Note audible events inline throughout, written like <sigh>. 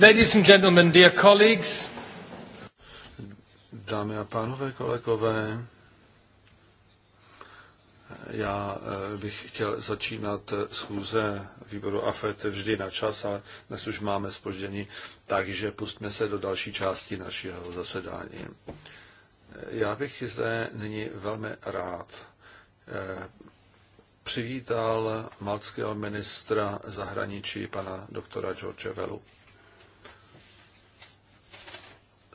Ladies and gentlemen, dear colleagues. Dámy a pánové, kolegové, já eh, bych chtěl začínat eh, schůze výboru AFET vždy na čas, ale dnes už máme spoždění, takže pustme se do další části našeho zasedání. Eh, já bych zde nyní velmi rád přivítal maltského ministra zahraničí pana doktora George Velu.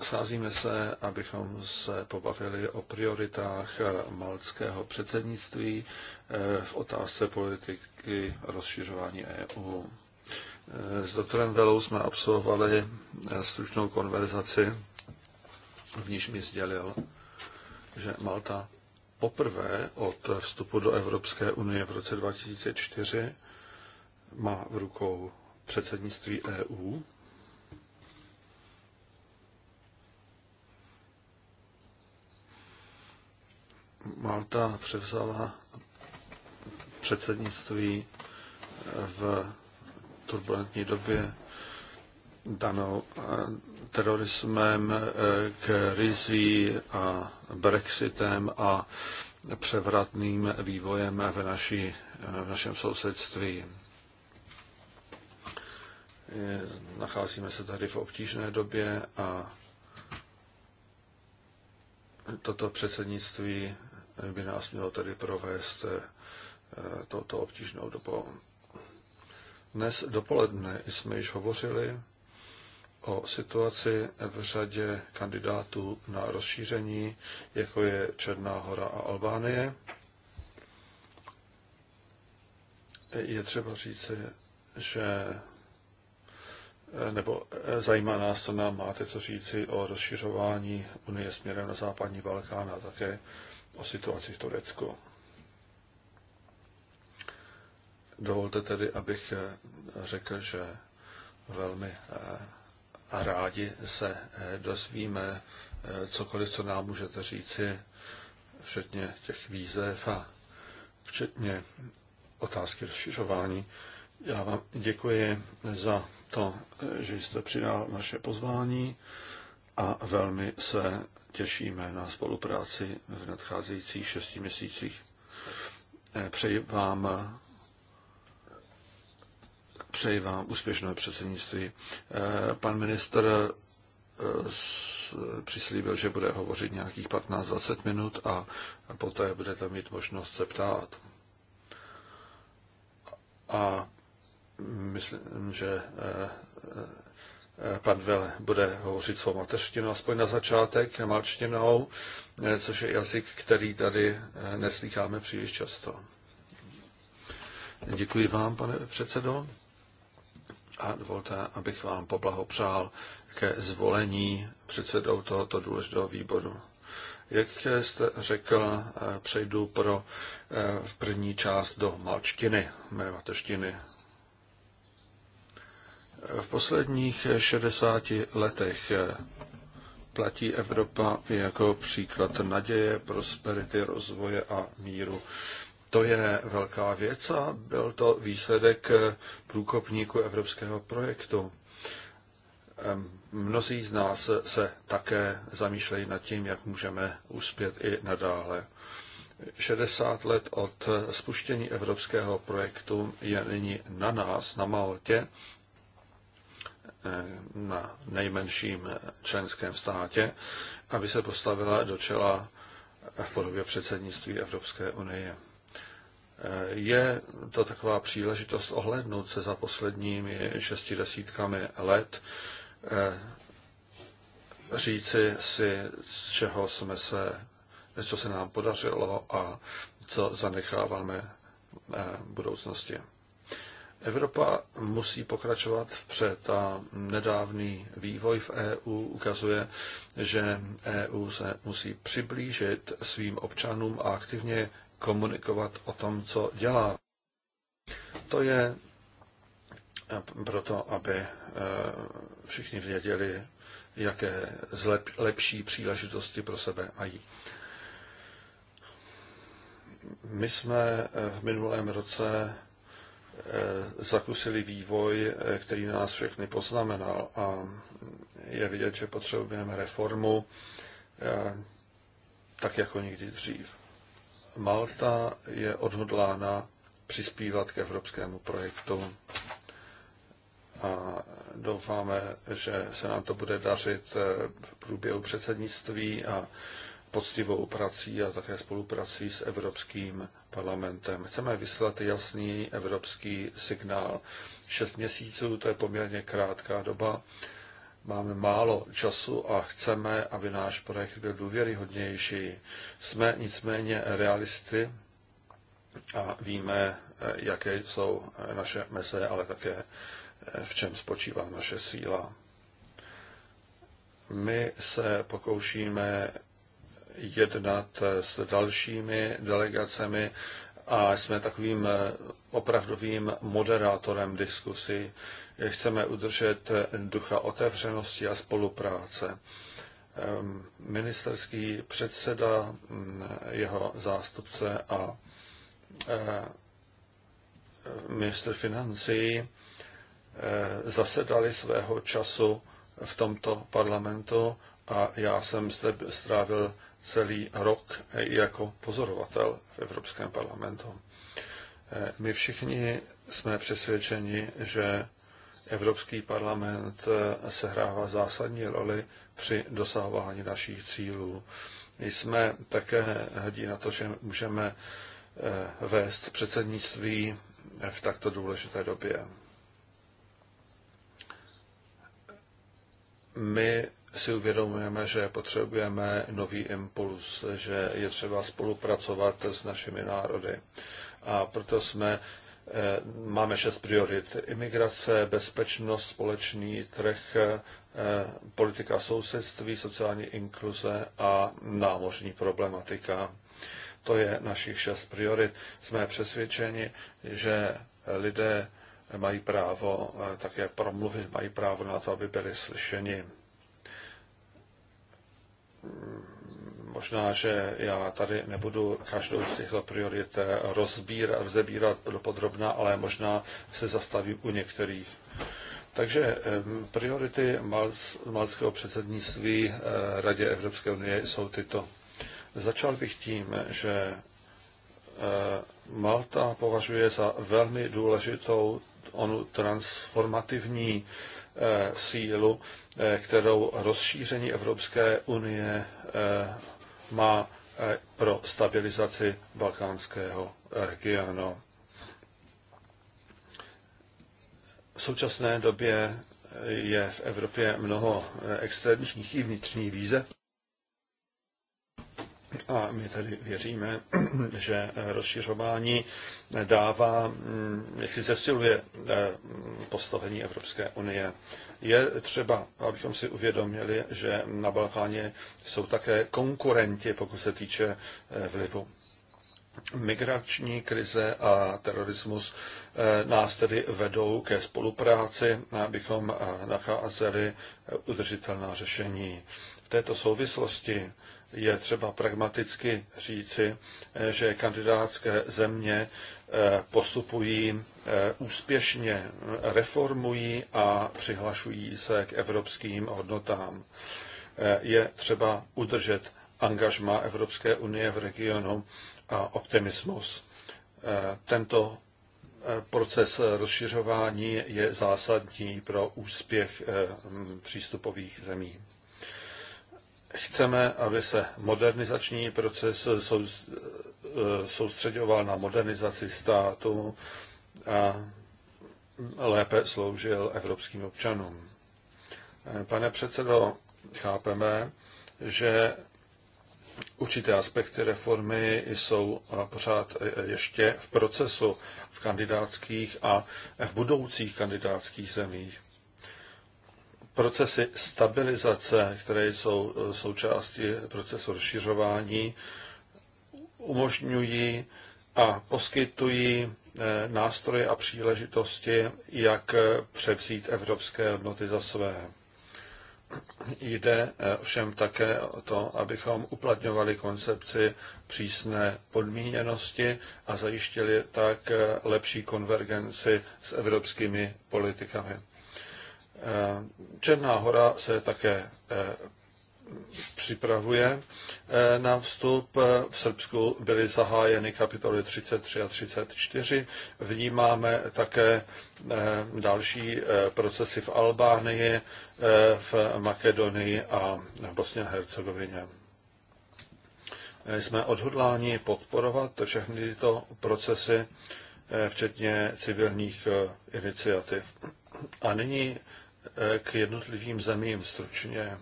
Sázíme se, abychom se pobavili o prioritách malckého předsednictví eh, v otázce politiky rozšiřování EU. Eh, s doktorem Velou jsme absolvovali eh, stručnou konverzaci, v níž mi sdělil, že Malta poprvé od vstupu do Evropské unie v roce 2004 má v rukou předsednictví EU Malta převzala předsednictví v turbulentní době danou eh, terorismem, eh, krizí a Brexitem a převratným vývojem v, naší, eh, v našem sousedství. Nacházíme se tady v obtížné době a toto předsednictví by nás mělo tedy provést eh, touto obtížnou dobou. Dnes dopoledne jsme již hovořili o situaci v řadě kandidátů na rozšíření, jako je Černá hora a Albánie. Je třeba říci, že eh, nebo eh, zajímá nás, co nám máte co říci o rozšiřování Unie směrem na západní Balkán a také o situaci v Turecku. Dovolte tedy, abych eh, řekl, že velmi eh, rádi se eh, dozvíme cokoliv, co nám můžete říci, včetně těch výzev a včetně otázky rozšiřování. Já vám děkuji za to, že jste přidal naše pozvání a velmi se těšíme na spolupráci v nadcházejících šesti měsících. Eh, přeji vám, přeji vám úspěšné předsednictví. Eh, pan minister eh, přislíbil, že bude hovořit nějakých 15-20 minut a poté budete mít možnost se ptát. A myslím, že Eh, pan Vel bude hovořit svou mateřštinou, aspoň na začátek, malčtinou, eh, což je jazyk, který tady eh, neslýcháme příliš často. Děkuji vám, pane předsedo, a dovolte, abych vám poblahopřál ke zvolení předsedou tohoto důležitého výboru. Jak jste řekl, přejdu pro v první část do malčtiny, mé mateřštiny, v posledních 60 letech platí Evropa jako příklad naděje, prosperity, rozvoje a míru. To je velká věc a byl to výsledek průkopníku evropského projektu. Mnozí z nás se také zamýšlejí nad tím, jak můžeme uspět i nadále. 60 let od spuštění evropského projektu je nyní na nás, na Maltě, Eh, na nejmenším členském státě, aby se postavila do čela eh, v podobě předsednictví Evropské unie. Eh, je to taková příležitost ohlednout se za posledními desítkami let, říci si, z čeho jsme se, co se nám podařilo a co zanecháváme budoucnosti. Evropa musí pokračovat vpřed a nedávný vývoj v EU ukazuje, že EU se musí přiblížit svým občanům a aktivně komunikovat o tom, co dělá. To je proto, aby e, všichni věděli, jaké zlep, lepší příležitosti pro sebe mají. My jsme e, v minulém roce Eh, zakusili vývoj, eh, který nás všechny poznamenal. A je vidět, že potřebujeme reformu eh, tak jako nikdy dřív. Malta je odhodlána přispívat k evropskému projektu a doufáme, že se nám to bude dařit v průběhu předsednictví a poctivou prací a také spoluprací s Evropským parlamentem. Chceme vyslat jasný evropský signál. Šest měsíců to je poměrně krátká doba. Máme málo času a chceme, aby náš projekt byl důvěryhodnější. Jsme nicméně realisty a víme, jaké jsou naše meze, ale také v čem spočívá naše síla. My se pokoušíme jednat s dalšími delegacemi a jsme takovým eh, opravdovým moderátorem diskusy. Chceme udržet ducha otevřenosti a spolupráce. Ehm, ministerský předseda, mm, jeho zástupce a eh, minister financí eh, zasedali svého času v tomto parlamentu a já jsem zde strávil celý rok jako pozorovatel v Evropském parlamentu. Eh, my všichni jsme přesvědčeni, že Evropský parlament eh, sehrává zásadní roli při dosahování našich cílů. My jsme také hrdí na to, že můžeme eh, vést předsednictví v takto důležité době. My si uvědomujeme, že potřebujeme nový impuls, že je třeba spolupracovat s našimi národy. A proto jsme eh, Máme šest priorit. Imigrace, bezpečnost, společný trh, eh, politika sousedství, sociální inkluze a námořní problematika. To je našich šest priorit. Jsme přesvědčeni, že lidé mají právo eh, také promluvit, mají právo na to, aby byli slyšeni. Možná, že já tady nebudu každou z těchto priorit rozbírat, vzebírat do podrobna, ale možná se zastavím u některých. Takže priority malského předsednictví eh, Radě Evropské unie jsou tyto. Začal bych tím, že eh, Malta považuje za velmi důležitou onu transformativní Eh, sílu, eh, kterou rozšíření Evropské unie eh, má pro stabilizaci balkánského regionu. V současné době je v Evropě mnoho extrémních i vnitřních výzev a my tedy věříme, <clears throat> že eh, rozšiřování eh, dává, mm, jak si zesiluje eh, postavení Evropské unie. Je třeba, abychom si uvědomili, že na Balkáně jsou také konkurenti, pokud se týče vlivu. Migrační krize a terorismus nás tedy vedou ke spolupráci, abychom nacházeli udržitelná řešení. V této souvislosti je třeba pragmaticky říci, eh, že kandidátské země eh, postupují eh, úspěšně, reformují a přihlašují se k evropským hodnotám. Je třeba udržet angažma Evropské unie v regionu a optimismus. Tento proces rozšiřování je zásadní pro úspěch přístupových zemí. Chceme, aby se modernizační proces eh, soustředoval na modernizaci státu a lépe sloužil evropským občanům. Eh, pane předsedo, chápeme, že určité aspekty reformy jsou pořád e, e, ještě v procesu v kandidátských a v budoucích kandidátských zemích procesy stabilizace, které jsou eh, součástí procesu rozšiřování, umožňují a poskytují eh, nástroje a příležitosti, jak eh, převzít evropské hodnoty za své. Jde všem také o to, abychom uplatňovali koncepci přísné podmíněnosti a zajištili tak lepší konvergenci s evropskými politikami. Eh, Černá hora se také eh, připravuje eh, na vstup. V Srbsku byly zahájeny kapitoly 33 a 34. Vnímáme také další procesy v Albánii, v Makedonii a Bosně a Hercegovině. Jsme odhodláni podporovat všechny tyto procesy, včetně civilních iniciativ. A nyní k jednotlivým zemím stručně.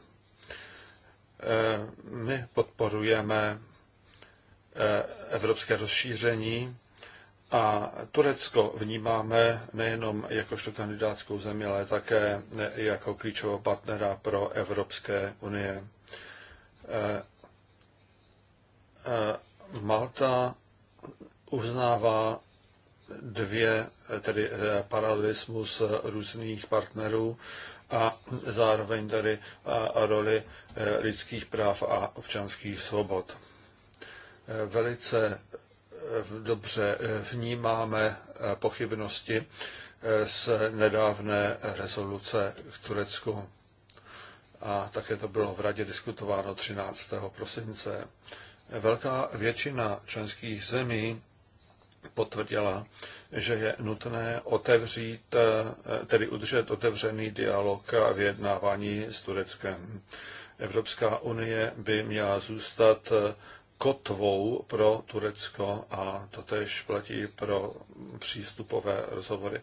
Eh, my podporujeme eh, evropské rozšíření a Turecko vnímáme nejenom jakožto kandidátskou zemi, ale také eh, jako klíčového partnera pro Evropské unie. Malta uznává dvě, tedy eh, paralelismus různých partnerů a zároveň tedy roli eh, lidských práv a občanských svobod. Eh, velice dobře vnímáme pochybnosti z nedávné rezoluce k Turecku. A také to bylo v radě diskutováno 13. prosince. Velká většina členských zemí potvrdila, že je nutné otevřít, eh, tedy udržet otevřený dialog a vyjednávání s Tureckem. Evropská unie by měla zůstat eh, kotvou pro Turecko a to tež platí pro přístupové rozhovory.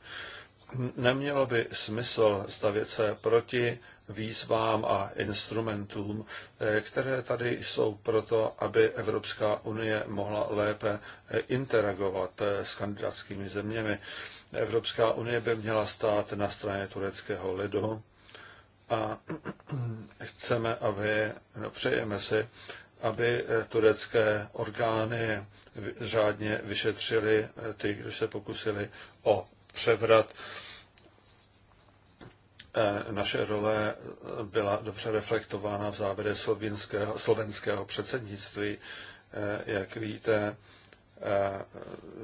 Nemělo by smysl stavět se proti výzvám a instrumentům, eh, které tady jsou proto, aby Evropská unie mohla lépe eh, interagovat eh, s kandidátskými zeměmi. Evropská unie by měla stát na straně tureckého lidu a <clears throat> chceme, aby, no, přejeme si, aby turecké orgány řádně vyšetřili ty, kdo se pokusili o převrat Eh, naše role eh, byla dobře reflektována v závěre slovenského, slovenského předsednictví. Eh, jak víte,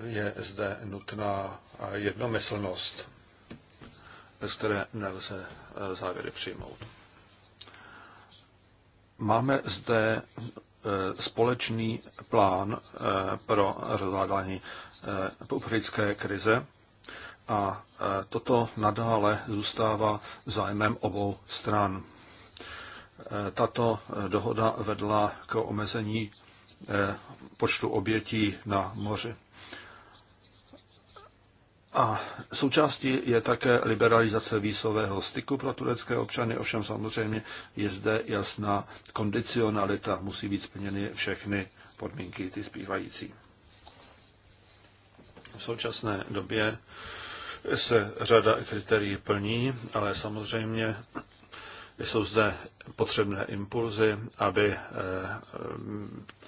je zde nutná jednomyslnost, bez které nelze závěry přijmout. Máme zde společný plán pro zvládání uprchlické krize a e, toto nadále zůstává zájmem obou stran. E, tato e, dohoda vedla k omezení počtu obětí na moři. A součástí je také liberalizace výsového styku pro turecké občany, ovšem samozřejmě je zde jasná kondicionalita, musí být splněny všechny podmínky, ty zpívající. V současné době se řada kritérií plní, ale samozřejmě jsou zde potřebné impulzy, aby eh,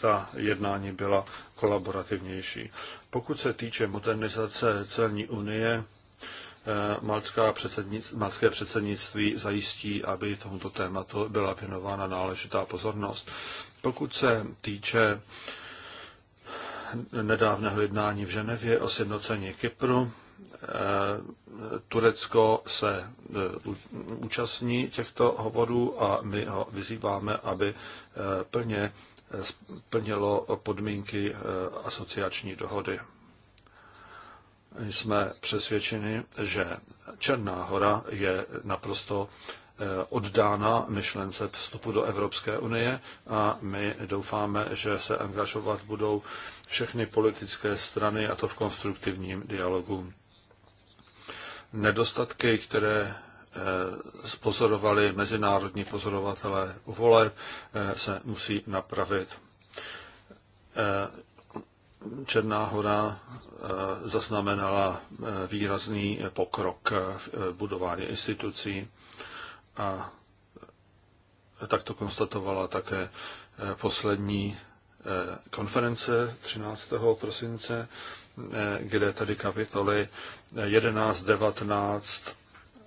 ta jednání byla kolaborativnější. Pokud se týče modernizace celní unie, eh, malské předsednictví, maltské předsednictví zajistí, aby tomuto tématu byla věnována náležitá pozornost. Pokud se týče nedávného jednání v Ženevě o sjednocení Kypru, Eh, Turecko se eh, účastní těchto hovorů a my ho vyzýváme, aby eh, plně plnilo podmínky asociační dohody. Jsme přesvědčeni, že Černá hora je naprosto oddána myšlence vstupu do Evropské unie a my doufáme, že se angažovat budou všechny politické strany a to v konstruktivním dialogu nedostatky, které eh, spozorovali mezinárodní pozorovatelé voleb, eh, se musí napravit. Eh, Černá hora zaznamenala výrazný pokrok v budování institucí a tak to konstatovala také poslední konference 13. prosince kde tedy kapitoly 11, 19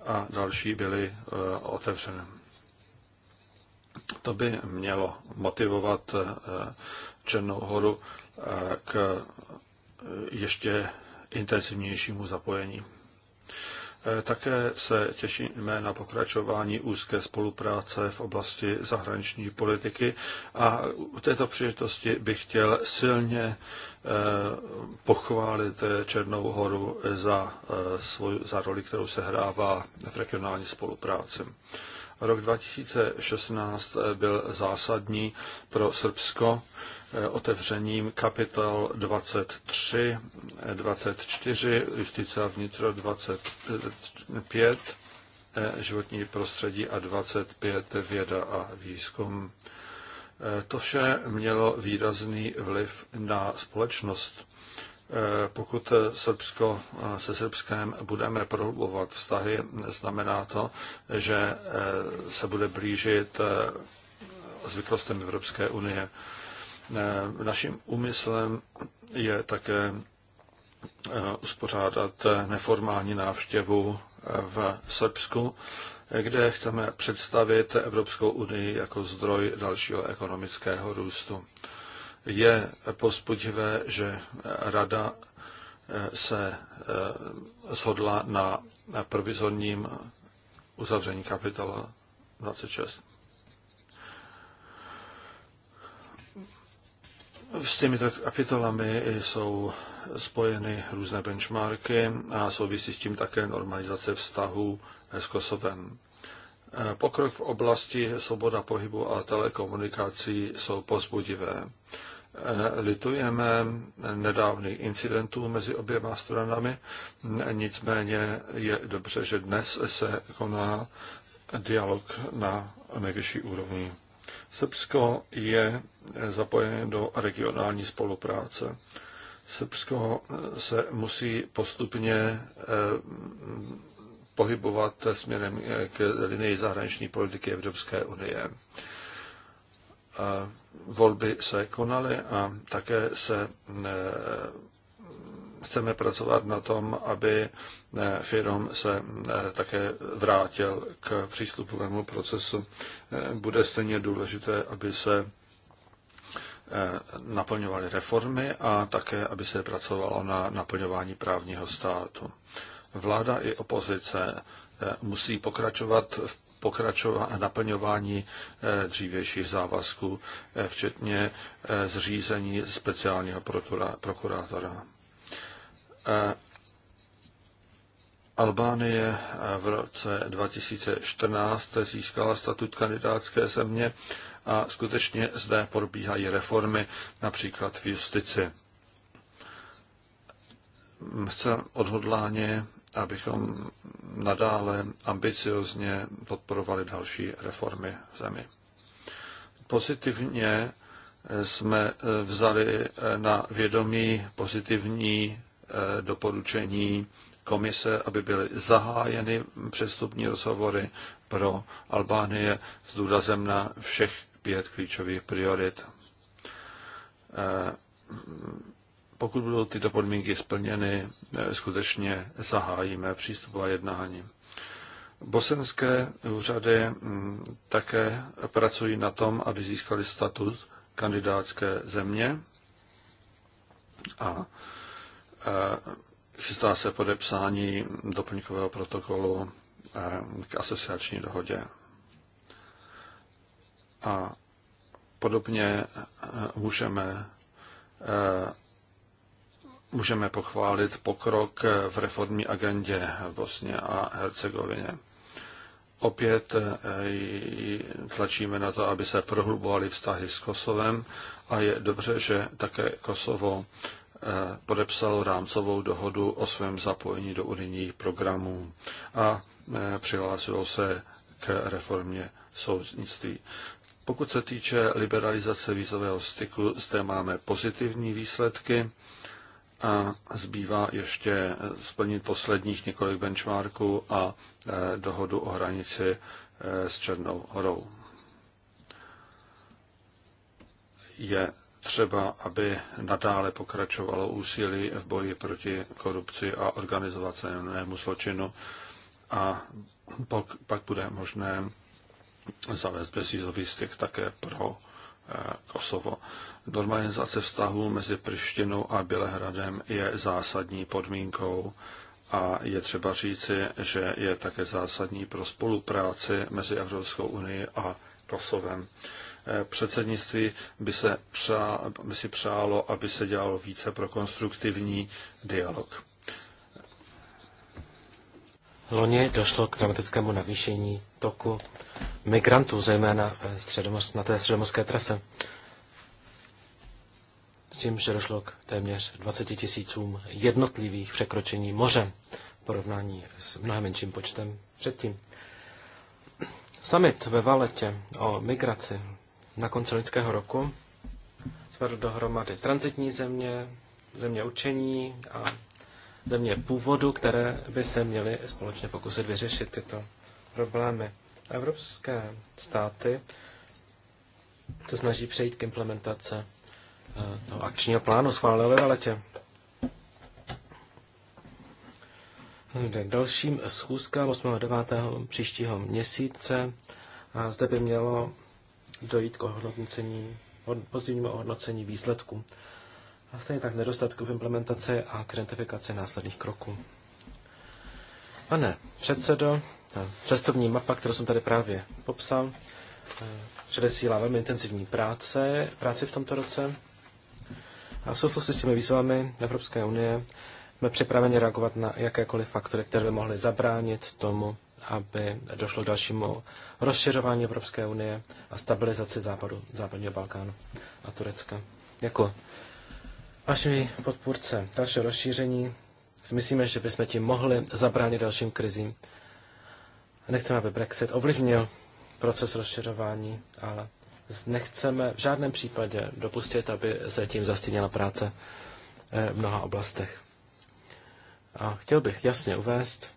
a další byly e, otevřené. To by mělo motivovat e, Černou horu e, k ještě intenzivnějšímu zapojení. Také se těšíme na pokračování úzké spolupráce v oblasti zahraniční politiky a u této příležitosti bych chtěl silně Eh, pochválit Černou horu za, eh, svoj, za roli, kterou se hrává v regionální spolupráci. Rok 2016 eh, byl zásadní pro Srbsko otevřením kapitol 23, 24, justice a vnitro 25, životní prostředí a 25 věda a výzkum. Eh, to vše mělo výrazný vliv na společnost. Eh, pokud Srbsko eh, se Srbskem budeme prohlubovat vztahy, znamená to, že se bude blížit zvyklostem Evropské unie. Naším úmyslem je také uspořádat neformální návštěvu v Srbsku, kde chceme představit Evropskou unii jako zdroj dalšího ekonomického růstu. Je pospodivé, že Rada eh, se eh, shodla na provizorním uzavření kapitola 26. S těmito kapitolami jsou spojeny různé benchmarky a souvisí s tím také normalizace vztahů s Kosovem. E, pokrok v oblasti svoboda pohybu a telekomunikací jsou pozbudivé. E, litujeme nedávných incidentů mezi oběma stranami, nicméně je dobře, že dnes se koná dialog na nejvyšší úrovni. Srbsko je zapojeno do regionální spolupráce. Srbsko se musí postupně e, pohybovat směrem k linii zahraniční politiky Evropské unie. Volby se konaly a také se e, chceme pracovat na tom, aby e, firm se e, také vrátil k přístupovému procesu. Bude stejně důležité, aby se naplňovaly reformy a také, aby se pracovalo na naplňování právního státu vláda i opozice eh, musí pokračovat v pokračova- naplňování eh, dřívějších závazků, eh, včetně zřízení speciálního prokurátora. Albánie v roce 2014 získala statut kandidátské země a skutečně zde probíhají reformy, například v justici. Chce odhodláně abychom nadále ambiciozně podporovali další reformy v zemi. Pozitivně jsme eh, vzali eh, na vědomí pozitivní eh, doporučení komise, aby byly zahájeny přestupní rozhovory pro Albánie s důrazem na všech pět klíčových priorit pokud budou tyto podmínky splněny, eh, skutečně zahájíme přístupová jednání. Bosenské úřady mm, také pracují na tom, aby získali status kandidátské země a eh, chystá se podepsání doplňkového protokolu eh, k asociační dohodě. A podobně můžeme můžeme pochválit pokrok v reformní agendě v Bosně a Hercegovině. Opět eh, tlačíme na to, aby se prohlubovaly vztahy s Kosovem a je dobře, že také Kosovo eh, podepsal rámcovou dohodu o svém zapojení do unijních programů a eh, přihlásilo se k reformě soudnictví. Pokud se týče liberalizace vízového styku, zde máme pozitivní výsledky a zbývá ještě eh, splnit posledních několik benchmarků a eh, dohodu o hranici eh, s Černou horou. Je třeba, aby nadále pokračovalo úsilí v boji proti korupci a organizovanému zločinu a pak bude možné zavést bezvízový styk také pro Eh, Kosovo. Normalizace vztahů mezi Prištinou a Bělehradem je zásadní podmínkou a je třeba říci, že je také zásadní pro spolupráci mezi Evropskou unii a Kosovem. Eh, předsednictví by, se přá, by si přálo, aby se dělalo více pro konstruktivní dialog. Loni došlo k dramatickému navýšení toku migrantů, zejména na té středomorské trase. S tím, že došlo k téměř 20 tisícům jednotlivých překročení moře v porovnání s mnohem menším počtem předtím. Summit ve Valetě o migraci na konci loňského roku zvedl dohromady transitní země, země učení a země původu, které by se měly společně pokusit vyřešit tyto problémy. Evropské státy se snaží přejít k implementace eh, toho akčního plánu schváleného ve letě. Dalším schůzkám 8. 9. příštího měsíce a zde by mělo dojít k ohodnocení, pozdějnímu ohodnocení výsledků a stejně tak nedostatku v implementaci a k identifikaci následných kroků. Pane předsedo, ta cestovní mapa, kterou jsem tady právě popsal, eh, předesílá velmi intenzivní práce, práci v tomto roce. A v souvislosti s těmi výzvami Evropské unie jsme připraveni reagovat na jakékoliv faktory, které by mohly zabránit tomu, aby došlo k dalšímu rozšiřování Evropské unie a stabilizaci západu, západního Balkánu a Turecka. Děkuji vašimi podpůrce dalšího rozšíření. Myslíme, že bychom tím mohli zabránit dalším krizím. Nechceme, aby Brexit ovlivnil proces rozšiřování, ale nechceme v žádném případě dopustit, aby se tím zastínila práce eh, v mnoha oblastech. A chtěl bych jasně uvést,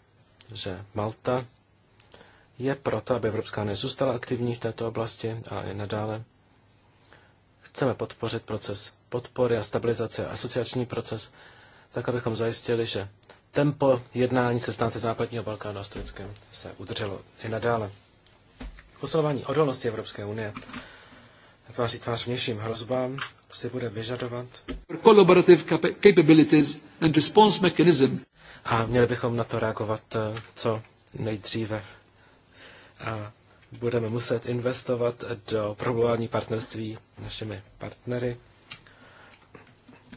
že Malta je proto, aby Evropská unie zůstala aktivní v této oblasti a i nadále. Chceme podpořit proces podpory a stabilizace a asociační proces, tak abychom zajistili, že tempo jednání se státy západního Balkánu a s se udrželo i nadále. Posilování odolnosti Evropské unie tváří tvář vnějším hrozbám si bude vyžadovat capabilities and response mechanism. A měli bychom na to reagovat eh, co nejdříve. A budeme muset investovat do probování partnerství našimi partnery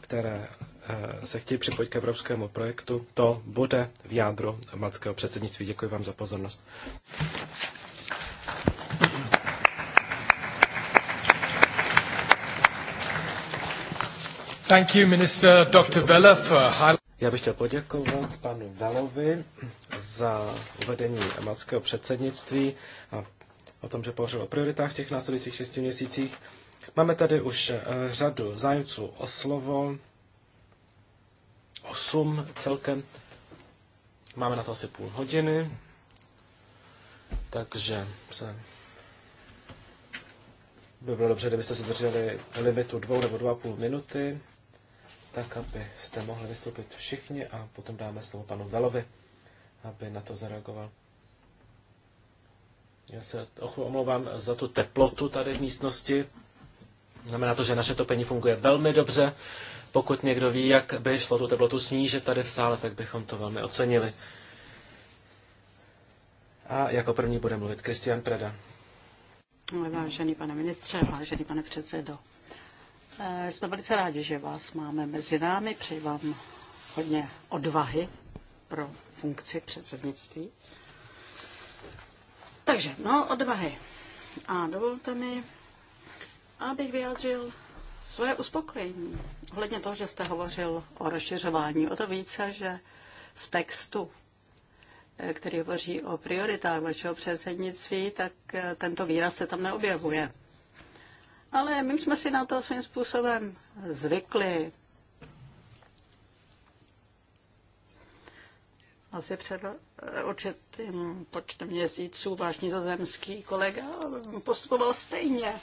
které eh, se chtějí připojit k evropskému projektu, to bude v jádru maltského předsednictví. Děkuji vám za pozornost. Thank you, Minister Dr. Vela, for Já bych chtěl poděkovat panu Velovi za uvedení maltského předsednictví a o tom, že pohořil o prioritách těch následujících šesti měsících. Máme tady už eh, řadu zájemců o slovo, osm celkem. Máme na to asi půl hodiny, takže se by bylo dobře, kdybyste se drželi limitu dvou nebo dva půl minuty, tak abyste mohli vystoupit všichni a potom dáme slovo panu Velovi, aby na to zareagoval. Já se omlouvám za tu teplotu tady v místnosti. Znamená to, že naše topení funguje velmi dobře. Pokud někdo ví, jak by šlo tu teplotu snížit tady v sále, tak bychom to velmi ocenili. A jako první bude mluvit Kristian Preda. Vážený pane ministře, vážený pane předsedo, eh, jsme velice rádi, že vás máme mezi námi. Přeji vám hodně odvahy pro funkci předsednictví. Takže, no, odvahy. A dovolte mi abych vyjádřil svoje uspokojení Hledně toho, že jste hovořil o rozšiřování. O to více, že v textu, eh, který hovoří o prioritách vašeho předsednictví, tak eh, tento výraz se tam neobjevuje. Ale my jsme si na to svým způsobem zvykli. Asi před určitým počtem měsíců váš nizozemský kolega postupoval stejně.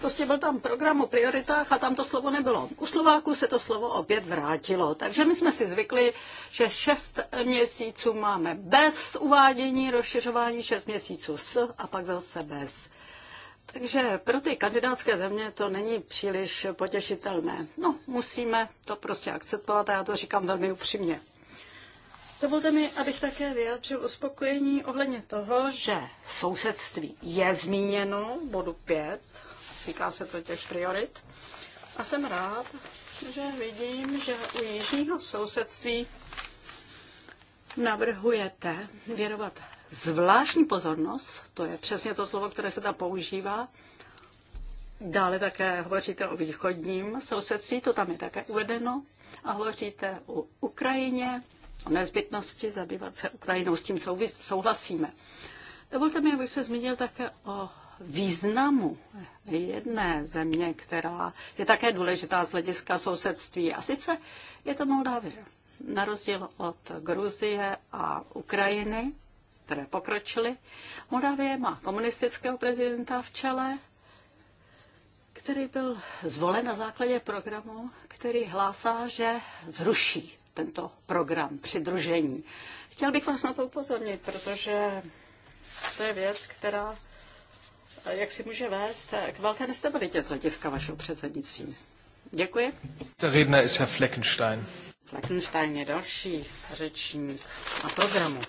Prostě byl tam program o prioritách a tam to slovo nebylo. U Slováku se to slovo opět vrátilo. Takže my jsme si zvykli, že šest měsíců máme bez uvádění rozšiřování, šest měsíců s a pak zase bez. Takže pro ty kandidátské země to není příliš potěšitelné. No, musíme to prostě akceptovat a já to říkám velmi upřímně. Dovolte mi, abych také vyjádřil uspokojení ohledně toho, že sousedství je zmíněno bodu 5, týká se to těch priorit. A jsem rád, že vidím, že u jižního sousedství navrhujete věnovat zvláštní pozornost, to je přesně to slovo, které se tam používá. Dále také hovoříte o východním sousedství, to tam je také uvedeno. A hovoříte o Ukrajině, o nezbytnosti zabývat se Ukrajinou. S tím souhlasíme. Dovolte mi, abych se zmínil také o významu jedné země, která je také důležitá z hlediska sousedství. A sice je to Moldavie. Na rozdíl od Gruzie a Ukrajiny, které pokročily, Moldávie má komunistického prezidenta v čele, který byl zvolen na základě programu, který hlásá, že zruší tento program přidružení. Chtěl bych vás na to upozornit, protože to je věc, která jak si může vést k velké nestabilitě z hlediska vašeho předsednictví. Děkuji. Tady Redner ist Herr Fleckenstein. Fleckenstein je další řečník na programu.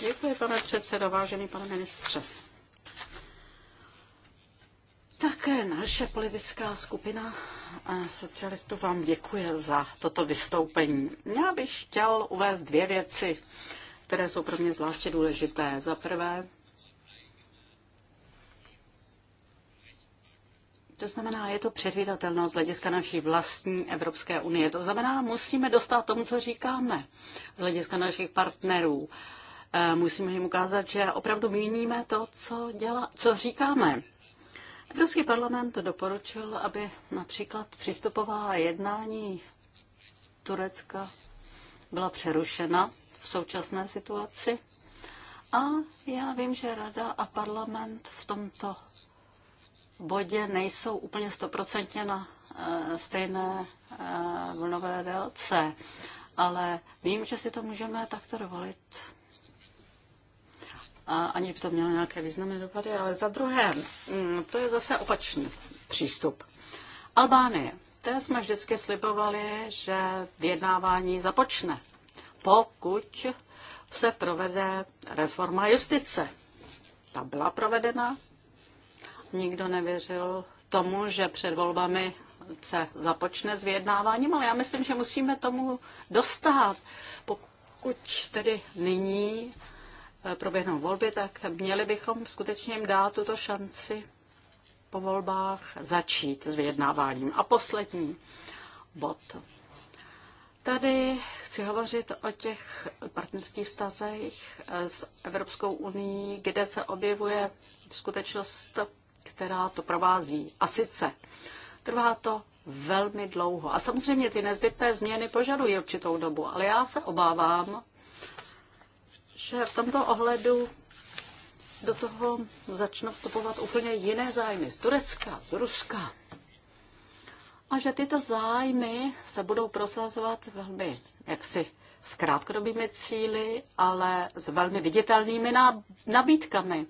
Děkuji, pane předsedo, vážený pane ministře. Také naše politická skupina socialistů vám děkuje za toto vystoupení. Já bych chtěl uvést dvě věci, které jsou pro mě zvláště důležité. Za prvé, To znamená, je to předvídatelnost z hlediska naší vlastní Evropské unie. To znamená, musíme dostat tomu, co říkáme z hlediska našich partnerů. E, musíme jim ukázat, že opravdu míníme to, co, děla, co říkáme. Evropský parlament doporučil, aby například přistupová jednání Turecka byla přerušena v současné situaci. A já vím, že Rada a parlament v tomto bodě nejsou úplně stoprocentně na eh, stejné eh, vlnové délce, ale vím, že si to můžeme takto dovolit a ani by to mělo nějaké významné dopady, ale za druhé, mm, to je zase opačný přístup. Albánie. Té jsme vždycky slibovali, že vyjednávání započne, pokud se provede reforma justice. Ta byla provedena. Nikdo nevěřil tomu, že před volbami se započne s vyjednáváním, ale já myslím, že musíme tomu dostat. Pokud tedy nyní Eh, proběhnou volby, tak měli bychom skutečně jim dát tuto šanci po volbách začít s vyjednáváním. A poslední bod. Tady chci hovořit o těch partnerských vztazech eh, s Evropskou unii, kde se objevuje skutečnost, která to provází. A sice trvá to velmi dlouho. A samozřejmě ty nezbytné změny požadují určitou dobu, ale já se obávám, že v tomto ohledu do toho začnou vstupovat úplně jiné zájmy z Turecka, z Ruska. A že tyto zájmy se budou prosazovat velmi jaksi s krátkodobými cíly, ale s velmi viditelnými nabídkami.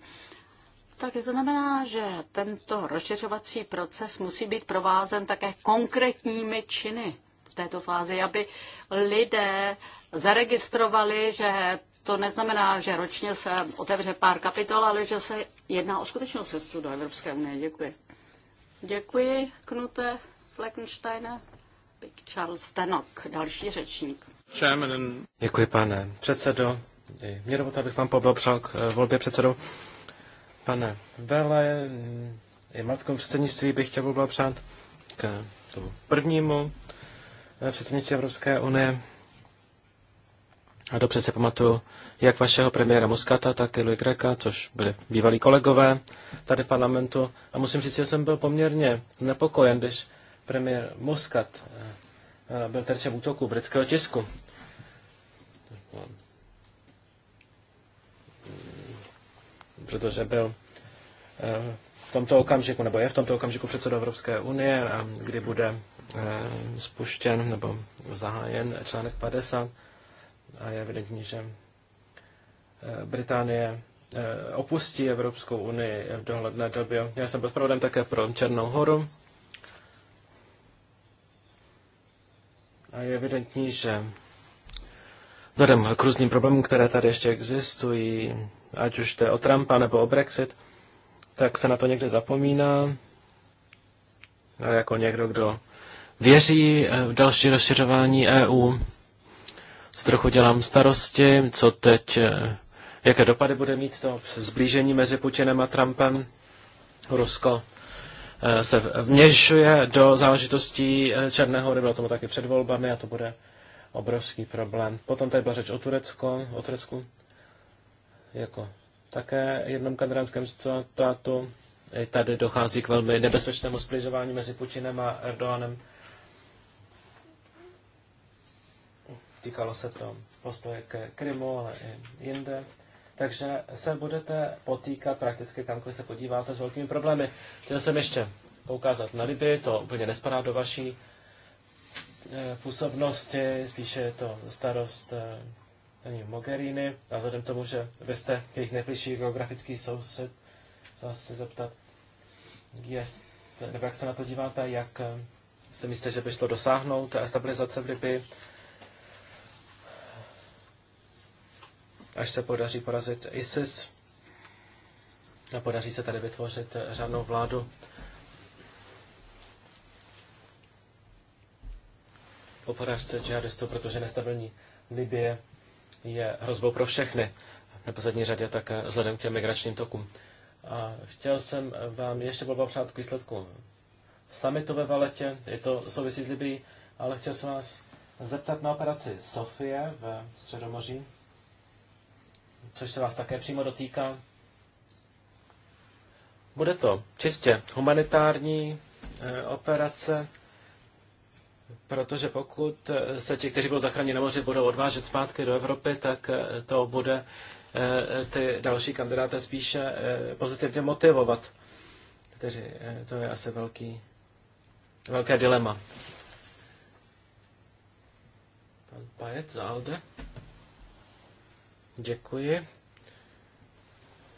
Tak znamená, že tento rozšiřovací proces musí být provázen také konkrétními činy v této fázi, aby lidé zaregistrovali, že to neznamená, že ročně se otevře pár kapitol, ale že se jedná o skutečnou cestu do Evropské unie. Děkuji. Děkuji, Knute Fleckensteine. Big Charles Stenok, další řečník. Děkuji, pane předsedo. Mě dovolte, abych vám poblahopřál k eh, volbě předsedu. Pane Vele, mm, i malckému předsednictví bych chtěl poblopřát k tomu prvnímu eh, předsednictví Evropské unie. A dobře si pamatuju, jak vašeho premiéra Muskata, tak i Louis Greka, což byli bývalí kolegové tady v parlamentu. A musím říct, že jsem byl poměrně znepokojen, když premiér Muskat eh, eh, byl terčem útoku britského tisku. Protože byl eh, v tomto okamžiku, nebo je v tomto okamžiku předseda Evropské unie, kdy bude spuštěn nebo zahájen článek 50 a je evidentní, že eh, Británie eh, opustí Evropskou unii v dohledné době. Já jsem byl zpravodajem také pro Černou horu. A je evidentní, že vzhledem k různým problémům, které tady ještě existují, ať už to je o Trumpa nebo o Brexit, tak se na to někde zapomíná. Ale jako někdo, kdo věří eh, v další rozšiřování EU, s trochu dělám starosti, co teď, eh, jaké dopady bude mít to zblížení mezi Putinem a Trumpem. Rusko eh, se vměšuje do záležitostí eh, Černého hory, bylo tomu taky před volbami a to bude obrovský problém. Potom tady byla řeč o, Turecku, o Turecku, jako také jednom kandidátském státu. I tady dochází k velmi nebezpečnému zbližování mezi Putinem a Erdoganem. Týkalo se to postoje ke Krymu, ale i jinde. Takže se budete potýkat prakticky kamkoliv se podíváte s velkými problémy. Chtěl jsem ještě poukázat na Liby, to úplně nespadá do vaší eh, působnosti, spíše je to starost eh, paní Mogherini, a vzhledem tomu, že vy jste jejich nejbližší geografický soused, zase se zeptat, jest, nebo jak se na to díváte, jak eh, se myslíte, že by šlo dosáhnout stabilizace v Libii až se podaří porazit ISIS a podaří se tady vytvořit řádnou vládu. O porážce džihadistů, protože nestabilní Libie je hrozbou pro všechny, v neposlední řadě také vzhledem k těm migračním tokům. A chtěl jsem vám ještě poblahopřát k výsledku summitu ve Valetě, je to souvisí s Libií, ale chtěl jsem vás zeptat na operaci Sofie v Středomoří což se vás také přímo dotýká. Bude to čistě humanitární eh, operace, protože pokud eh, se ti, kteří budou zachráněni na moři, budou odvážet zpátky do Evropy, tak eh, to bude ty další kandidáty spíše pozitivně motivovat. Takže to je asi velký, velké dilema. Pan Pajet za Alde. Děkuji.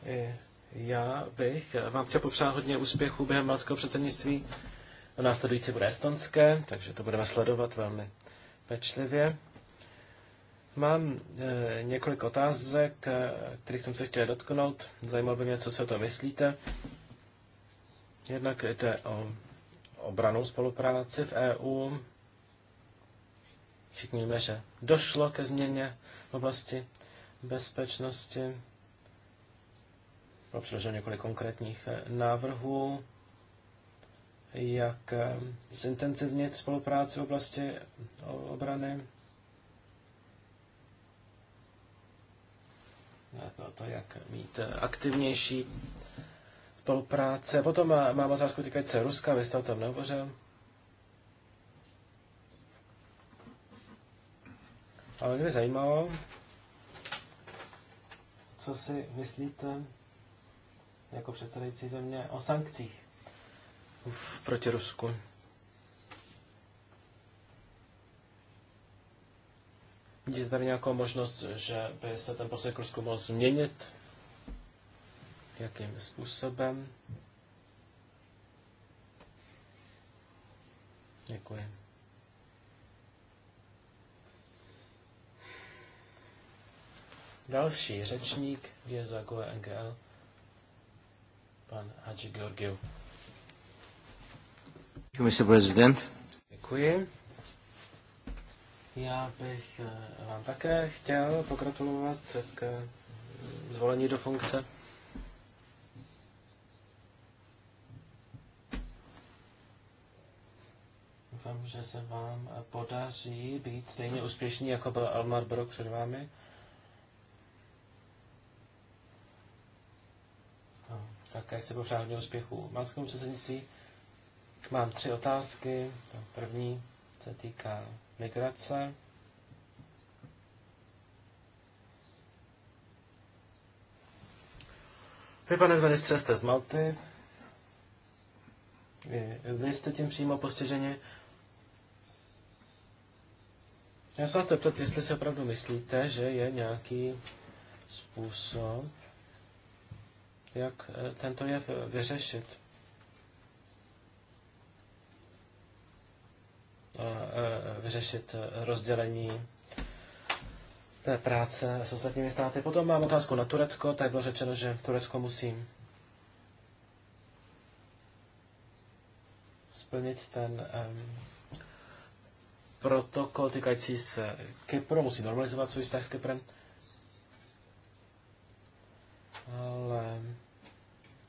Eh, já bych vám chtěl popřát hodně úspěchů během malského předsednictví. Následující bude estonské, takže to budeme sledovat velmi pečlivě. Mám eh, několik otázek, kterých jsem se chtěl dotknout. Zajímalo by mě, co se o to myslíte. Jednak jde o obranou spolupráci v EU. Všichni víme, že došlo ke změně v oblasti bezpečnosti. Bylo předloženo několik konkrétních eh, návrhů, jak eh, zintenzivnit spolupráci v oblasti obrany. Jako to, jak mít eh, aktivnější spolupráce. Potom mám otázku týkající se Ruska, vy jste o tom nehovořil. Ale mě zajímalo, co si myslíte jako předsedající země o sankcích Uf, proti Rusku. Vidíte tady nějakou možnost, že by se ten postoj k Rusku mohl změnit? Jakým způsobem? Děkuji. Další řečník je za GOE NGL, pan Hadži Georgiou. Mr. President. Děkuji. Já bych eh, vám také chtěl pogratulovat k eh, zvolení do funkce. Doufám, že se vám podaří být stejně úspěšný jako byl Almar Brok před vámi. já chci popřát hodně úspěchů malskému předsednictví. Mám tři otázky. To první se týká migrace. Vy, pane ministře, jste z Malty. Vy, vy jste tím přímo postiženi. Já se vás zeptat, jestli si opravdu myslíte, že je nějaký způsob, jak eh, tento jev eh, vyřešit. A eh, vyřešit rozdělení té práce s ostatními státy. Potom mám otázku na Turecko. Tady bylo řečeno, že Turecko musí splnit ten um, protokol týkající se Kypru, musí normalizovat svůj vztah s Kyprem. Ale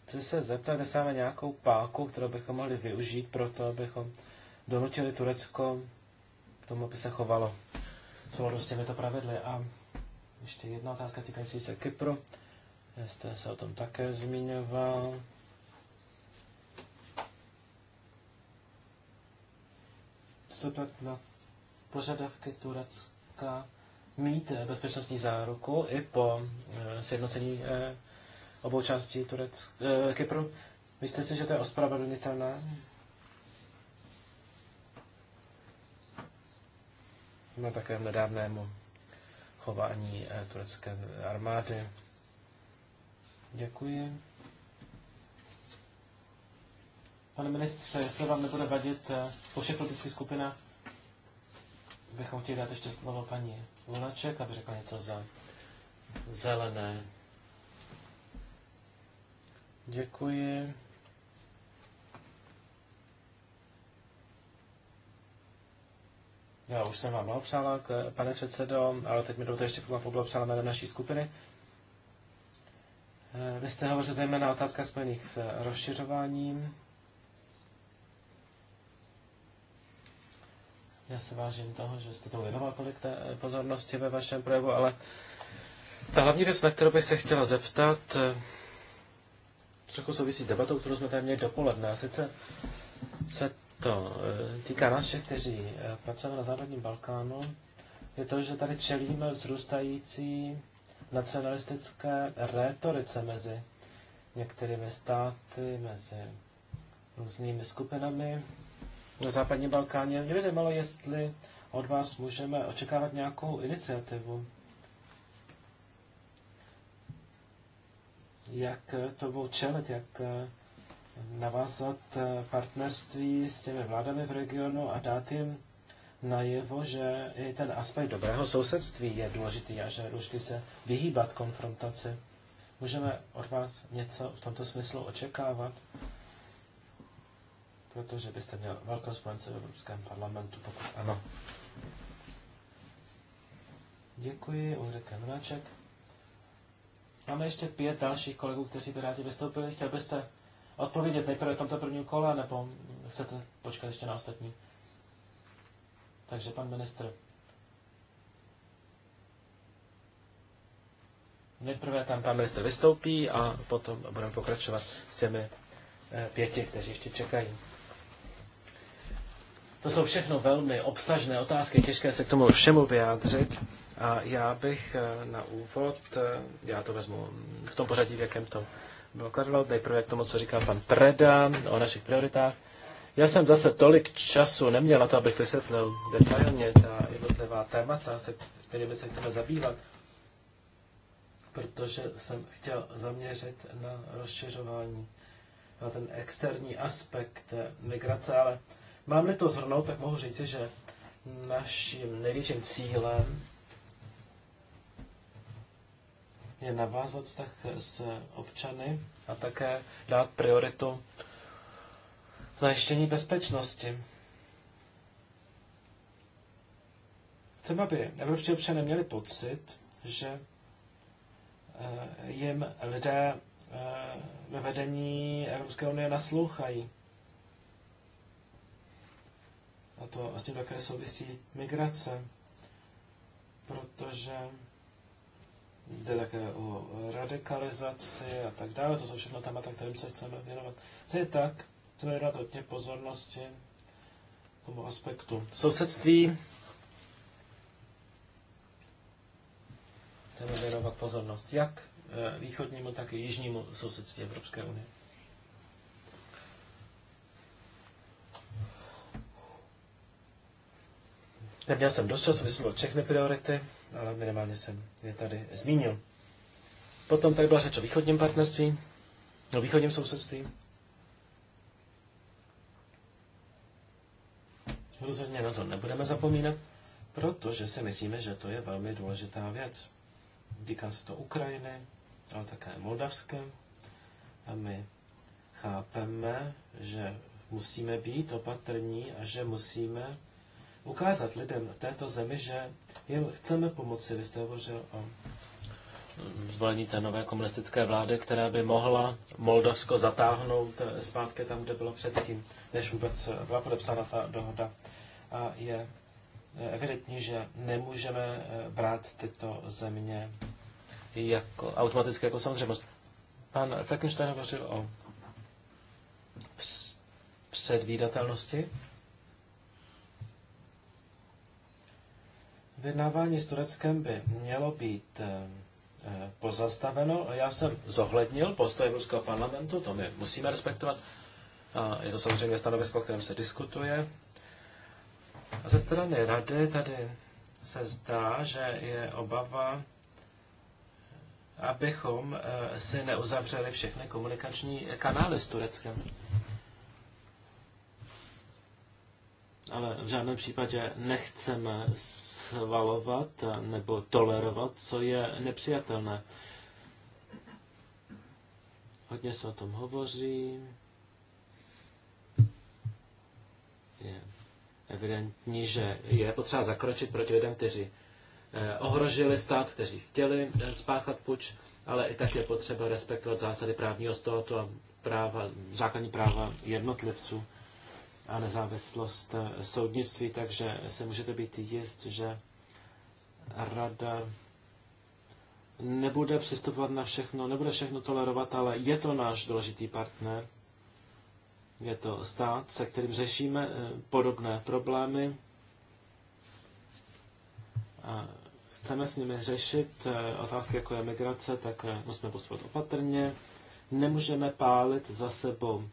chci se zeptat, jestli máme nějakou páku, kterou bychom mohli využít pro to, abychom donutili Turecko k tomu, aby se chovalo v souladu s těmito pravidly. A ještě jedna otázka týkající se Kypru. Jste se o tom také zmiňoval. Zeptat na požadavky Turecka mít bezpečnostní záruku i po eh, sjednocení eh, obou částí Tureck- eh, Kypru. Myslíte si, že to je ospravedlnitelné? Na také nedávnému chování eh, turecké armády. Děkuji. Pane ministře, jestli vám nebude vadit eh, po všech politických skupinách, bychom chtěli dát ještě slovo paní Lunaček, aby řekla něco za zelené. Děkuji. Já už jsem vám blahopřála, pane předsedo, ale teď mi dovolte ještě vám poblahopřála jménem naší skupiny. Eh, vy jste hovořil zejména o otázkách spojených s rozšiřováním. Já se vážím toho, že jste tomu věnoval tolik té eh, pozornosti ve vašem projevu, ale ta hlavní věc, na kterou bych se chtěla zeptat, eh, trochu souvisí s debatou, kterou jsme tady měli dopoledne. A sice se to eh, týká nás všech, kteří eh, pracujeme na západním Balkánu, je to, že tady čelíme vzrůstající nacionalistické rétorice mezi některými státy, mezi různými skupinami na západním Balkáně. Mě by zajímalo, jestli od vás můžeme očekávat nějakou iniciativu jak eh, tomu čelit, jak eh, navázat eh, partnerství s těmi vládami v regionu a dát jim najevo, že i ten aspekt dobrého sousedství je důležitý a že je se vyhýbat konfrontaci. Můžeme od vás něco v tomto smyslu očekávat, protože byste měl velkou spojence v Evropském parlamentu, pokud ano. Děkuji, Ulrike Mraček. Máme ještě pět dalších kolegů, kteří by rádi vystoupili. Chtěl byste odpovědět nejprve v tomto prvním kole, nebo chcete počkat ještě na ostatní? Takže pan ministr. Nejprve tam pan ministr vystoupí a potom budeme pokračovat s těmi eh, pěti, kteří ještě čekají. To jsou všechno velmi obsažné otázky, těžké se k tomu všemu vyjádřit. A já bych eh, na úvod, eh, já to vezmu v tom pořadí, v jakém to bylo Karlo, nejprve k tomu, co říká pan Preda o našich prioritách. Já jsem zase tolik času neměl na to, abych vysvětlil detailně ta jednotlivá témata, se kterými se chceme zabývat, protože jsem chtěl zaměřit na rozšiřování, na ten externí aspekt eh, migrace, ale mám-li to zhrnout, tak mohu říci, že naším největším cílem je navázat vztah s občany a také dát prioritu zajištění bezpečnosti. Chceme, aby evropští občané měli pocit, že eh, jim lidé eh, ve vedení Evropské unie naslouchají. A to s tím také souvisí migrace, protože Jde také o radikalizaci a tak dále. To jsou všechno témata, kterým se chceme věnovat. je tak chceme rád hodně pozornosti tomu aspektu sousedství. Chceme věnovat pozornost jak eh, východnímu, tak i jižnímu sousedství Evropské unie. Neměl jsem dost času, vysvětlil všechny priority ale minimálně jsem je tady zmínil. Potom tady byla řeč o východním partnerství, o východním sousedství. Rozhodně na to nebudeme zapomínat, protože si myslíme, že to je velmi důležitá věc. Týká se to Ukrajiny, ale také Moldavské. A my chápeme, že musíme být opatrní a že musíme ukázat lidem v této zemi, že jim chceme pomoci. Vy jste hovořil o zvolení té nové komunistické vlády, která by mohla Moldavsko zatáhnout eh, zpátky tam, kde bylo předtím, než vůbec eh, byla podepsána ta dohoda. A je evidentní, že nemůžeme eh, brát tyto země jako, automaticky jako samozřejmost. Pan Fleckenstein hovořil o předvídatelnosti Vyjednávání s Tureckem by mělo být eh, eh, pozastaveno. Já jsem zohlednil postoj Evropského parlamentu, to my musíme respektovat. A je to samozřejmě stanovisko, o kterém se diskutuje. A ze strany rady tady se zdá, že je obava, abychom eh, si neuzavřeli všechny komunikační kanály s Tureckem. Ale v žádném případě nechceme schvalovat nebo tolerovat, co je nepřijatelné. Hodně se o tom hovoří. Je evidentní, že je potřeba zakročit proti lidem, kteří eh, ohrožili stát, kteří chtěli eh, spáchat puč, ale i tak je potřeba respektovat zásady právního státu a práva, základní práva jednotlivců a nezávislost eh, soudnictví, takže se můžete být jist, že rada nebude přistupovat na všechno, nebude všechno tolerovat, ale je to náš důležitý partner. Je to stát, se kterým řešíme eh, podobné problémy a chceme s nimi řešit eh, otázky, jako je migrace, tak musíme postupovat opatrně. Nemůžeme pálit za sebou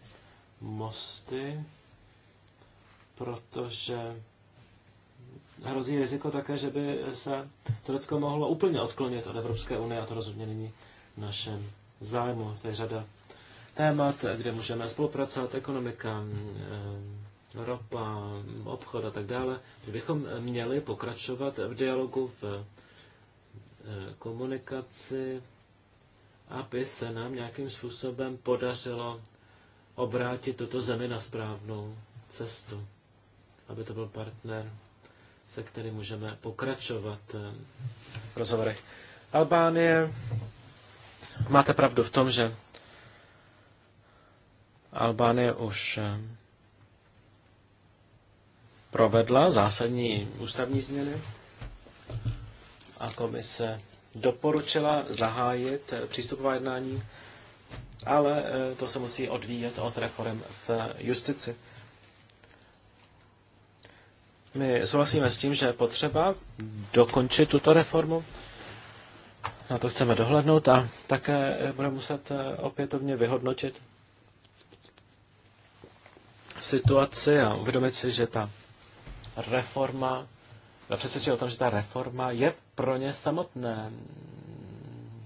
mosty protože hrozí riziko také, že by se Turecko mohlo úplně odklonit od Evropské unie a to rozhodně není našem zájmu. To je řada témat, kde můžeme spolupracovat, ekonomika, eh, ropa, obchod a tak dále. Bychom měli pokračovat v dialogu, v eh, komunikaci, aby se nám nějakým způsobem podařilo obrátit tuto zemi na správnou cestu aby to byl partner, se kterým můžeme pokračovat eh, v rozhovorech. Albánie, máte pravdu v tom, že Albánie už eh, provedla zásadní ústavní změny a komise doporučila zahájit eh, přístupová jednání, ale to se musí odvíjet od reform v justici. My souhlasíme s tím, že je potřeba dokončit tuto reformu. Na to chceme dohlednout a také budeme muset eh, opětovně vyhodnotit situaci a uvědomit si, že ta reforma, eh, přesvědčit o tom, že ta reforma je pro ně samotné mm,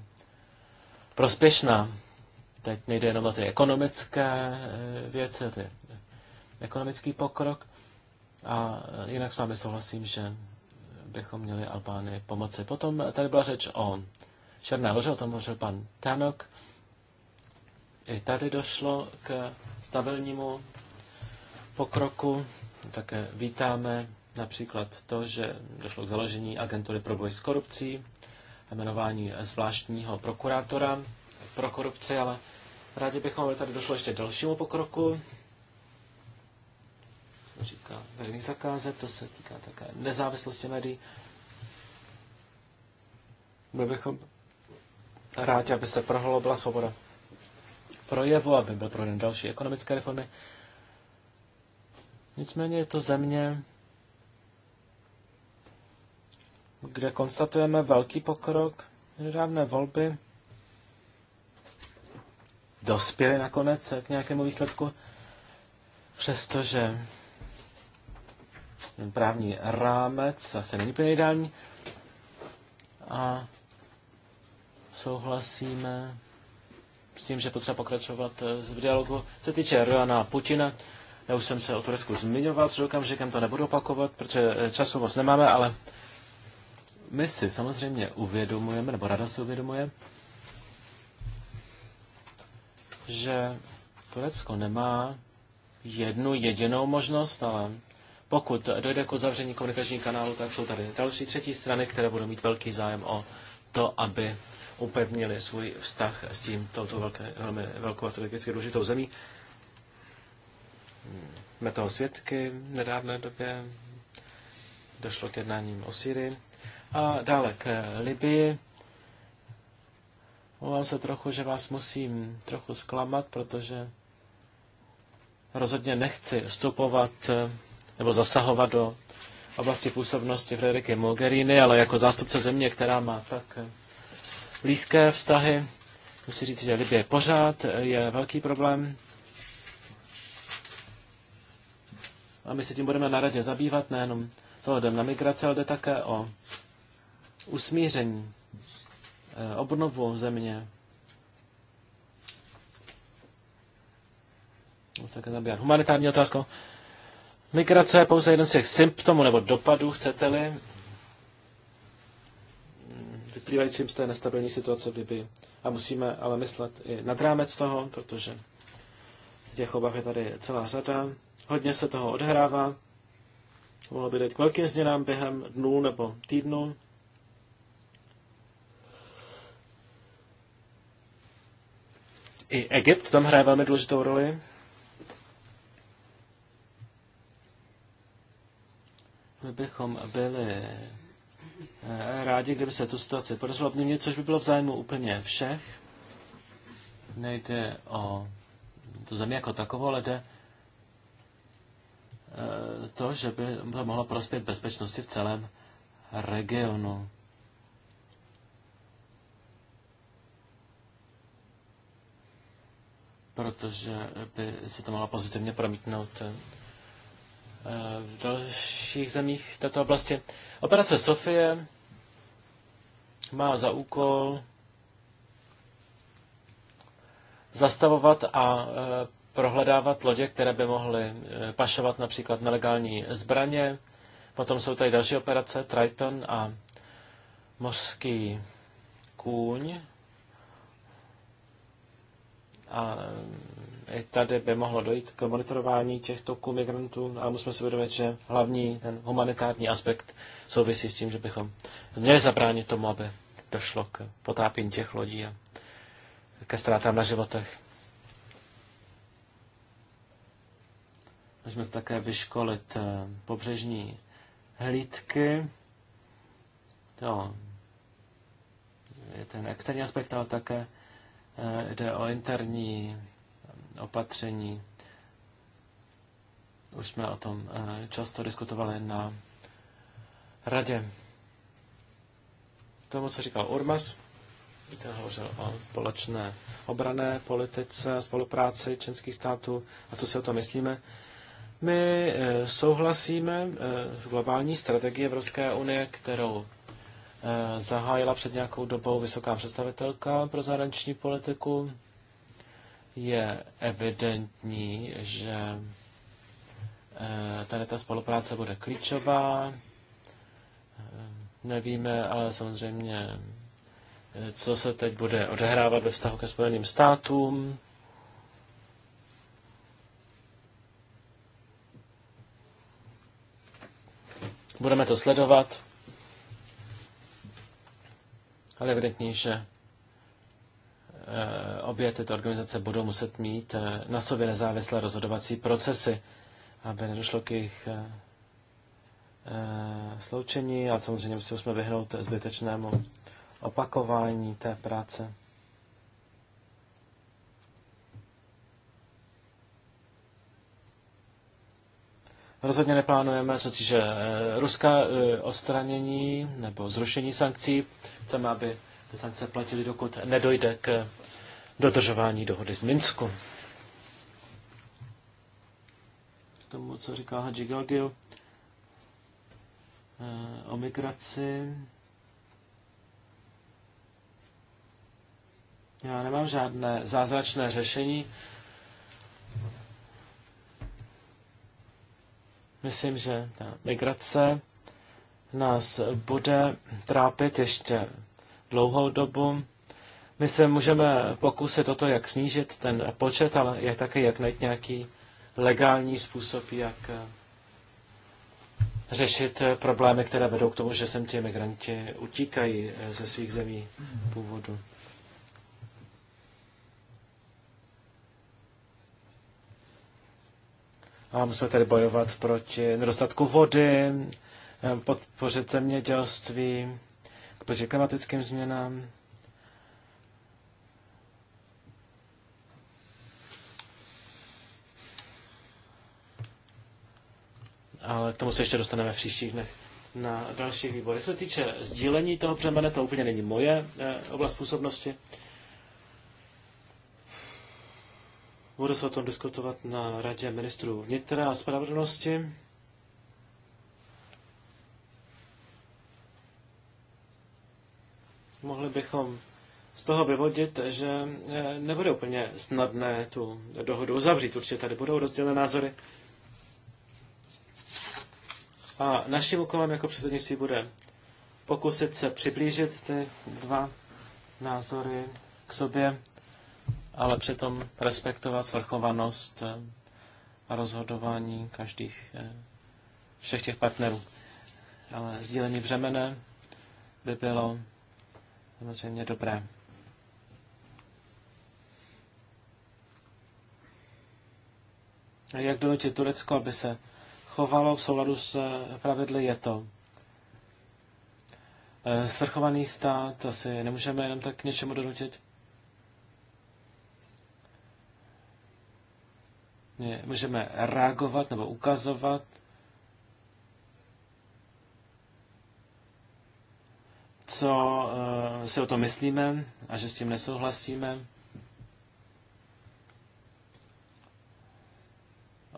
prospěšná. Teď nejde jenom o ty ekonomické eh, věci, ty ekonomický pokrok, a jinak s vámi souhlasím, že bychom měli Albány pomoci. Potom tady byla řeč o Černé hoře, o tom hořil pan Tanok. I tady došlo k stabilnímu pokroku. Také vítáme například to, že došlo k založení agentury pro boj s korupcí a jmenování zvláštního prokurátora pro korupci, ale rádi bychom, aby tady došlo ještě dalšímu pokroku říká veřejných zakázek, to se týká také nezávislosti médií. My bychom rádi, aby se byla svoboda projevu, aby byl proveden další ekonomické reformy. Nicméně je to země, kde konstatujeme velký pokrok, nedávné volby dospěly nakonec k nějakému výsledku, přestože ten právní rámec asi není plný daň A souhlasíme s tím, že potřeba pokračovat eh, v dialogu. Se týče Rojana Putina, já už jsem se o Turecku zmiňoval před okamžikem, to nebudu opakovat, protože eh, času moc nemáme, ale my si samozřejmě uvědomujeme, nebo rada si uvědomuje, že Turecko nemá jednu jedinou možnost, ale pokud dojde k uzavření komunikačních kanálů, tak jsou tady další třetí strany, které budou mít velký zájem o to, aby upevnili svůj vztah s tím touto velké, velmi velkou a strategicky důležitou zemí. Jsme toho svědky v nedávné době. Došlo k jednáním o Syrii. A dále k Libii. Mluvám se trochu, že vás musím trochu zklamat, protože rozhodně nechci vstupovat nebo zasahovat do oblasti působnosti Frederiky Mogherini, ale jako zástupce země, která má tak eh, blízké vztahy, musí říct, že Libie pořád eh, je velký problém. A my se tím budeme naradě zabývat, nejenom s ohledem na migraci, ale jde také o usmíření, eh, obnovu země. Také zabývat humanitární otázkou. Migrace je pouze jeden z těch symptomů nebo dopadů, chcete-li, vyplývajícím z té nestabilní situace v Libii. A musíme ale myslet i nad rámec toho, protože těch obav je tady celá řada. Hodně se toho odhrává. Mohlo by dojít k velkým změnám během dnů nebo týdnů. I Egypt tam hraje velmi důležitou roli. My bychom byli eh, rádi, kdyby se tu situaci podařilo obměnit, což by bylo v zájmu úplně všech. Nejde o tu zemi jako takovou, ale jde eh, to, že by to mohlo prospět bezpečnosti v celém regionu. Protože by se to mohlo pozitivně promítnout eh, v dalších zemích této oblasti. Operace Sofie má za úkol zastavovat a e, prohledávat lodě, které by mohly e, pašovat například nelegální zbraně. Potom jsou tady další operace, Triton a mořský kůň. A tady by mohlo dojít k monitorování těch toků migrantů, ale musíme si uvědomit, že hlavní ten humanitární aspekt souvisí s tím, že bychom měli zabránit tomu, aby došlo k potápění těch lodí a ke ztrátám na životech. Můžeme se také vyškolit eh, pobřežní hlídky. To je ten externí aspekt, ale také eh, jde o interní opatření. Už jsme o tom eh, často diskutovali na radě. K tomu, co říkal Urmas, ten hovořil o společné obrané politice, spolupráci čínských států a co si o tom myslíme. My eh, souhlasíme v eh, globální strategii Evropské unie, kterou zahájila před nějakou dobou vysoká představitelka pro zahraniční politiku je evidentní, že eh, tady ta spolupráce bude klíčová. Eh, nevíme, ale samozřejmě, eh, co se teď bude odehrávat ve vztahu ke Spojeným státům. Budeme to sledovat, ale evidentní, že Eh, obě tyto organizace budou muset mít eh, na sobě nezávislé rozhodovací procesy, aby nedošlo k jejich eh, sloučení a samozřejmě musíme jsme vyhnout zbytečnému opakování té práce. Rozhodně neplánujeme, co týče Ruska, odstranění nebo zrušení sankcí. Chceme, aby ty sankce platily, dokud nedojde k dodržování dohody z Minsku. K tomu, co říká Hadži Galgio eh, o migraci. Já nemám žádné zázračné řešení. Myslím, že ta migrace nás bude trápit ještě dlouhou dobu. My se můžeme pokusit o to, jak snížit ten počet, ale je také, jak najít nějaký legální způsob, jak eh, řešit eh, problémy, které vedou k tomu, že sem ti migranti utíkají eh, ze svých zemí původu. A musíme tedy bojovat proti nedostatku vody, podpořit zemědělství, proti klimatickým změnám. ale k tomu se ještě dostaneme v příštích dnech na dalších výborech. Co se týče sdílení toho břemene, to úplně není moje eh, oblast působnosti. Bude se o tom diskutovat na radě ministrů vnitra a spravedlnosti. Mohli bychom z toho vyvodit, že eh, nebude úplně snadné tu dohodu uzavřít. Určitě tady budou rozdělené názory. A naším úkolem jako předsednictví bude pokusit se přiblížit ty dva názory k sobě, ale přitom respektovat svrchovanost eh, a rozhodování každých eh, všech těch partnerů. Ale sdílení břemene by bylo samozřejmě dobré. A jak donutit Turecko, aby se chovalo v souladu s eh, pravidly, je to eh, svrchovaný stát, to si nemůžeme jenom tak k něčemu donutit. Můžeme reagovat nebo ukazovat, co eh, si o tom myslíme a že s tím nesouhlasíme.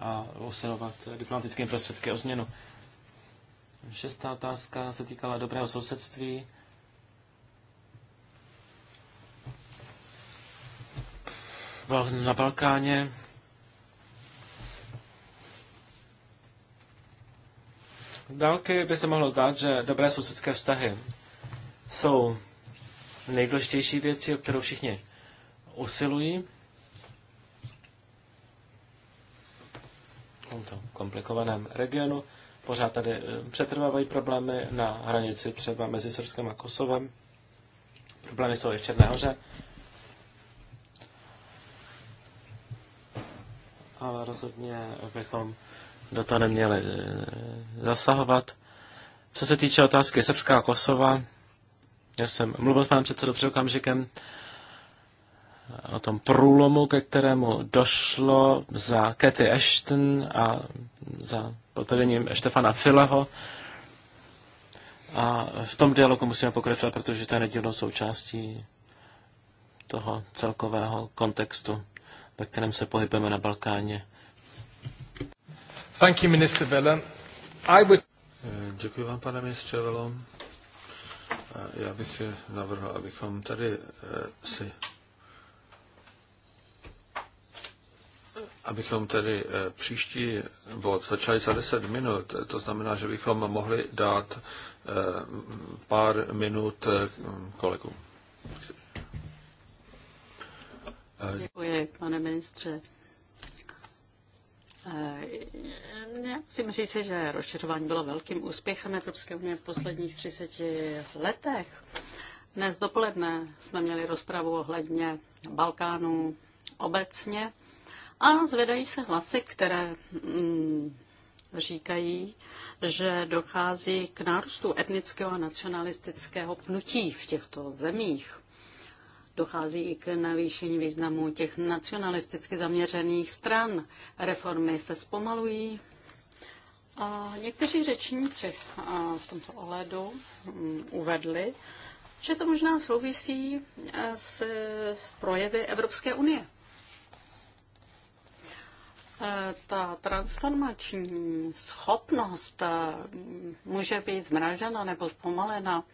a usilovat diplomatickými prostředky o změnu. Šestá otázka se týkala dobrého sousedství. Na Balkáně dálky by se mohlo zdát, že dobré sousedské vztahy jsou nejdůležitější věci, o kterou všichni usilují. tomto komplikovaném regionu. Pořád tady eh, přetrvávají problémy na hranici třeba mezi Srbskem a Kosovem. Problémy jsou i v Černé hoře. Ale rozhodně bychom do toho neměli eh, zasahovat. Co se týče otázky Srbská a Kosova, já jsem mluvil s panem předsedou před okamžikem, o tom průlomu, ke kterému došlo za Cathy Ashton a za podvedením Štefana Fileho. A v tom dialogu musíme pokračovat, protože to je nedílnou součástí toho celkového kontextu, ve kterém se pohybujeme na Balkáně. Thank you, Minister I would... Děkuji vám, pane ministře Velo. Já bych navrhl, abychom tady eh, si abychom tedy eh, příští bod začali za 10 minut, eh, to znamená, že bychom mohli dát eh, pár minut kolegům. Děkuji, pane ministře. Já musím říct, že rozšiřování bylo velkým úspěchem Evropské unie v posledních 30 letech. Dnes dopoledne jsme měli rozpravu ohledně Balkánu obecně a zvedají se hlasy, které mm, říkají, že dochází k nárůstu etnického a nacionalistického pnutí v těchto zemích. Dochází i k navýšení významu těch nacionalisticky zaměřených stran. Reformy se zpomalují. A někteří řečníci v tomto ohledu mm, uvedli, že to možná souvisí e, s projevy Evropské unie. Eh, ta transformační schopnost eh, může být zmražena nebo zpomalena.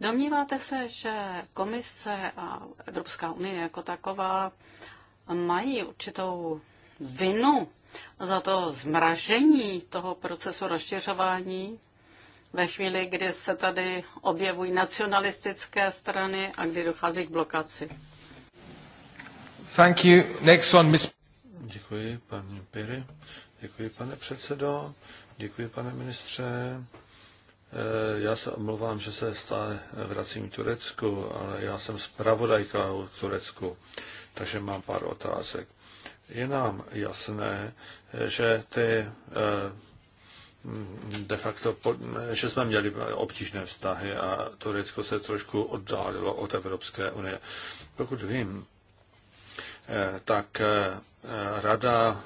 Domníváte se, že komise a Evropská unie jako taková mají určitou vinu za to zmražení toho procesu rozšiřování ve chvíli, kdy se tady objevují nacionalistické strany a kdy dochází k blokaci. Thank you. Next one, Děkuji, paní Piry. Děkuji, pane předsedo. Děkuji, pane ministře. Eh, já se omlouvám, že se stále vracím k Turecku, ale já jsem zpravodajka v Turecku, takže mám pár otázek. Je nám jasné, že ty eh, de facto, že jsme měli obtížné vztahy a Turecko se trošku oddálilo od Evropské unie. Pokud vím, Eh, tak eh, eh, rada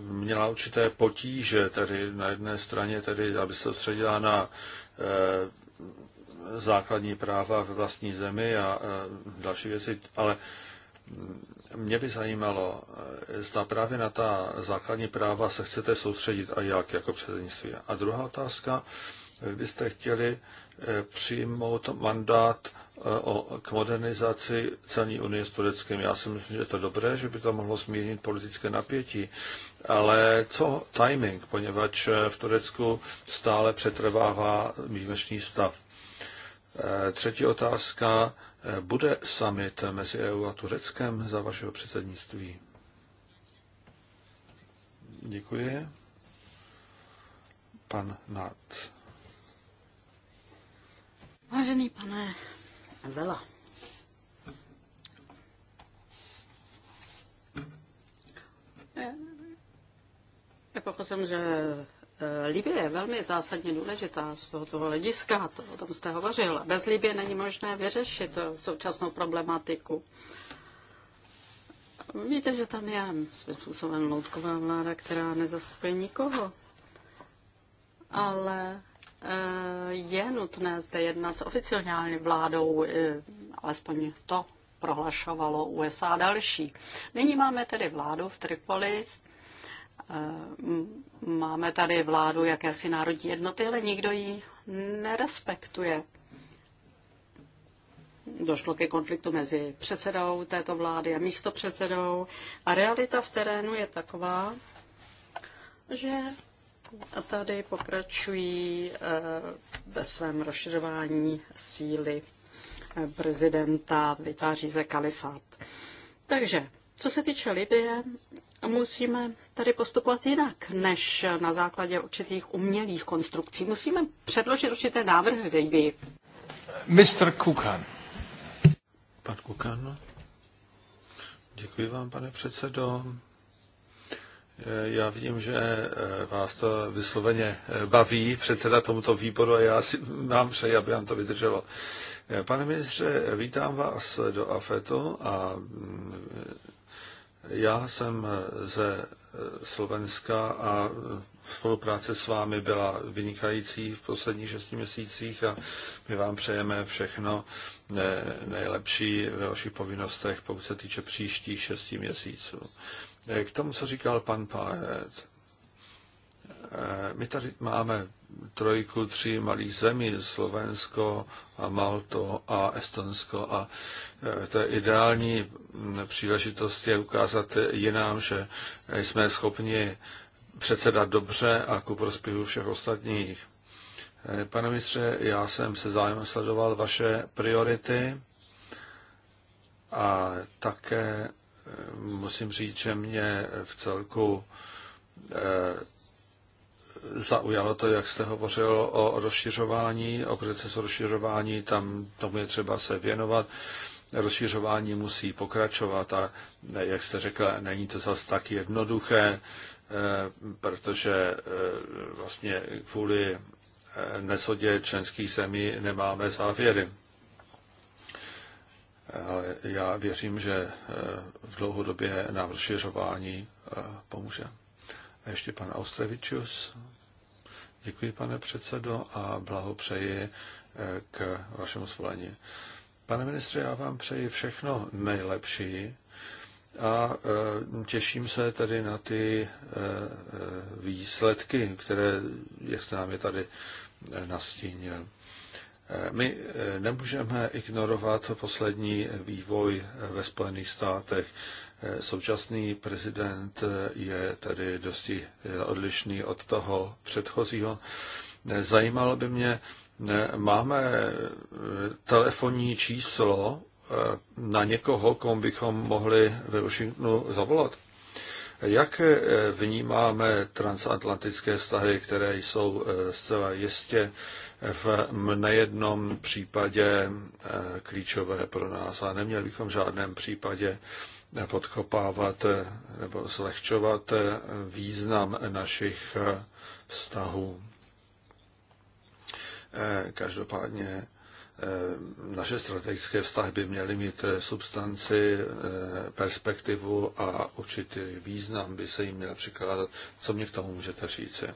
měla určité potíže, tedy na jedné straně, tedy, aby se soustředila na základní práva ve vlastní zemi a další věci, ale mm, mě by zajímalo, zda právě na ta základní práva se chcete soustředit a jak jako předsednictví. A druhá otázka, vy byste chtěli eh, přijmout mandát eh, o, k modernizaci celní unie s Tureckem. Já si myslím, že to je dobré, že by to mohlo zmírnit politické napětí. Ale co timing, poněvadž eh, v Turecku stále přetrvává výjimečný stav. Třetí otázka. Bude summit mezi EU a Tureckem za vašeho předsednictví? Děkuji. Pan Nat. Vážený pane Vela, Pochopil jsem, že eh, Libie je velmi zásadně důležitá z tohoto hlediska, to, o tom jste hovořil. Bez Libie není možné vyřešit eh, současnou problematiku. Víte, že tam je svým způsobem loutková vláda, která nezastupuje nikoho. Ale Eh, je nutné zde jednat s oficiální vládou, eh, alespoň to prohlašovalo USA a další. Nyní máme tedy vládu v Tripolis, eh, máme tady vládu jakési národní jednoty, ale nikdo ji nerespektuje. Došlo ke konfliktu mezi předsedou této vlády a místopředsedou a realita v terénu je taková, že a tady pokračují eh, ve svém rozšiřování síly eh, prezidenta, vytváří se kalifát. Takže, co se týče Libie, musíme tady postupovat jinak, než na základě určitých umělých konstrukcí. Musíme předložit určité návrhy Libii. Mr. Kukan. Pan Kukan. Děkuji vám, pane předsedo. Eh, já vidím, že eh, vás to vysloveně eh, baví, předseda tomuto výboru a já si vám přeji, aby vám to vydrželo. Pane ministře, vítám vás do AFETu a mm, já jsem ze Slovenska a spolupráce s vámi byla vynikající v posledních šesti měsících a my vám přejeme všechno nejlepší ve vašich povinnostech, pokud se týče příštích šesti měsíců. Eh, k tomu, co říkal pan Páret, eh, My tady máme trojku tři malých zemí, Slovensko a Malto a Estonsko a eh, to je ideální mm, příležitost je ukázat jinám, že jsme schopni předsedat dobře a ku prospěchu všech ostatních. Pane ministře, já jsem se zájmem sledoval vaše priority a také musím říct, že mě v celku eh, zaujalo to, jak jste hovořil o rozšiřování, o procesu rozšiřování, tam tomu je třeba se věnovat. Rozšiřování musí pokračovat a, jak jste řekl, není to zas tak jednoduché, eh, protože eh, vlastně kvůli nesodě členských zemí nemáme závěry ale já věřím, že eh, v dlouhodobě nám rozšiřování eh, pomůže. A ještě pan Austrevičus. Děkuji, pane předsedo, a blahopřeji eh, k vašemu zvolení. Pane ministře, já vám přeji všechno nejlepší a těším se tedy na ty výsledky, které, jak jste nám je tady nastínil. My eh, nemůžeme ignorovat poslední vývoj ve Spojených státech. Eh, současný prezident eh, je tedy dosti odlišný od toho předchozího. Zajímalo by mě, máme telefonní číslo na někoho, komu bychom mohli ve Washingtonu zavolat. Jak vnímáme transatlantické vztahy, které jsou zcela jistě v nejednom případě eh, klíčové pro nás a neměli bychom v žádném případě podkopávat eh, nebo zlehčovat eh, význam našich vztahů. Každopádně naše strategické vztahy by měly mít substanci, perspektivu a určitý význam by se jim měl přikládat. Co mě k tomu můžete říci?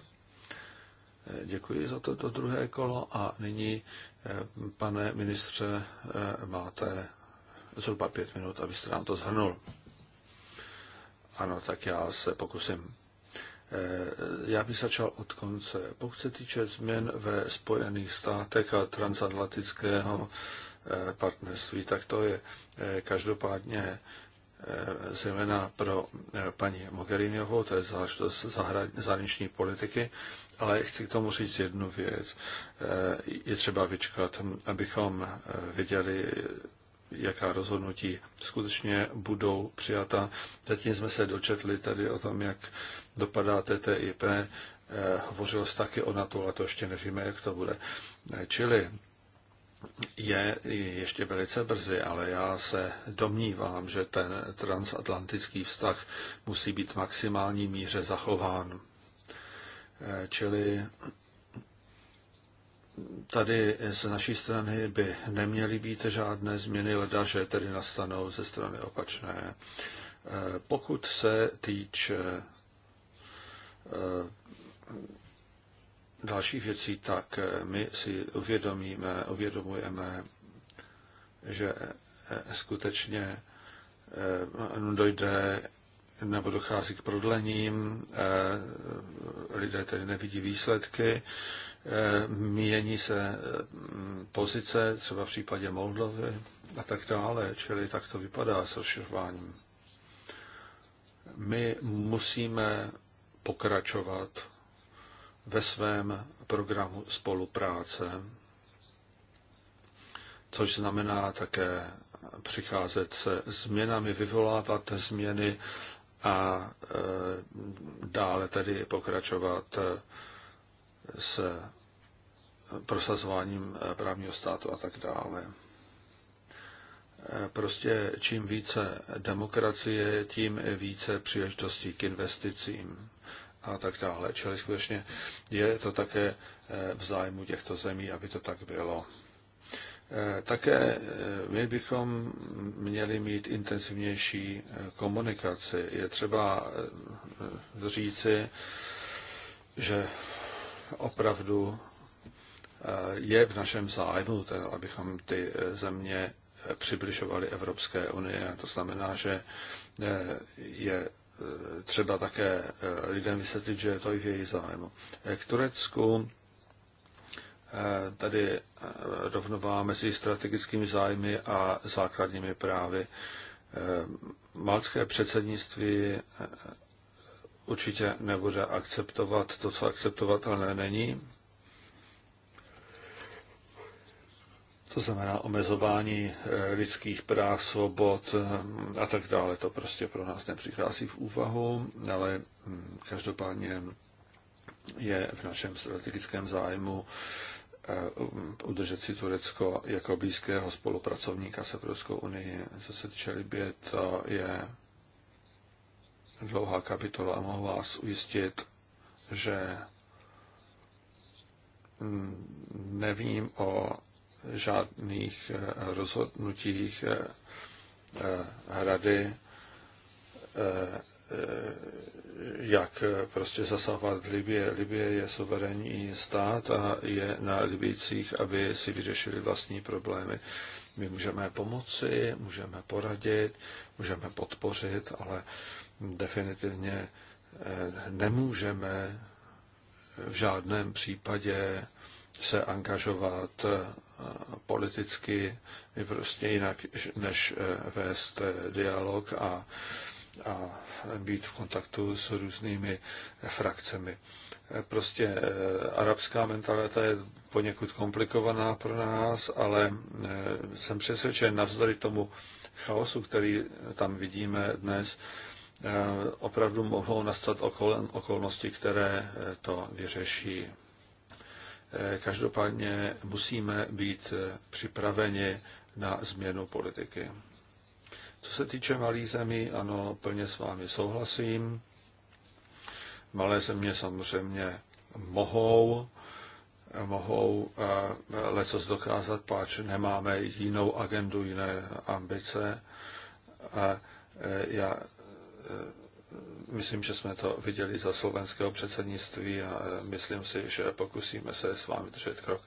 Děkuji za to, to druhé kolo a nyní, eh, pane ministře, eh, máte zhruba pět minut, abyste nám to zhrnul. Ano, tak já se pokusím. Eh, já bych začal od konce. Pokud se týče změn ve Spojených státech a transatlantického partnerství, tak to je každopádně zejména pro paní Mogheriniovou, to je záležitost zahraniční politiky, ale chci k tomu říct jednu věc. Eh, je třeba vyčkat, abychom eh, viděli, jaká rozhodnutí skutečně budou přijata. Zatím jsme se dočetli tady o tom, jak dopadá TTIP. Eh, Hovořilo se taky o NATO, a to ještě nevíme, jak to bude. Čili je ještě velice brzy, ale já se domnívám, že ten transatlantický vztah musí být v maximální míře zachován. Čili tady z naší strany by neměly být žádné změny, leda, že tedy nastanou ze strany opačné. Eh, pokud se týče eh, dalších věcí, tak eh, my si uvědomíme, uvědomujeme, že skutečně dojde nebo dochází k prodlením, eh, lidé tedy nevidí výsledky, eh, mění se eh, pozice, třeba v případě Moldovy a tak dále, čili tak to vypadá s rozšiřováním. My musíme pokračovat ve svém programu spolupráce, což znamená také přicházet se změnami, vyvolávat změny a e, dále tedy pokračovat e, s prosazováním e, právního státu a tak dále. Prostě čím více demokracie, tím více příležitostí k investicím a tak dále. Čili skutečně je to také v zájmu těchto zemí, aby to tak bylo. Eh, také eh, my bychom měli mít intenzivnější eh, komunikaci. Je třeba říci, že opravdu je v našem zájmu, abychom ty země přibližovali Evropské unie. To znamená, že je třeba také lidem vysvětlit, že je to i v jejich zájmu. K Turecku Eh, tady eh, rovnováha mezi strategickými zájmy a základními právy. Eh, Malcké předsednictví určitě nebude akceptovat to, co akceptovatelné není. To znamená omezování lidských práv, svobod a tak dále. To prostě pro nás nepřichází v úvahu, ale hm, každopádně je v našem strategickém zájmu Eh, udržet si Turecko jako blízkého spolupracovníka s Evropskou unii. Co se týče Libie, to je dlouhá kapitola mohu vás ujistit, že mm, nevím o žádných eh, rozhodnutích eh, rady jak eh, prostě zasahovat v Libě. Libie je suverénní stát a je na Libijcích, aby si vyřešili vlastní problémy. My můžeme pomoci, můžeme poradit, můžeme podpořit, ale definitivně eh, nemůžeme v žádném případě se angažovat eh, politicky, prostě jinak než vést dialog a a být v kontaktu s různými frakcemi. Prostě eh, arabská mentalita je poněkud komplikovaná pro nás, ale eh, jsem přesvědčen navzdory tomu chaosu, který tam vidíme dnes, eh, opravdu mohou nastat okolnosti, které to vyřeší. Každopádně musíme být připraveni na změnu politiky. Co se týče malých zemí, ano, plně s vámi souhlasím. Malé země samozřejmě mohou, mohou eh, leco dokázat, páč nemáme jinou agendu, jiné ambice. A eh, já eh, myslím, že jsme to viděli za slovenského předsednictví a myslím si, že pokusíme se s vámi držet krok.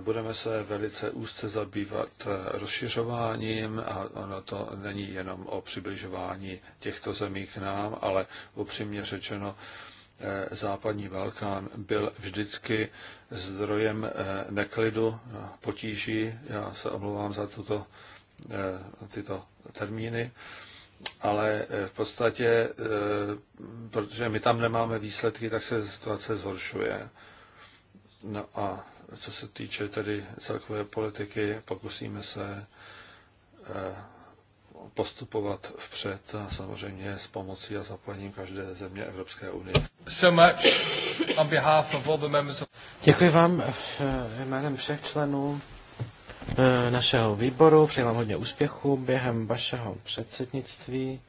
Budeme se velice úzce zabývat eh, rozšiřováním a ono to není jenom o přibližování těchto zemí k nám, ale upřímně řečeno, eh, západní Balkán byl vždycky zdrojem eh, neklidu, potíží. Já se omlouvám za tuto, tyto termíny, ale v podstatě, protože my tam nemáme výsledky, tak se situace zhoršuje. No a co se týče tedy celkové politiky, pokusíme se eh, postupovat vpřed a samozřejmě s pomocí a zapojením každé země Evropské unie. So much on behalf of all the members of... Děkuji vám eh, jménem všech členů eh, našeho výboru. Přeji vám hodně úspěchu během vašeho předsednictví.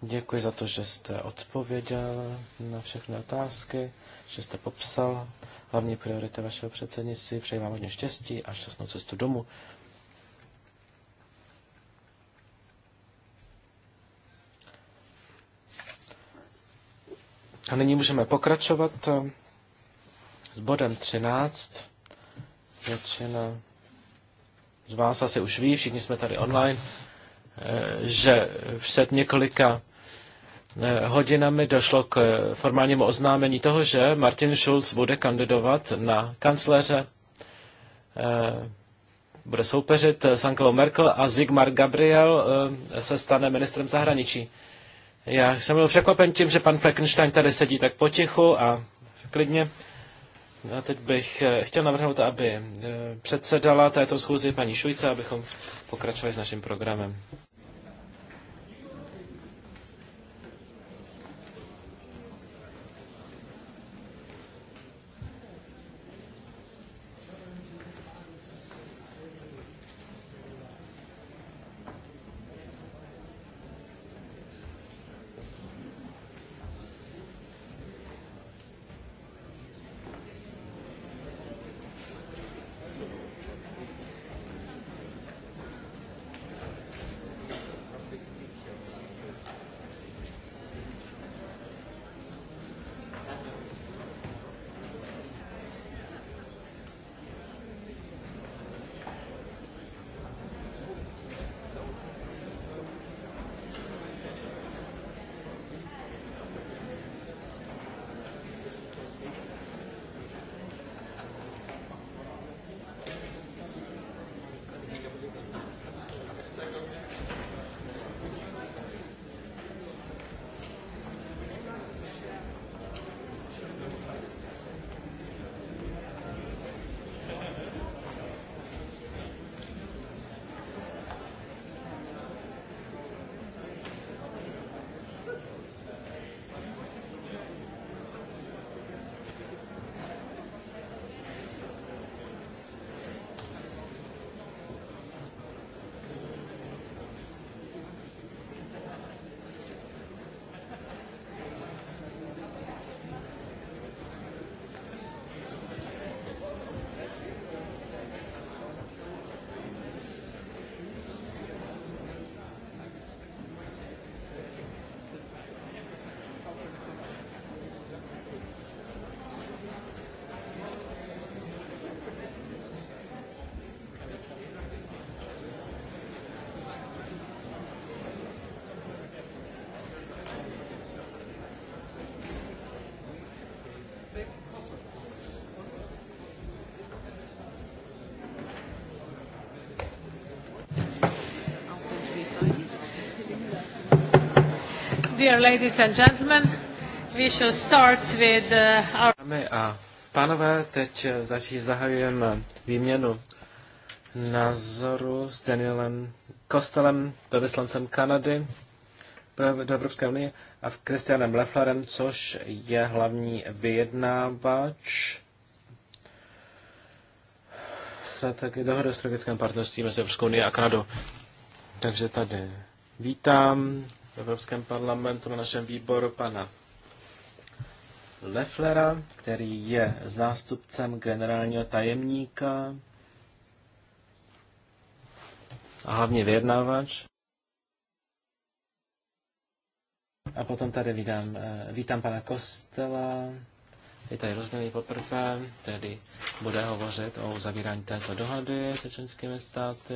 Děkuji za to, že jste odpověděl na všechny otázky, že jste popsal hlavní priorita vašeho předsednictví. Přeji vám hodně štěstí a šťastnou cestu domů. A nyní můžeme pokračovat eh, s bodem 13. Většina z vás asi už ví, všichni jsme tady online, eh, že před několika Eh, hodinami došlo k eh, formálnímu oznámení toho, že Martin Schulz bude kandidovat na kancléře, eh, bude soupeřit s Angelou Merkel a Sigmar Gabriel se stane ministrem zahraničí. Já jsem byl překvapen tím, že pan Fleckenstein tady sedí tak potichu a klidně. No a teď bych chtěl navrhnout, aby předsedala této schůzi paní Šujce, abychom pokračovali s naším programem. Dear ladies and gentlemen, we shall start with uh, our... Dámy a pánové, teď eh, zahajujeme výměnu názoru s Danielem Kostelem, velvyslancem Kanady do Evropské unie a Kristianem Lefflerem, což je hlavní vyjednávač strategie dohody o strategickém partnerství mezi Evropskou unii a Kanadou. Takže tady vítám Evropském parlamentu na našem výboru pana Lefflera, který je zástupcem generálního tajemníka a hlavně vyjednávač. A potom tady vítám, eh, vítám pana Kostela, je tady rozdělený poprvé, tedy bude hovořit o uzavírání této dohody se členskými státy.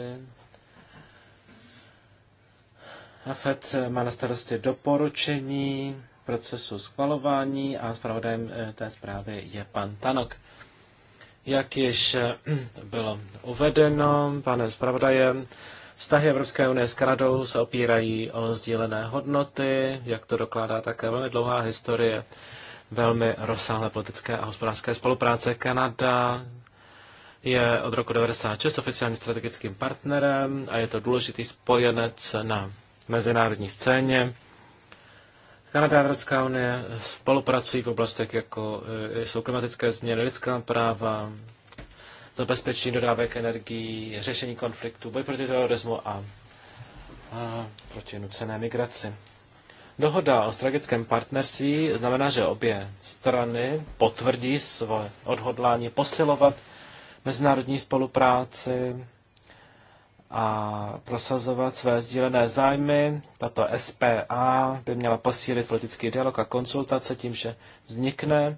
AFET má na starosti doporučení procesu schvalování a zpravodajem eh, té zprávy je pan Tanok. Jak již eh, bylo uvedeno panem zpravodajem, vztahy Evropské unie s Kanadou se opírají o sdílené hodnoty, jak to dokládá také velmi dlouhá historie velmi rozsáhlé politické a hospodářské spolupráce. Kanada je od roku 1996 oficiálně strategickým partnerem a je to důležitý spojenec na mezinárodní scéně. Kanada a Evropská unie spolupracují v oblastech, jako eh, jsou klimatické změny, lidská práva, zabezpečení dodávek energií, řešení konfliktů, boj proti terorismu a, a proti nucené migraci. Dohoda o strategickém partnerství znamená, že obě strany potvrdí svoje odhodlání posilovat mezinárodní spolupráci a prosazovat své sdílené zájmy. Tato SPA by měla posílit politický dialog a konzultace tím, že vznikne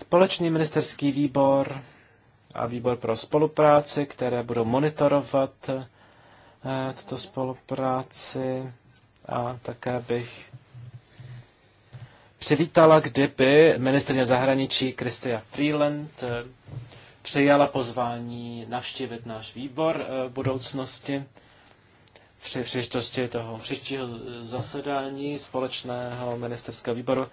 společný ministerský výbor a výbor pro spolupráci, které budou monitorovat eh, tuto spolupráci a také bych přivítala, kdyby ministrně zahraničí Kristia Freeland eh, přijala pozvání navštívit náš výbor eh, v budoucnosti při příležitosti toho příštího zasedání společného ministerského výboru.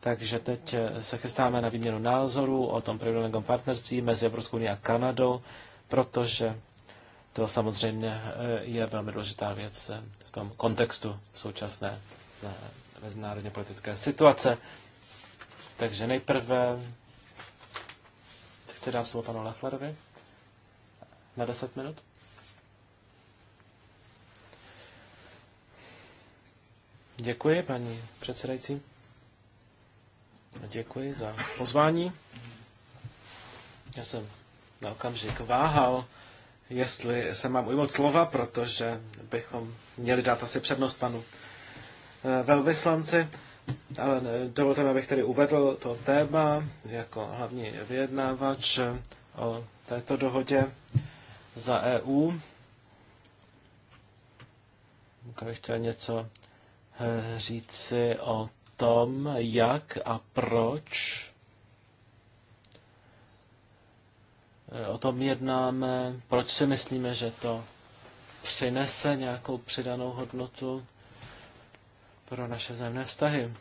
Takže teď eh, se chystáme na výměnu názorů o tom privilegovém partnerství mezi Evropskou unii a Kanadou, protože to samozřejmě eh, je velmi důležitá věc v tom kontextu současné mezinárodně politické situace. Takže nejprve Předám slovo panu Lechlerovi na 10 minut. Děkuji, paní předsedající. Děkuji za pozvání. Já jsem na okamžik váhal, jestli se mám ujmout slova, protože bychom měli dát asi přednost panu eh, velvyslanci. Ale dovolte mi, abych tady uvedl to téma jako hlavní vyjednávač eh, o této dohodě za EU. Kdybych chtěl něco eh, říci o tom, jak a proč eh, o tom jednáme, proč si myslíme, že to přinese nějakou přidanou hodnotu pro naše zemné vztahy.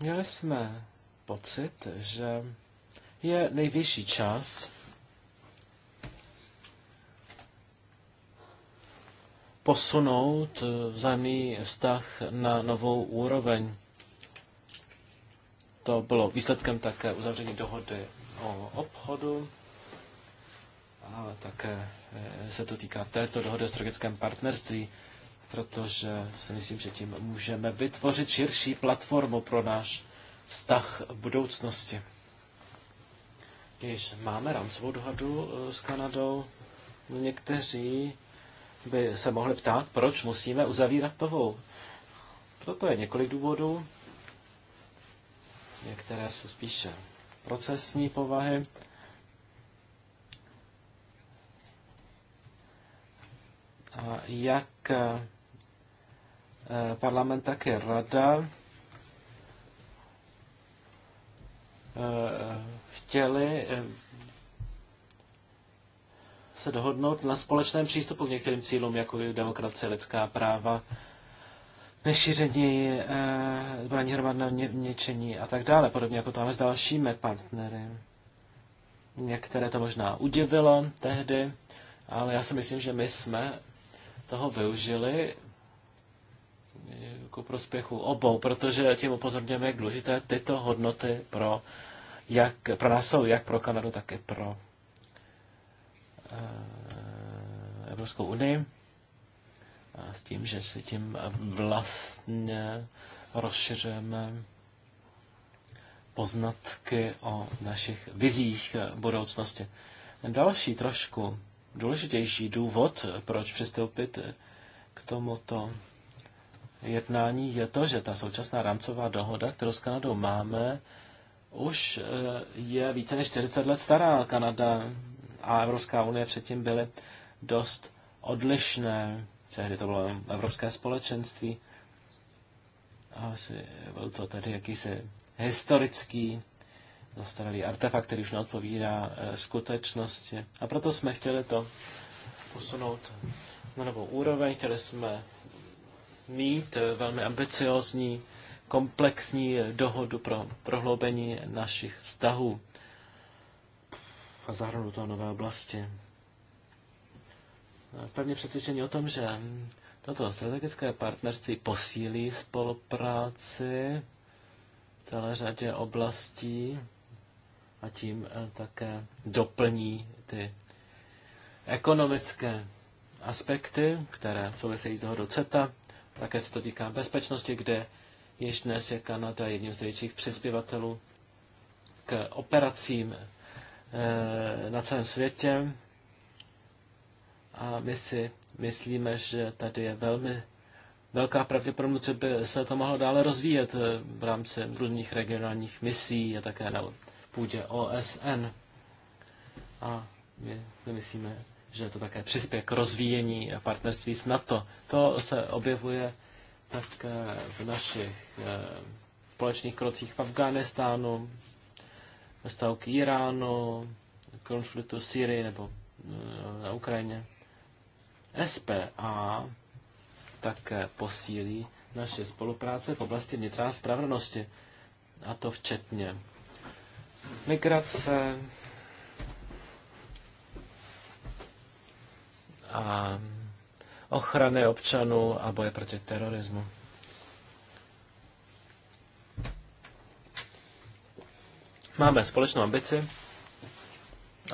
Měli jsme pocit, že je nejvyšší čas posunout vzájemný vztah na novou úroveň. To bylo výsledkem také uzavření dohody o obchodu, ale také se to týká této dohody o strategickém partnerství, protože si myslím, že tím můžeme vytvořit širší platformu pro náš vztah v budoucnosti. Když máme rámcovou dohodu eh, s Kanadou. Někteří by se mohli ptát, proč musíme uzavírat novou. Proto je několik důvodů. Některé jsou spíše procesní povahy. jak eh, parlament, tak i rada eh, chtěli eh, se dohodnout na společném přístupu k některým cílům, jako je demokracie, lidská práva, nešíření zbraní hromadného ničení a tak dále, podobně jako tam s dalšími partnery. Některé to možná udivilo tehdy, ale já si myslím, že my jsme toho využili ku prospěchu obou, protože tím upozorňujeme, jak důležité tyto hodnoty pro, jak, pro nás jsou, jak pro Kanadu, tak i pro eh, Evropskou unii. A s tím, že si tím vlastně rozšiřujeme poznatky o našich vizích budoucnosti. Další trošku důležitější důvod, proč přistoupit k tomuto jednání, je to, že ta současná rámcová dohoda, kterou s Kanadou máme, už eh, je více než 40 let stará. Kanada a Evropská unie předtím byly dost odlišné. Tehdy to bylo Evropské společenství. Asi byl to tedy jakýsi historický zastaralý artefakt, který už neodpovídá eh, skutečnosti. A proto jsme chtěli to posunout na novou úroveň, chtěli jsme mít eh, velmi ambiciozní, komplexní eh, dohodu pro prohloubení našich vztahů a zahrnout do nové oblasti. Pevně přesvědčení o tom, že hm, toto strategické partnerství posílí spolupráci v celé řadě oblastí a tím eh, také doplní ty ekonomické aspekty, které souvisejí s dohodou CETA. Také se to týká bezpečnosti, kde již dnes je Kanada jedním z největších přispěvatelů k operacím eh, na celém světě. A my si myslíme, že tady je velmi velká pravděpodobnost, že by se to mohlo dále rozvíjet eh, v rámci různých regionálních misí a také na půdě OSN. A my, myslíme, že to také přispěje k rozvíjení partnerství s NATO. To se objevuje tak eh, v našich eh, společných krocích v Afghánistánu, ve stavu k Iránu, konfliktu v Syrii nebo eh, na Ukrajině. SPA také posílí naše spolupráce v oblasti vnitřní spravedlnosti, a to včetně migrace a ochrany občanů a boje proti terorismu. Máme společnou ambici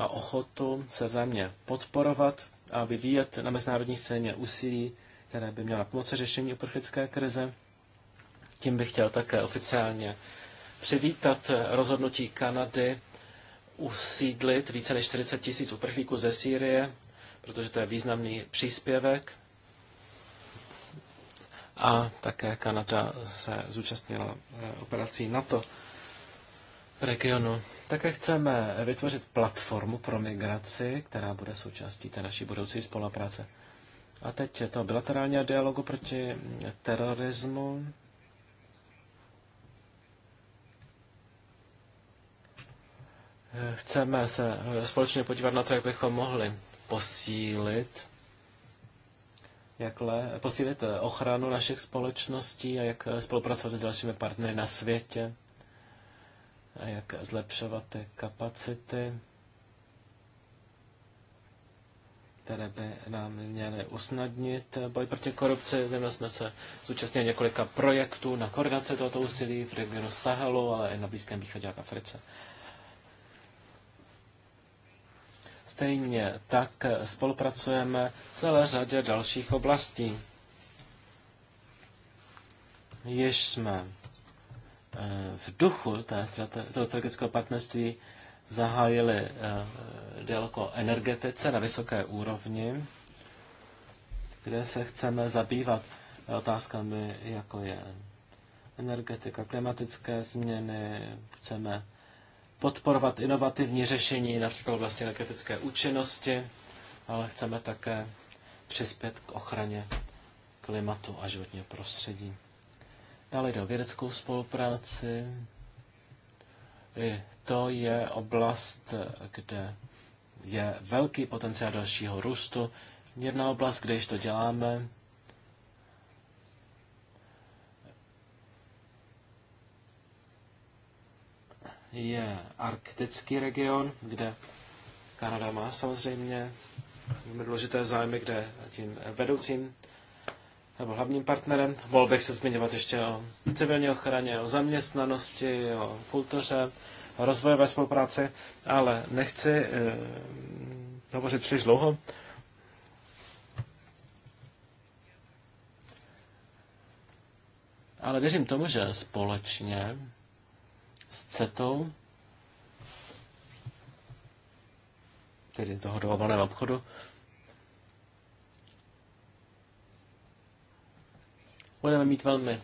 a ochotu se vzájemně podporovat a vyvíjet na mezinárodní scéně úsilí, které by měla pomoci řešení uprchlické krize. Tím bych chtěl také oficiálně přivítat eh, rozhodnutí Kanady usídlit více než 40 tisíc uprchlíků ze Sýrie, protože to je významný příspěvek. A také Kanada se zúčastnila eh, operací NATO v regionu. Také chceme eh, vytvořit platformu pro migraci, která bude součástí té naší budoucí spolupráce. A teď je to bilaterální dialogu proti mm, terorismu. Chceme se společně podívat na to, jak bychom mohli posílit jak le, posílit ochranu našich společností a jak spolupracovat s dalšími partnery na světě a jak zlepšovat ty kapacity, které by nám měly usnadnit boj proti korupci. Zejména jsme se zúčastnili několika projektů na koordinaci tohoto úsilí v regionu Sahelu, ale i na Blízkém východě a v Africe. Stejně tak spolupracujeme v celé řadě dalších oblastí. Jež jsme eh, v duchu té strate- toho strategického partnerství zahájili eh, dialog o energetice na vysoké úrovni, kde se chceme zabývat otázkami, jako je energetika, klimatické změny, chceme podporovat inovativní řešení, například v oblasti energetické účinnosti, ale chceme také přispět k ochraně klimatu a životního prostředí. Dále jde o vědeckou spolupráci. I to je oblast, kde je velký potenciál dalšího růstu. Jedna oblast, kde již to děláme, je arktický region, kde Kanada má samozřejmě velmi důležité zájmy, kde tím vedoucím nebo hlavním partnerem. Mohl bych se zmiňovat ještě o civilní ochraně, o zaměstnanosti, o kultuře, o rozvojové spolupráci, ale nechci e, hovořit příliš dlouho. Ale věřím tomu, že společně s CETou, tedy toho dohodovaného obchodu. Budeme mít velmi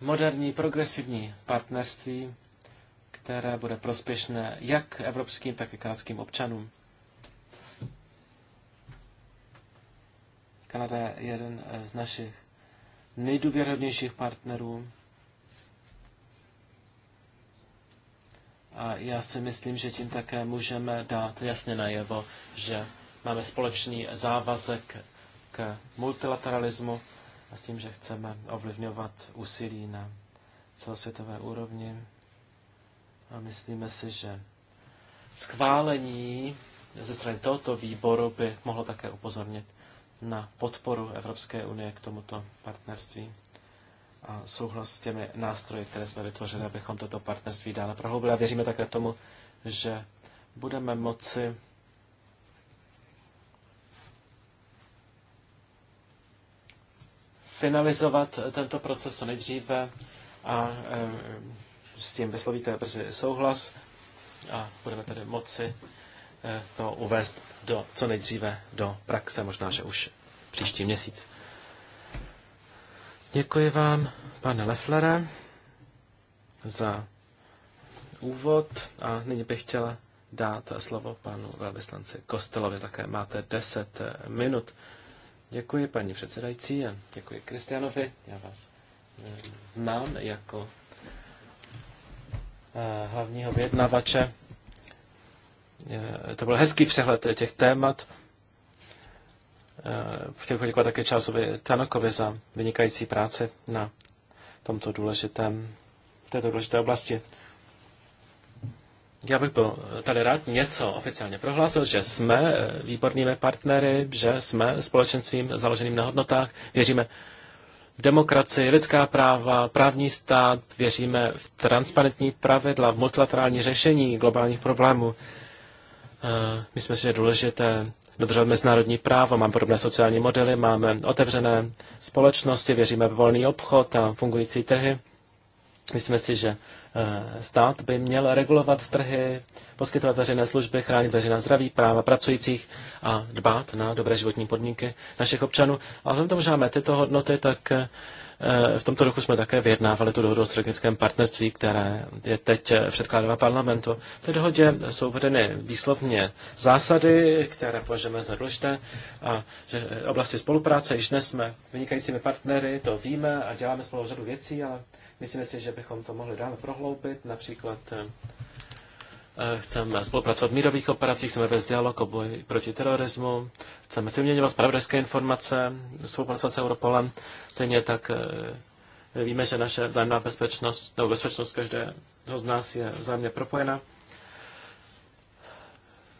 moderní, progresivní partnerství, které bude prospěšné jak evropským, tak i kanadským občanům. Kanada je jeden z našich nejdůvěrhodnějších partnerů. A já si myslím, že tím také můžeme dát jasně najevo, že máme společný závazek k multilateralismu a s tím, že chceme ovlivňovat úsilí na celosvětové úrovni. A myslíme si, že schválení ze strany tohoto výboru by mohlo také upozornit na podporu Evropské unie k tomuto partnerství souhlas s těmi nástroji, které jsme vytvořili, abychom toto partnerství dále prohloubili. A věříme také tomu, že budeme moci finalizovat tento proces co nejdříve a e, s tím vyslovíte brzy souhlas a budeme tedy moci e, to uvést do, co nejdříve do praxe, možná, že už příští měsíc. Děkuji vám, pane Leflere, za úvod a nyní bych chtěla dát slovo panu velvyslanci Kostelovi. Také máte 10 minut. Děkuji paní předsedající a děkuji Kristianovi. Já vás eh, znám jako eh, hlavního vyjednavače. Eh, to byl hezký přehled těch témat. Eh, chtěl bych poděkovat také Čázovi Tanokovi za vynikající práci na tomto důležitém, této důležité oblasti. Já bych byl tady rád něco oficiálně prohlásil, že jsme eh, výbornými partnery, že jsme společenstvím založeným na hodnotách, věříme v demokracii, lidská práva, právní stát, věříme v transparentní pravidla, v multilaterální řešení globálních problémů. Eh, myslím si, že je důležité dodržovat mezinárodní právo, máme podobné sociální modely, máme otevřené společnosti, věříme v volný obchod a fungující trhy. Myslíme si, že eh, stát by měl regulovat trhy, poskytovat veřejné služby, chránit veřejná zdraví, práva pracujících a dbát na dobré životní podmínky našich občanů. Ale hlavně tomu, že máme tyto hodnoty, tak eh, Eh, v tomto roku jsme také vyjednávali tu dohodu o strategickém partnerství, které je teď eh, předkládána parlamentu. V té dohodě jsou uvedeny výslovně zásady, které považujeme za důležité a že eh, oblasti spolupráce již dnes jsme vynikajícími partnery, to víme a děláme spolu řadu věcí, ale myslím si, že bychom to mohli dále prohloubit, například Eh, chceme spolupracovat v mírových operacích, chceme vést dialog o boji proti terorismu, chceme si vyměňovat spravodajské informace, spolupracovat s Europolem. Stejně tak eh, víme, že naše vzájemná bezpečnost, nebo bezpečnost každého z nás je vzájemně propojena.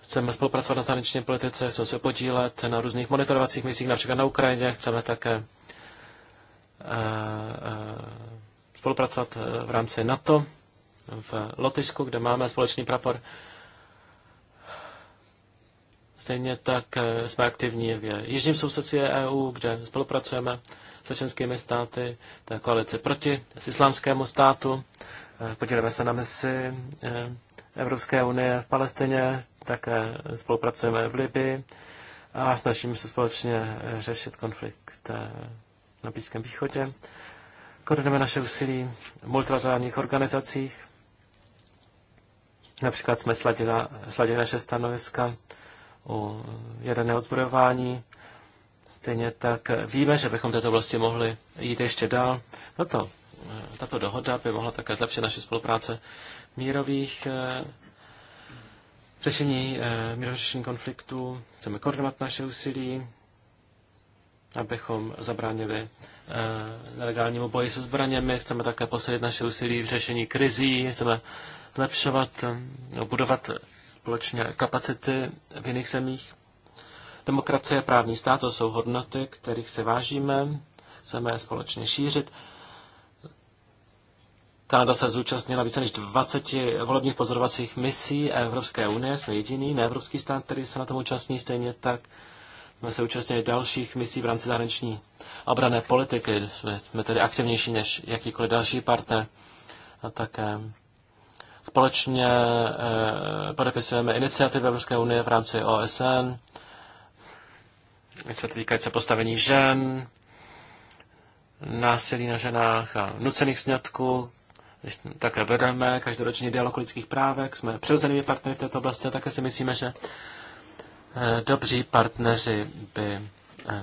Chceme spolupracovat na zahraniční politice, chceme se podílet na různých monitorovacích misích, například na Ukrajině, chceme také eh, spolupracovat v rámci NATO v Lotyšsku, kde máme společný prapor. Stejně tak eh, jsme aktivní v jižním sousedství EU, kde spolupracujeme s členskými státy, to je koalice proti s islámskému státu. Eh, Podílíme se na misi eh, Evropské unie v Palestině, také spolupracujeme v Libii a snažíme se společně řešit konflikt na Blízkém východě. Koordinujeme naše úsilí v multilaterálních organizacích, Například jsme sladili naše stanoviska u jaderného odzbrojování. Stejně tak víme, že bychom této oblasti mohli jít ještě dál. Proto tato dohoda by mohla také zlepšit naše spolupráce mírových eh, řešení eh, mírových řešení konfliktů. Chceme koordinovat naše úsilí, abychom zabránili eh, nelegálnímu boji se zbraněmi. Chceme také posadit naše úsilí v řešení krizí. Chceme zlepšovat, budovat společně kapacity v jiných zemích. Demokracie právní stát to jsou hodnoty, kterých se vážíme, chceme je společně šířit. Kanada se zúčastnila více než 20 volebních pozorovacích misí Evropské unie. Jsme jediný neevropský stát, který se na tom účastní. Stejně tak jsme se účastnili dalších misí v rámci zahraniční obrané politiky. Jsme tedy aktivnější než jakýkoliv další partner. A také Společně eh, podepisujeme iniciativy Evropské unie v rámci OSN, se týkající postavení žen, násilí na ženách a nucených sňatků. Také vedeme každoroční dialog o lidských právek, jsme přirozenými partnery v této oblasti a také si myslíme, že eh, dobří partneři by eh,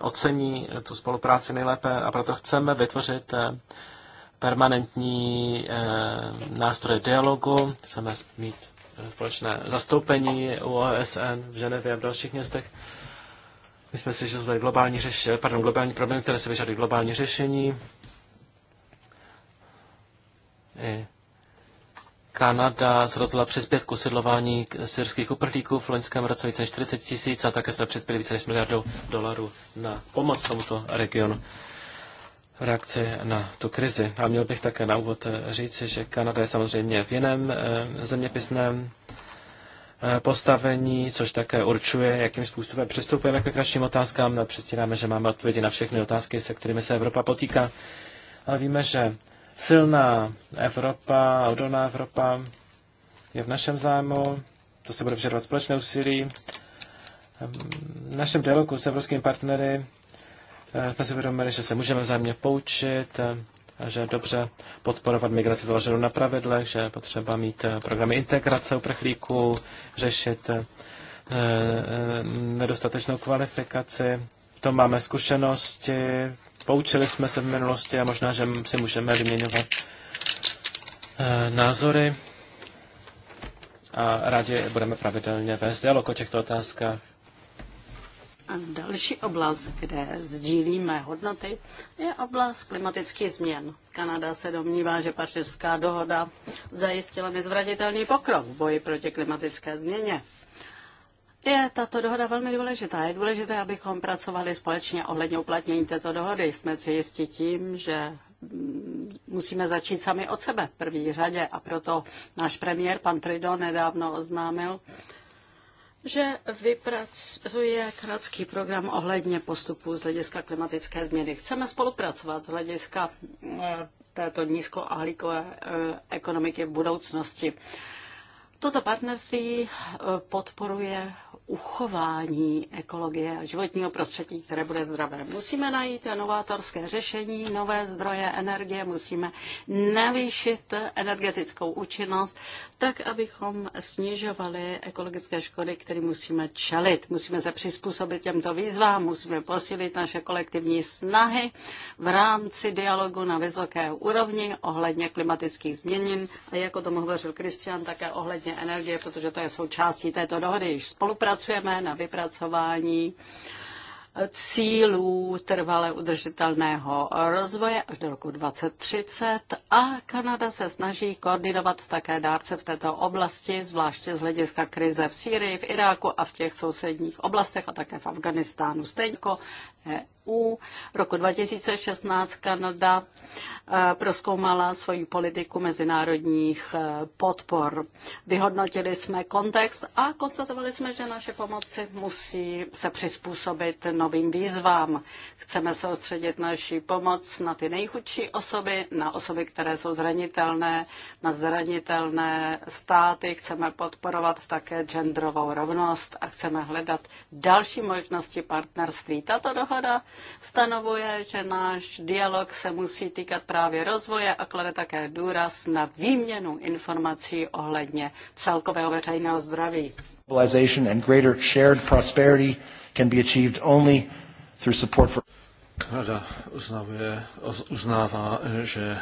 ocení tu spolupráci nejlépe a proto chceme vytvořit permanentní eh, nástroje dialogu, chceme mít eh, společné zastoupení u OSN v Ženevě a v dalších městech. Myslím si, že to je globální, řeš, eh, pardon, globální problém, které se vyžadují globální řešení. I Kanada se rozhodla přispět k usidlování syrských uprchlíků v loňském roce více než 40 tisíc a také jsme přispěli více než miliardou dolarů na pomoc tomuto regionu reakci na tu krizi. A měl bych také na úvod eh, říci, že Kanada je samozřejmě v jiném eh, zeměpisném eh, postavení, což také určuje, jakým způsobem přistupujeme k migračním otázkám. No, Přestíráme, že máme odpovědi na všechny otázky, se kterými se Evropa potýká. Ale víme, že silná Evropa, odolná Evropa je v našem zájmu. To se bude vyžadovat společné úsilí. V našem dialogu s evropskými partnery Eh, jsme si uvědomili, že se můžeme vzájemně poučit eh, a že je dobře podporovat migraci založenou na pravidlech, že je potřeba mít eh, programy integrace uprchlíků, řešit nedostatečnou kvalifikaci. V tom máme zkušenosti, poučili jsme se v minulosti a možná, že si můžeme vyměňovat názory a rádi budeme pravidelně vést dialog o těchto otázkách další oblast, kde sdílíme hodnoty, je oblast klimatických změn. Kanada se domnívá, že pařížská dohoda zajistila nezvratitelný pokrok v boji proti klimatické změně. Je tato dohoda velmi důležitá. Je důležité, abychom pracovali společně ohledně uplatnění této dohody. Jsme si jistí tím, že musíme začít sami od sebe v první řadě a proto náš premiér, pan Trido, nedávno oznámil, že vypracuje kanadský program ohledně postupů z hlediska klimatické změny. Chceme spolupracovat z hlediska eh, této nízkoahlíkové eh, ekonomiky v budoucnosti. Toto partnerství eh, podporuje uchování ekologie a životního prostředí, které bude zdravé. Musíme najít novátorské řešení, nové zdroje energie, musíme navýšit energetickou účinnost, tak abychom snižovali ekologické škody, které musíme čelit. Musíme se přizpůsobit těmto výzvám, musíme posílit naše kolektivní snahy v rámci dialogu na vysoké úrovni ohledně klimatických změnin a jako tom hovořil Kristian, také ohledně energie, protože to je součástí této dohody. Již spolupracujeme na vypracování uh, cílů trvale udržitelného rozvoje až do roku 2030 a Kanada se snaží koordinovat také dárce v této oblasti, zvláště z hlediska krize v Sýrii, v Iráku a v těch sousedních oblastech a také v Afganistánu. Stejně jako EU. Roku 2016 Kanada e, proskoumala svoji politiku mezinárodních e, podpor. Vyhodnotili jsme kontext a konstatovali jsme, že naše pomoci musí se přizpůsobit novým výzvám. Chceme soustředit naši pomoc na ty nejchudší osoby, na osoby, které jsou zranitelné, na zranitelné státy. Chceme podporovat také genderovou rovnost a chceme hledat další možnosti partnerství. Tato dohoda dohoda stanovuje, že náš dialog se musí týkat právě rozvoje a klade také důraz na výměnu informací ohledně celkového veřejného zdraví. Kanada uznává, že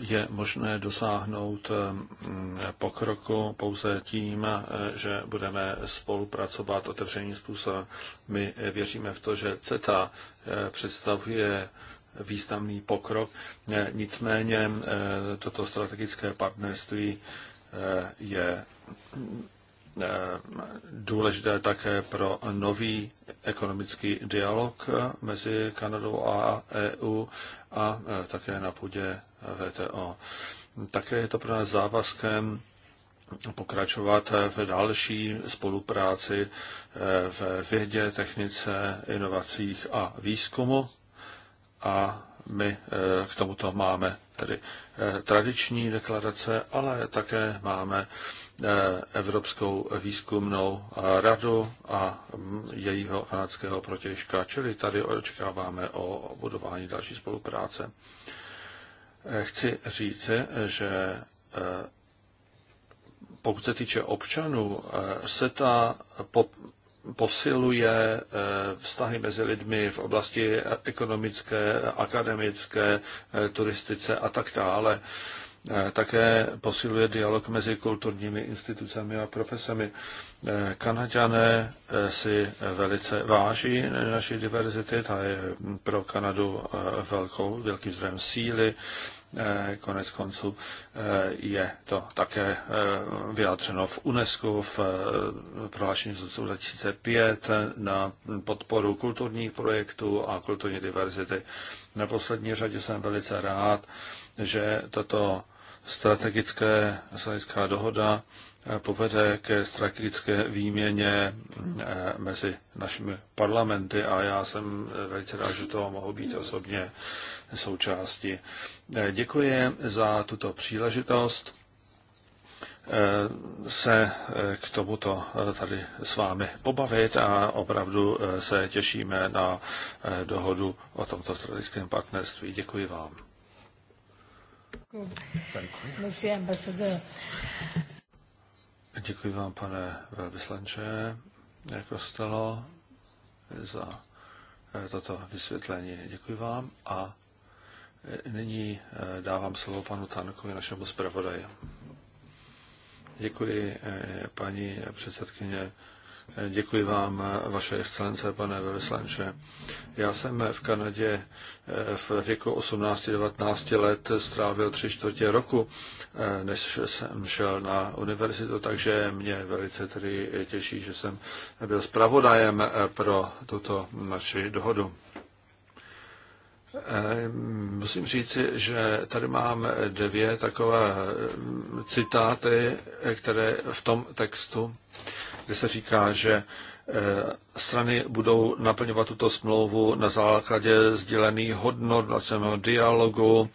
je možné dosáhnout mm, pokroku pouze tím, že budeme spolupracovat otevřeným způsobem. My věříme v to, že CETA eh, představuje významný pokrok. Eh, nicméně eh, toto strategické partnerství je důležité také pro nový ekonomický dialog mezi Kanadou a EU a také na půdě VTO. Také je to pro nás závazkem pokračovat v další spolupráci eh, v vědě, technice, inovacích a výzkumu. A my eh, k tomuto máme tedy eh, tradiční deklarace, ale také máme Evropskou výzkumnou radu a mm, jejího kanadského protěžka, čili tady očekáváme o budování další spolupráce chci říci, že eh, pokud se týče občanů, eh, se ta po, posiluje eh, vztahy mezi lidmi v oblasti ekonomické, akademické, turistice a tak dále také posiluje dialog mezi kulturními institucemi a profesemi. E, Kanaďané e, si velice váží naší diverzity, ta je pro Kanadu e, velkou, velkým zdrojem síly. Konec konců je to také vyjádřeno v UNESCO v prohlášení z roku 2005 na podporu kulturních projektů a kulturní diverzity. Na poslední řadě jsem velice rád, že toto strategické strategická dohoda eh, povede ke strategické výměně eh, mezi našimi parlamenty a já jsem eh, velice rád, že to mohu být osobně součástí. Děkuji za tuto příležitost se k tomuto tady s vámi pobavit a opravdu se těšíme na dohodu o tomto strategickém partnerství. Děkuji vám. Děkuji vám, pane velvyslanče, jako stalo za eh, toto vysvětlení. Děkuji vám a eh, nyní eh, dávám slovo panu Tankovi, našemu zpravodaji. Děkuji, paní předsedkyně. Děkuji vám, vaše excelence, pane velvyslanče. Já jsem v Kanadě eh, v věku 18-19 let strávil tři čtvrtě roku, eh, než jsem šel na univerzitu, takže mě velice tedy těší, že jsem byl zpravodajem eh, pro tuto naši dohodu. Eh, musím říci, že tady mám dvě takové eh, citáty, eh, které v tom textu, kde se říká, že strany budou naplňovat tuto smlouvu na základě sdílených hodnot, nacionálního dialogu,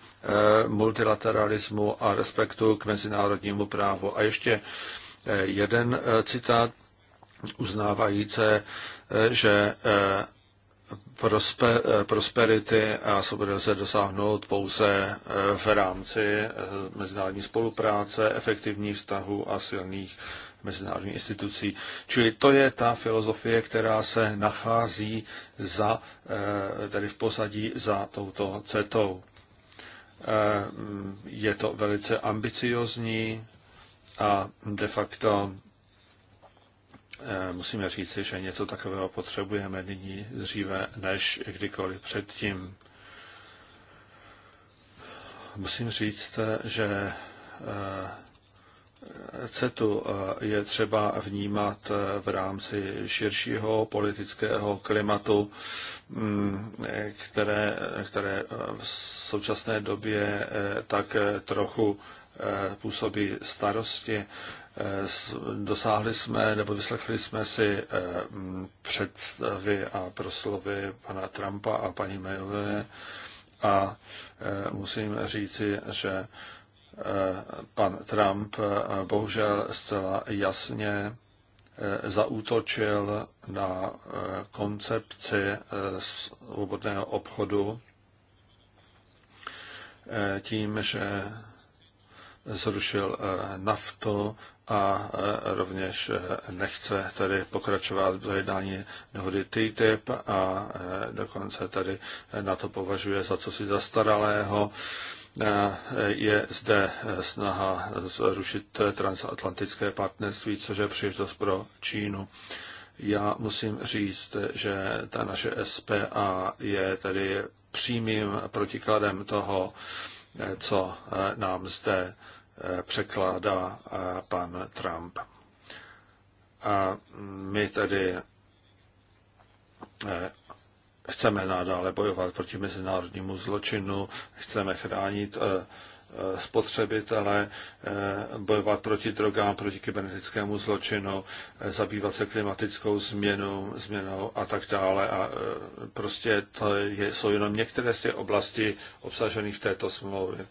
multilateralismu a respektu k mezinárodnímu právu. A ještě jeden citát uznávající, že prosperity a svobody se dosáhnout pouze eh, v rámci eh, mezinárodní spolupráce, efektivních vztahů a silných mezinárodních institucí. Čili to je ta filozofie, která se nachází za, eh, tedy v posadí za touto cetou. Je to velice ambiciozní a de facto Eh, musíme říci, že něco takového potřebujeme nyní dříve než kdykoliv předtím. Musím říct, že eh, CETu eh, je třeba vnímat v rámci širšího politického klimatu, mm, které, které v současné době tak trochu působí starosti. Eh, dosáhli jsme nebo vyslechli jsme si eh, představy a proslovy pana Trumpa a paní Mayové a eh, musím říci, že pan Trump bohužel zcela jasně zaútočil na koncepci svobodného obchodu tím, že zrušil naftu, a e, rovněž e, nechce tady pokračovat v dojednání dohody TTIP a e, dokonce tady na to považuje za co si zastaralého. Je zde snaha zrušit transatlantické partnerství, což je příležitost pro Čínu. Já musím říct, že ta naše SPA je tedy přímým protikladem toho, co nám zde překládá eh, pan Trump. A my tedy eh, chceme nadále bojovat proti mezinárodnímu zločinu, chceme chránit eh, spotřebitele, bojovat proti drogám, proti kybernetickému zločinu, zabývat se klimatickou změnou, změnou a tak dále. A prostě to je, jsou jenom některé z těch oblastí obsažených v této smlouvě.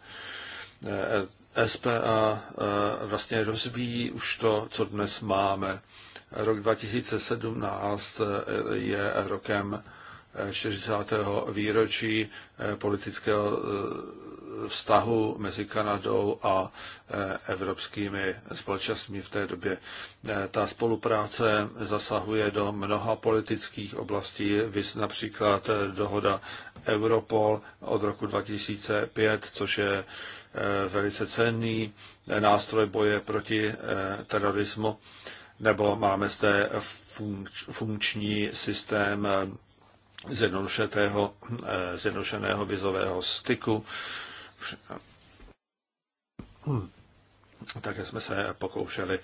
SPA e, vlastně rozvíjí už to, co dnes máme. Rok 2017 e, je rokem 40. E, výročí politického vztahu mezi Kanadou a evropskými společnostmi v té době. Ta spolupráce zasahuje do mnoha politických oblastí, vys například dohoda Europol od roku 2005, což je Eh, velice cenný eh, nástroj boje proti eh, terorismu, nebo máme zde funkční systém zjednodušeného vizového styku. <clears throat> Také jsme se pokoušeli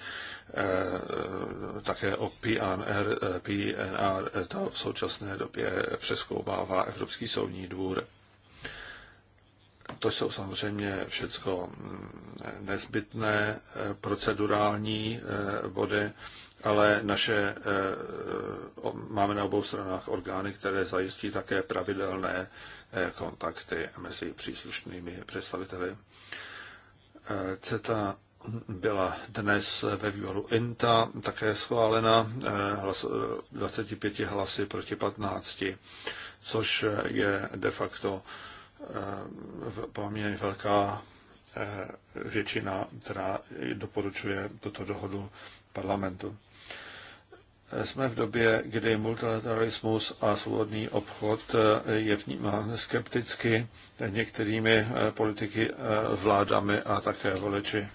také o PNR, PNR to v současné době přeskoumává Evropský soudní dvůr. To jsou samozřejmě všechno mm, nezbytné eh, procedurální eh, body, ale naše, eh, máme na obou stranách orgány, které zajistí také pravidelné kontakty mezi příslušnými představiteli. CETA byla dnes ve výboru INTA také schválena 25 hlasy proti 15, což je de facto poměrně velká eh, většina, která doporučuje tuto dohodu parlamentu. Eh, jsme v době, kdy multilateralismus a svobodný obchod eh, je vnímán skepticky některými politiky, vládami a také voliči.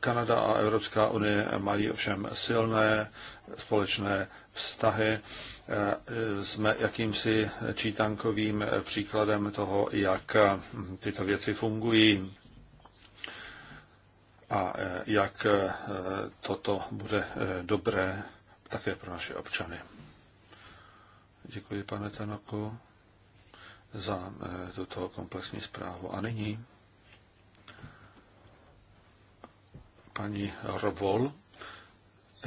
Kanada a Evropská unie mají ovšem silné společné vztahy Eh, jsme jakýmsi čítankovým eh, příkladem toho, jak eh, tyto věci fungují a jak toto bude dobré také pro naše občany. Děkuji, pane Tanoku, za tuto komplexní zprávu. A nyní paní Rovol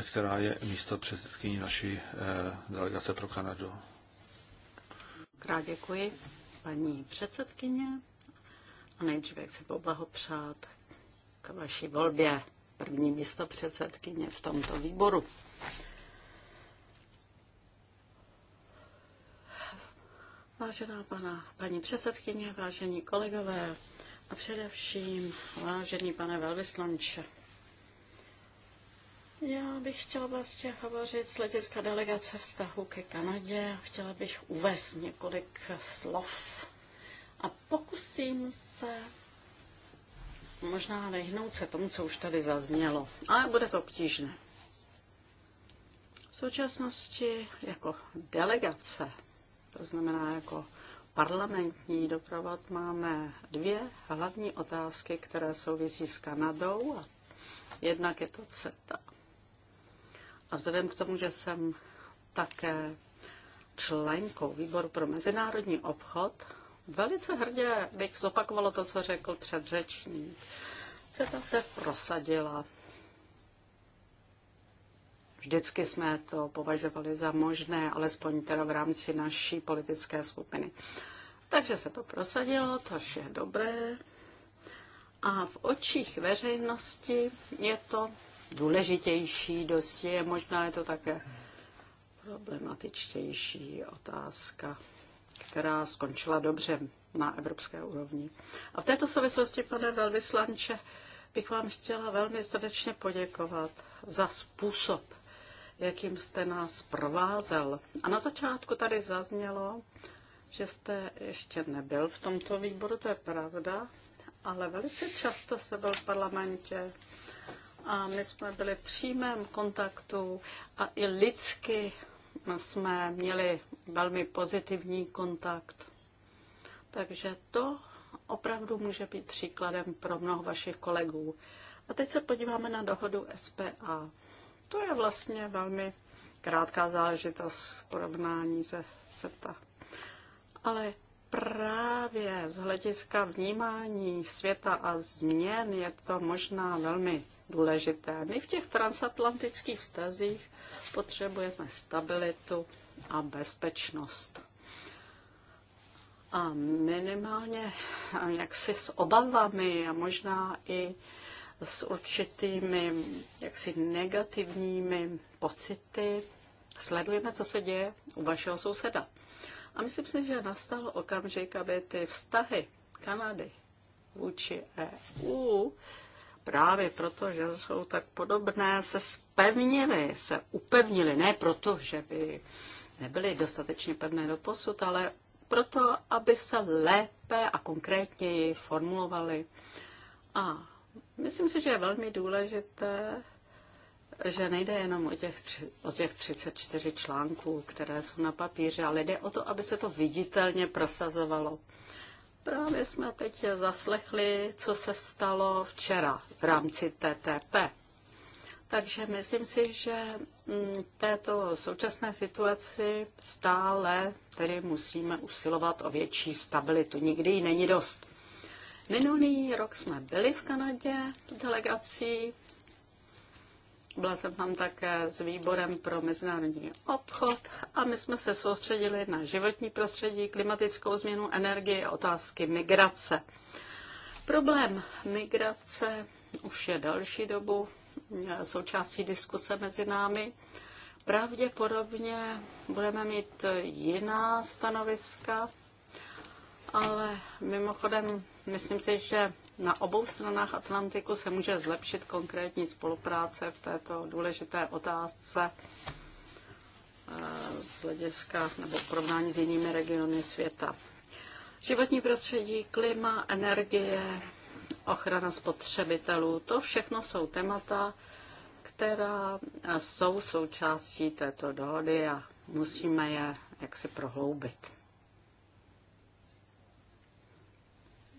která je místo předsedkyní naší eh, delegace pro Kanadu. Krát děkuji, paní předsedkyně. A nejdříve chci poblahopřát k vaší volbě první místo předsedkyně v tomto výboru. Vážená pana, paní předsedkyně, vážení kolegové a především vážený pane velvyslanče, já bych chtěla vlastně hovořit z hlediska delegace vztahu ke Kanadě. Chtěla bych uvést několik slov a pokusím se možná vyhnout se tomu, co už tady zaznělo, ale bude to obtížné. V současnosti jako delegace, to znamená jako parlamentní doprovod, máme dvě hlavní otázky, které souvisí s Kanadou jednak je to CETA. A vzhledem k tomu, že jsem také členkou výboru pro mezinárodní obchod, velice hrdě bych zopakovala to, co řekl předřečník. CETA se prosadila. Vždycky jsme to považovali za možné, alespoň teda v rámci naší politické skupiny. Takže se to prosadilo, to je dobré. A v očích veřejnosti je to důležitější dosti, možná je to také problematičtější otázka, která skončila dobře na evropské úrovni. A v této souvislosti, pane velvyslanče, bych vám chtěla velmi srdečně poděkovat za způsob, jakým jste nás provázel. A na začátku tady zaznělo, že jste ještě nebyl v tomto výboru, to je pravda, ale velice často se byl v parlamentě a my jsme byli v přímém kontaktu a i lidsky jsme měli velmi pozitivní kontakt. Takže to opravdu může být příkladem pro mnoho vašich kolegů. A teď se podíváme na dohodu SPA. To je vlastně velmi krátká záležitost v porovnání se CETA. Ale právě z hlediska vnímání světa a změn je to možná velmi důležité. My v těch transatlantických vztazích potřebujeme stabilitu a bezpečnost. A minimálně jaksi s obavami a možná i s určitými jaksi negativními pocity sledujeme, co se děje u vašeho souseda. A myslím si, že nastal okamžik, aby ty vztahy Kanady vůči EU právě proto, že jsou tak podobné, se spevnily, se upevnily. Ne proto, že by nebyly dostatečně pevné do posud, ale proto, aby se lépe a konkrétněji formulovaly. A myslím si, že je velmi důležité, že nejde jenom o těch, tři, o těch 34 článků, které jsou na papíře, ale jde o to, aby se to viditelně prosazovalo. Právě jsme teď zaslechli, co se stalo včera v rámci TTP. Takže myslím si, že mm, této současné situaci stále tedy musíme usilovat o větší stabilitu. Nikdy ji není dost. Minulý rok jsme byli v Kanadě delegací, byla jsem tam také s výborem pro mezinárodní obchod a my jsme se soustředili na životní prostředí, klimatickou změnu, energii a otázky migrace. Problém migrace už je další dobu e, součástí diskuse mezi námi. Pravděpodobně budeme mít jiná stanoviska, ale mimochodem myslím si, že na obou stranách Atlantiku se může zlepšit konkrétní spolupráce v této důležité otázce eh, z hlediska nebo porovnání s jinými regiony světa. Životní prostředí, klima, energie, ochrana spotřebitelů, to všechno jsou témata, která jsou součástí této dohody a musíme je jaksi prohloubit.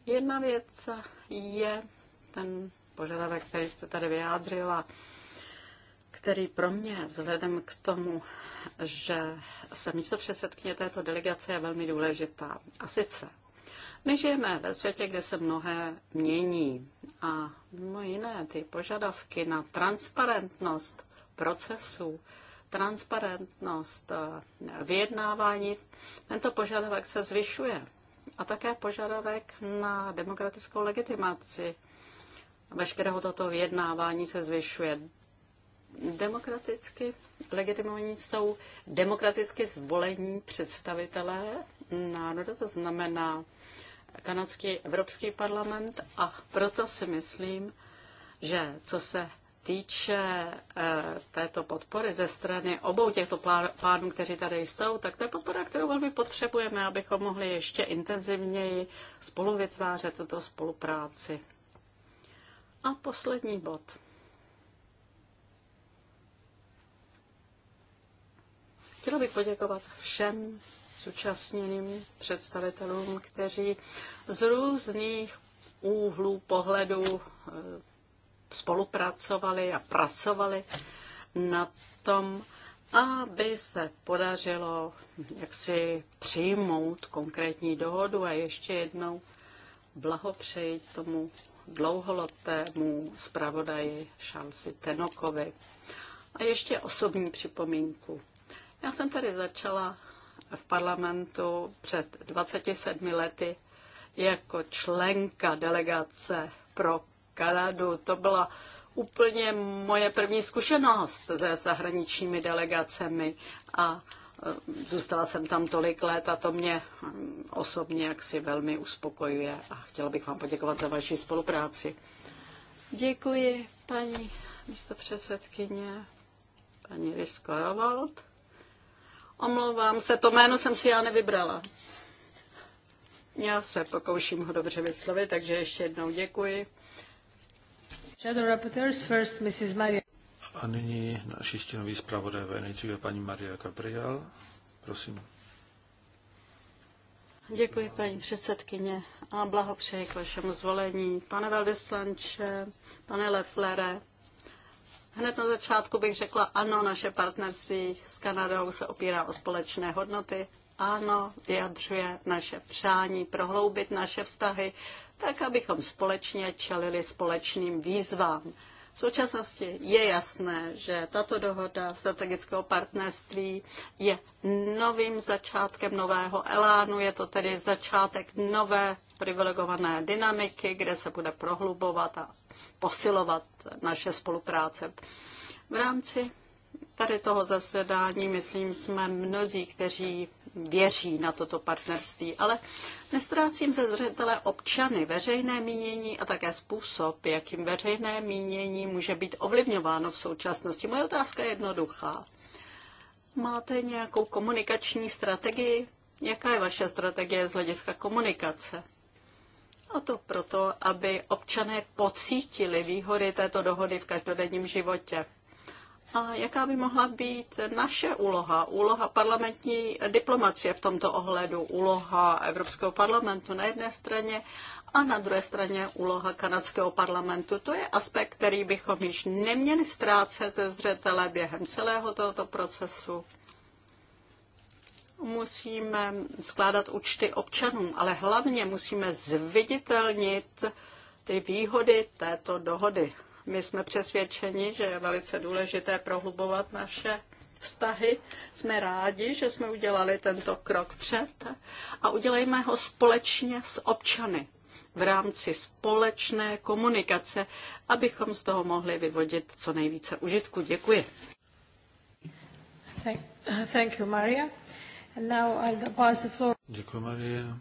Jedna věc je ten požadavek, který jste tady vyjádřila, který pro mě, vzhledem k tomu, že jsem místo předsedkyně této delegace, je velmi důležitá. A sice, my žijeme ve světě, kde se mnohé mění a mimo jiné ty požadavky na transparentnost procesů, transparentnost eh, vyjednávání, tento požadavek se zvyšuje a také požadavek na demokratickou legitimaci. Veškerého toto vyjednávání se zvyšuje. Demokraticky legitimovaní jsou demokraticky zvolení představitelé národa, to znamená kanadský Evropský parlament a proto si myslím, že co se týče eh, této podpory ze strany obou těchto pánů, kteří tady jsou, tak to je podpora, kterou velmi potřebujeme, abychom mohli ještě intenzivněji spolu vytvářet tuto spolupráci. A poslední bod. Chtěla bych poděkovat všem zúčastněným představitelům, kteří z různých úhlů pohledu eh, spolupracovali a pracovali na tom, aby se podařilo jaksi přijmout konkrétní dohodu a ještě jednou blahopřeji tomu dlouholotému zpravodaji Šalsi Tenokovi. A ještě osobní připomínku. Já jsem tady začala v parlamentu před 27 lety jako členka delegace pro Kanadu. To byla úplně moje první zkušenost se zahraničními delegacemi a e, zůstala jsem tam tolik let a to mě mm, osobně jaksi velmi uspokojuje a chtěla bych vám poděkovat za vaši spolupráci. Děkuji, paní místopředsedkyně, paní Risko Rovald. Omlouvám se, to jméno jsem si já nevybrala. Já se pokouším ho dobře vyslovit, takže ještě jednou děkuji. Shadow Rapporteurs, first Mrs. Maria. A nyní naši stěnový zpravodajové, nejdříve paní Maria Gabriel. Prosím. Děkuji, paní předsedkyně, a blahopřeji k vašemu zvolení. Pane velvyslanče, pane Leflere, hned na začátku bych řekla ano, naše partnerství s Kanadou se opírá o společné hodnoty ano, vyjadřuje naše přání prohloubit naše vztahy, tak abychom společně čelili společným výzvám. V současnosti je jasné, že tato dohoda strategického partnerství je novým začátkem nového elánu, je to tedy začátek nové privilegované dynamiky, kde se bude prohlubovat a posilovat naše spolupráce. V rámci tady toho zasedání, myslím, jsme mnozí, kteří věří na toto partnerství, ale nestrácím ze zřetele občany, veřejné mínění a také způsob, jakým veřejné mínění může být ovlivňováno v současnosti. Moje otázka je jednoduchá. Máte nějakou komunikační strategii? Jaká je vaše strategie z hlediska komunikace? A to proto, aby občané pocítili výhody této dohody v každodenním životě. A jaká by mohla být naše úloha, úloha parlamentní diplomacie v tomto ohledu, úloha Evropského parlamentu na jedné straně a na druhé straně úloha kanadského parlamentu. To je aspekt, který bychom již neměli ztrácet ze zřetele během celého tohoto procesu. Musíme skládat účty občanům, ale hlavně musíme zviditelnit ty výhody této dohody. My jsme přesvědčeni, že je velice důležité prohlubovat naše vztahy. Jsme rádi, že jsme udělali tento krok před a udělejme ho společně s občany v rámci společné komunikace, abychom z toho mohli vyvodit co nejvíce užitku. Děkuji. Thank, uh, thank you, Maria. And now I'll pass the floor. Děkuji, Maria.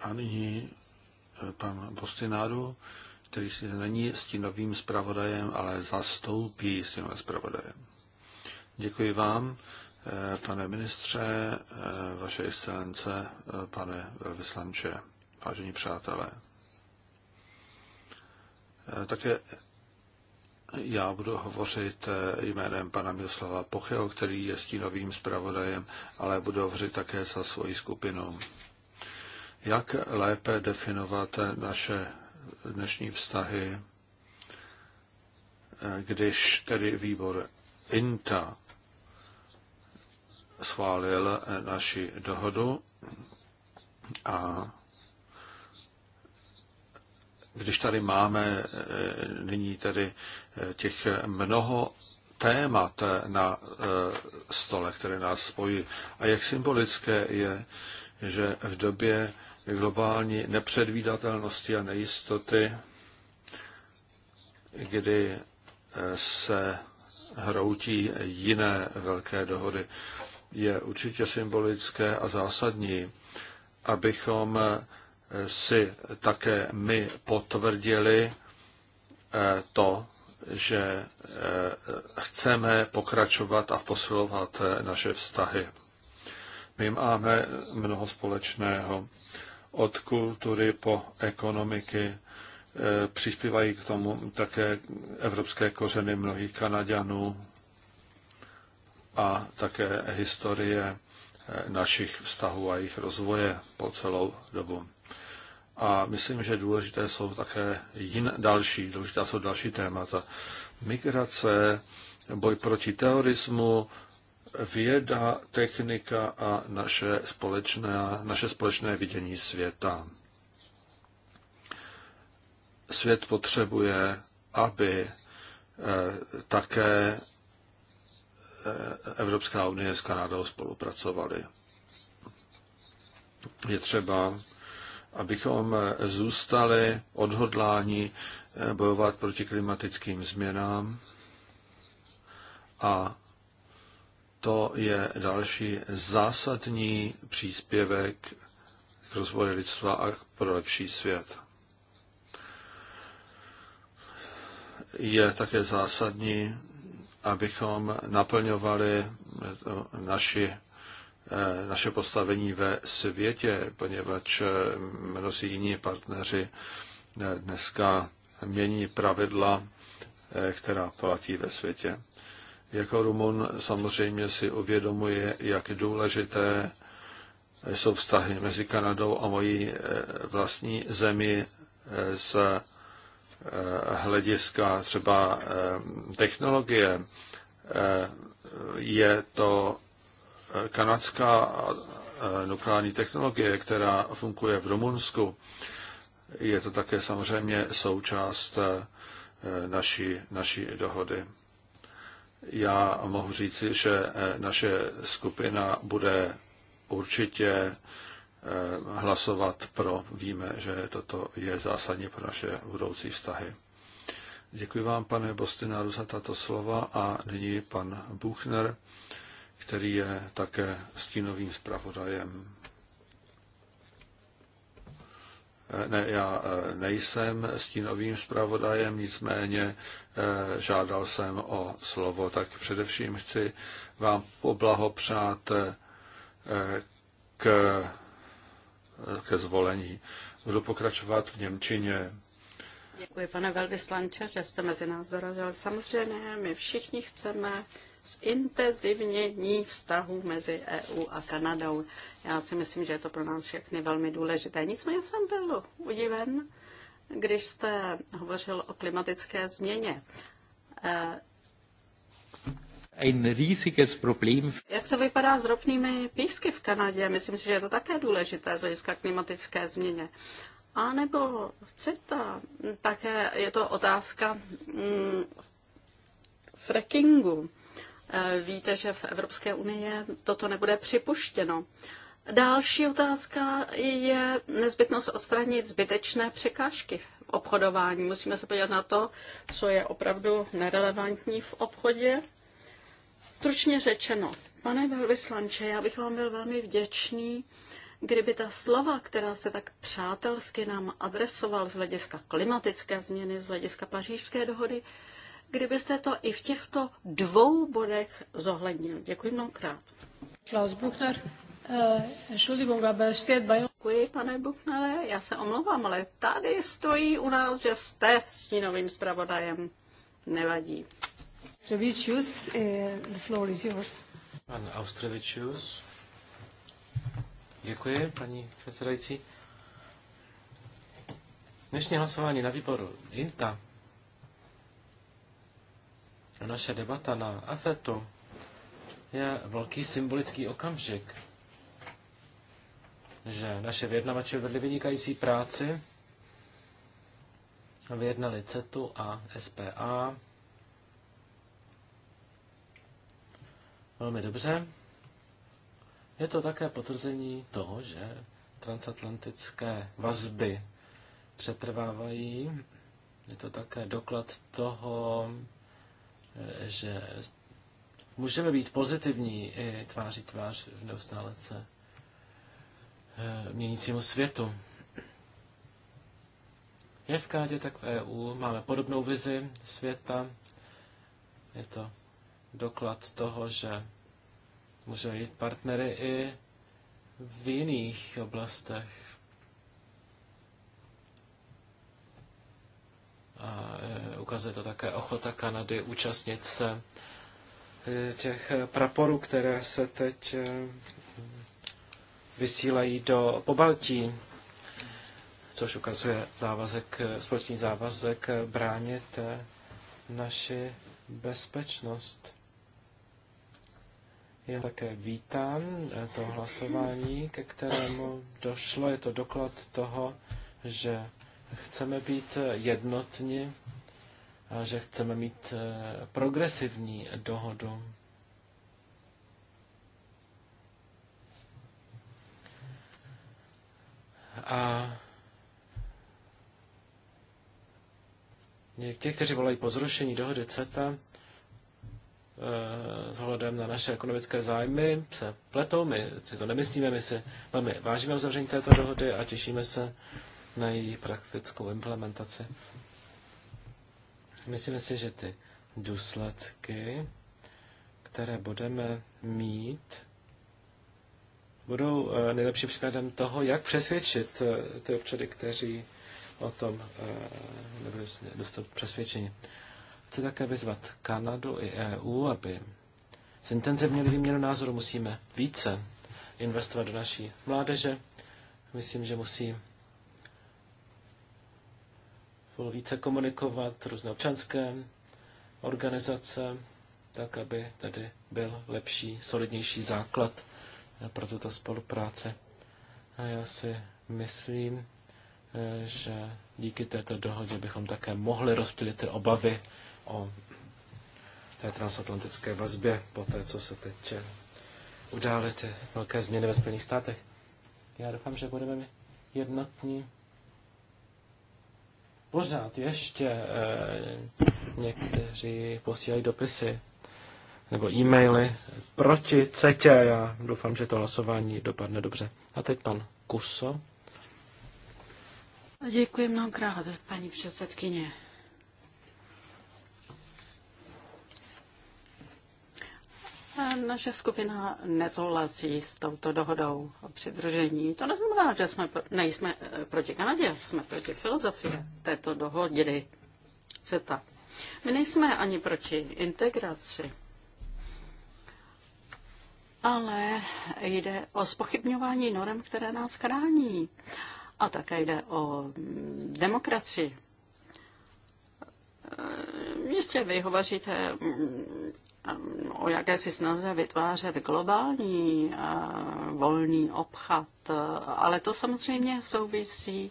A nyní pan Bostinádu, který si není novým zpravodajem, ale zastoupí novým zpravodajem. Děkuji vám, eh, pane ministře, eh, vaše excelence, eh, pane velvyslanče, vážení přátelé. Také já budu hovořit jménem pana Miroslava Pocheho, který je stínovým zpravodajem, ale budu hovořit také za svoji skupinu jak lépe definovat naše dnešní vztahy, když tedy výbor INTA schválil naši dohodu a když tady máme eh, nyní tedy eh, těch mnoho témat na eh, stole, které nás spojí. A jak symbolické je, že v době globální nepředvídatelnosti a nejistoty, kdy eh, se hroutí jiné velké dohody. Je určitě symbolické a zásadní, abychom eh, si také my potvrdili eh, to, že chceme pokračovat a posilovat naše vztahy. My máme mnoho společného od kultury po ekonomiky. Eh, přispívají k tomu také evropské kořeny mnohých Kanaďanů a také historie eh, našich vztahů a jejich rozvoje po celou dobu. A myslím, že důležité jsou také jin, další, důležitá jsou další témata. Migrace, boj proti terorismu, věda, technika a naše společné, naše společné vidění světa. Svět potřebuje, aby eh, také eh, Evropská unie s Kanadou spolupracovaly. Je třeba, abychom zůstali odhodláni eh, bojovat proti klimatickým změnám a to je další zásadní příspěvek k rozvoji lidstva a pro lepší svět. Je také zásadní, abychom naplňovali naši, eh, naše postavení ve světě, poněvadž eh, mnozí jiní partneři eh, dneska mění pravidla, která platí ve světě. Jako Rumun samozřejmě si uvědomuje, jak důležité jsou vztahy mezi Kanadou a mojí eh, vlastní zemi eh, z eh, hlediska třeba technologie. Je to kanadská nukleární technologie, která funguje v Rumunsku. Je to také samozřejmě součást naší, naší dohody. Já mohu říci, že eh, naše skupina bude určitě eh, hlasovat pro. Víme, že toto je zásadně pro naše budoucí vztahy. Děkuji vám, pane Bostináru, za tato slova a nyní pan Buchner, který je také stínovým zpravodajem. Eh, ne, já eh, nejsem stínovým zpravodajem, nicméně eh, žádal jsem o slovo, tak především chci vám poblahopřát k, ke zvolení. Budu pokračovat v Němčině. Děkuji, pane velvyslanče, že jste mezi nás dorazil. Samozřejmě, my všichni chceme zintenzivnění vztahu mezi EU a Kanadou. Já si myslím, že je to pro nás všechny velmi důležité. Nicméně jsem byl udiven, když jste hovořil o klimatické změně. Eh, Ein riesiges Problem. Jak to vypadá s ropnými písky v Kanadě? Myslím si, že je to také důležité z hlediska klimatické změně. A nebo CETA, také je to otázka mm, frackingu. Eh, víte, že v Evropské unii toto nebude připuštěno. Další otázka je nezbytnost odstranit zbytečné překážky v obchodování. Musíme se podívat na to, co je opravdu nerelevantní v obchodě. Stručně řečeno, pane velvyslanče, já bych vám byl velmi vděčný, kdyby ta slova, která se tak přátelsky nám adresoval z hlediska klimatické změny, z hlediska pařížské dohody, kdybyste to i v těchto dvou bodech zohlednil. Děkuji mnohokrát. Klaus Buchner. Eh, Děkuji, pane Buchnere, já se omlouvám, ale tady stojí u nás, že jste stínovým zpravodajem. Nevadí. Austrevičius, eh, the floor is yours. Pan Austrevičius. Děkuji, paní předsedající. Dnešní hlasování na výboru INTA naše debata na AFETu je velký symbolický okamžik, že naše vyjednavači vedli vynikající práci, vyjednali CETu a SPA velmi dobře. Je to také potvrzení toho, že transatlantické vazby přetrvávají. Je to také doklad toho, Eh, že můžeme být pozitivní i tváří tvář v neustálece eh, měnícímu světu. je v Kádě, tak v EU máme podobnou vizi světa. Je to doklad toho, že můžeme být partnery i v jiných oblastech. A eh, ukazuje to také ochota Kanady účastnit se eh, těch eh, praporů, které se teď vysílají do Pobaltí, což ukazuje závazek, společný závazek bránit naši bezpečnost. Je také vítám to hlasování, ke kterému došlo. Je to doklad toho, že chceme být jednotní a že chceme mít eh, progresivní dohodu. A ti, kteří volají po zrušení dohody CETA, eh, s ohledem na naše ekonomické zájmy se pletou. My si to nemyslíme, my si velmi vážíme uzavření této dohody a těšíme se na její praktickou implementaci. Myslím si, že ty důsledky, které budeme mít, budou eh, nejlepším příkladem toho, jak přesvědčit eh, ty občany, kteří o tom eh, nebyli dostat přesvědčení. Chci také vyzvat Kanadu i EU, aby zintenzivnili výměnu názoru. Musíme více investovat do naší mládeže. Myslím, že musí spolu více komunikovat, různé občanské organizace, tak aby tady byl lepší, solidnější základ pro tuto spolupráci. A já si myslím, že díky této dohodě bychom také mohli rozptýlit ty obavy o té transatlantické vazbě, po té, co se teď udály ty velké změny ve Spojených státech. Já doufám, že budeme jednotní pořád ještě eh, někteří posílají dopisy nebo e-maily proti CETě. Já doufám, že to hlasování dopadne dobře. A teď pan Kuso. Děkuji mnohokrát, paní předsedkyně. Naše skupina nezouhlasí s touto dohodou o přidružení. To neznamená, že jsme, nejsme eh, proti Kanadě, jsme proti filozofii této dohody CETA. My nejsme ani proti integraci, ale jde o spochybňování norm, které nás chrání. A také jde o mm, demokracii. Eh, jistě vy hovoříte mm, o jaké si snaze vytvářet globální eh, volný obchod, eh, ale to samozřejmě souvisí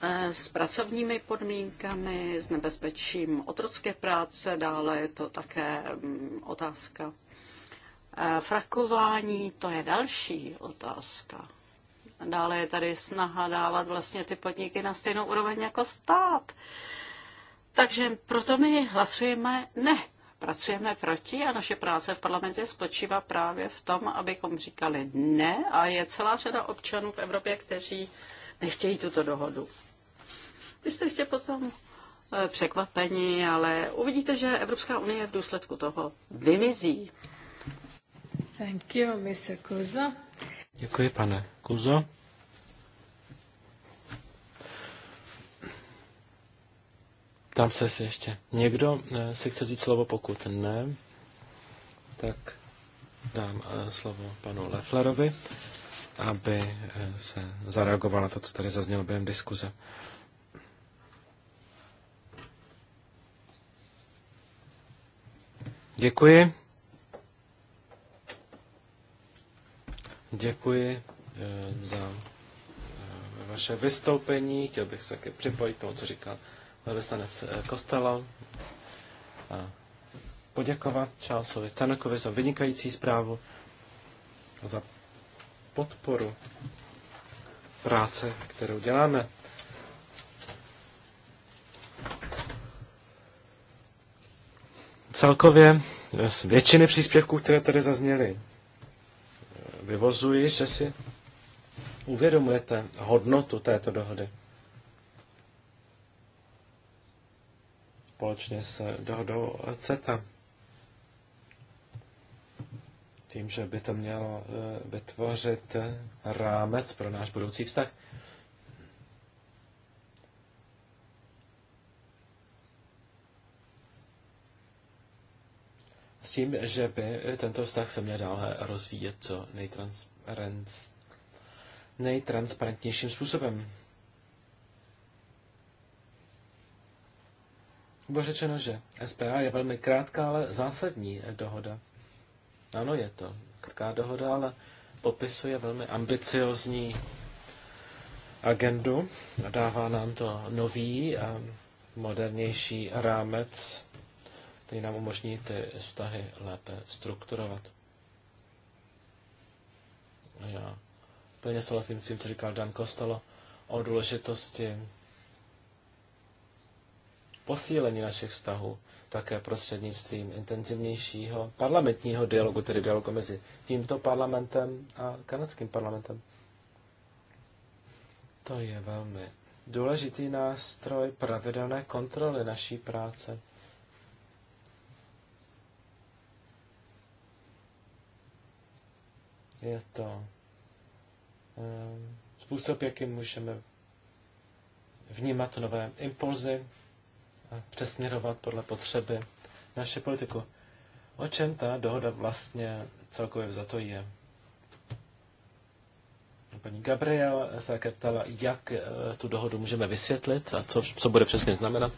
eh, s pracovními podmínkami, s nebezpečím otrocké práce, dále je to také mm, otázka frakování, to je další otázka. Dále je tady snaha dávat vlastně ty podniky na stejnou úroveň jako stát. Takže proto my hlasujeme ne pracujeme proti a naše práce v parlamentě spočívá právě v tom, abychom říkali ne a je celá řada občanů v Evropě, kteří nechtějí tuto dohodu. Vy jste ještě potom eh, překvapení, ale uvidíte, že Evropská unie v důsledku toho vymizí. Thank you, Mr. Kuzo. Děkuji, pane Kuzo. Tam se si ještě. Někdo eh, si chce říct slovo, pokud ne, tak dám eh, slovo panu Leflerovi, aby eh, se zareagoval na to, co tady zaznělo během diskuze. Děkuji. Děkuji za vaše vystoupení. Chtěl bych se také připojit tomu, co říkal velvyslanec eh, kostela, a poděkovat Charlesovi Tanakovi za vynikající zprávu, za podporu práce, kterou děláme. Celkově eh, z většiny příspěvků, které tady zazněly, eh, vyvozuji, že si uvědomujete hodnotu této dohody. společně s dohodou CETA. Tím, že by to mělo eh, vytvořit rámec pro náš budoucí vztah. S tím, že by tento vztah se měl dále rozvíjet co nejtransparentnějším způsobem. Bylo řečeno, že SPA je velmi krátká, ale zásadní dohoda. Ano, je to krátká dohoda, ale popisuje velmi ambiciozní agendu a dává nám to nový a modernější rámec, který nám umožní ty vztahy lépe strukturovat. Já plně souhlasím s tím, co říkal Dan Kostelo o důležitosti posílení našich vztahů také prostřednictvím intenzivnějšího parlamentního dialogu, tedy dialogu mezi tímto parlamentem a kanadským parlamentem. To je velmi důležitý nástroj pravidelné kontroly naší práce. Je to ehm, způsob, jakým můžeme vnímat nové impulzy, a přesměrovat podle potřeby naše politiku. O čem ta dohoda vlastně celkově vzato je? Paní Gabriel se také ptala, jak eh, tu dohodu můžeme vysvětlit a co, co bude přesně znamenat.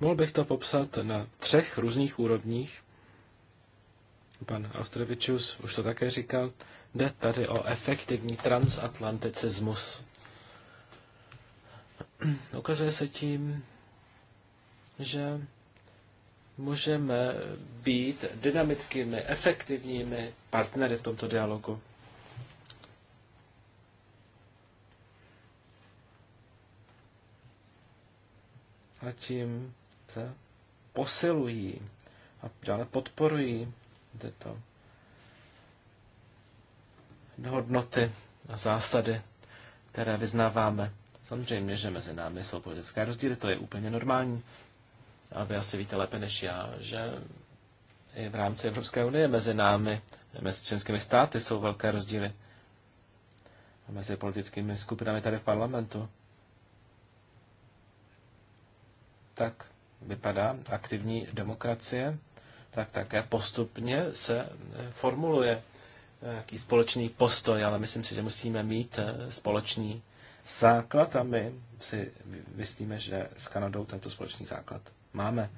Mohl bych to popsat na třech různých úrovních. Pan Austrevičus už to také říkal. Jde tady o efektivní transatlanticismus. Ukazuje se tím, že můžeme být dynamickými, efektivními partnery v tomto dialogu. A tím se posilují a dále podporují tyto hodnoty a zásady, které vyznáváme. Samozřejmě, že mezi námi jsou politické rozdíly, to je úplně normální. A vy asi víte lépe než já, že i v rámci Evropské unie mezi námi, mezi členskými státy jsou velké rozdíly. A mezi politickými skupinami tady v parlamentu. Tak vypadá aktivní demokracie, tak také postupně se formuluje nějaký eh, společný postoj, ale myslím si, že musíme mít eh, společný základ a my si myslíme, že s Kanadou tento společný základ máme.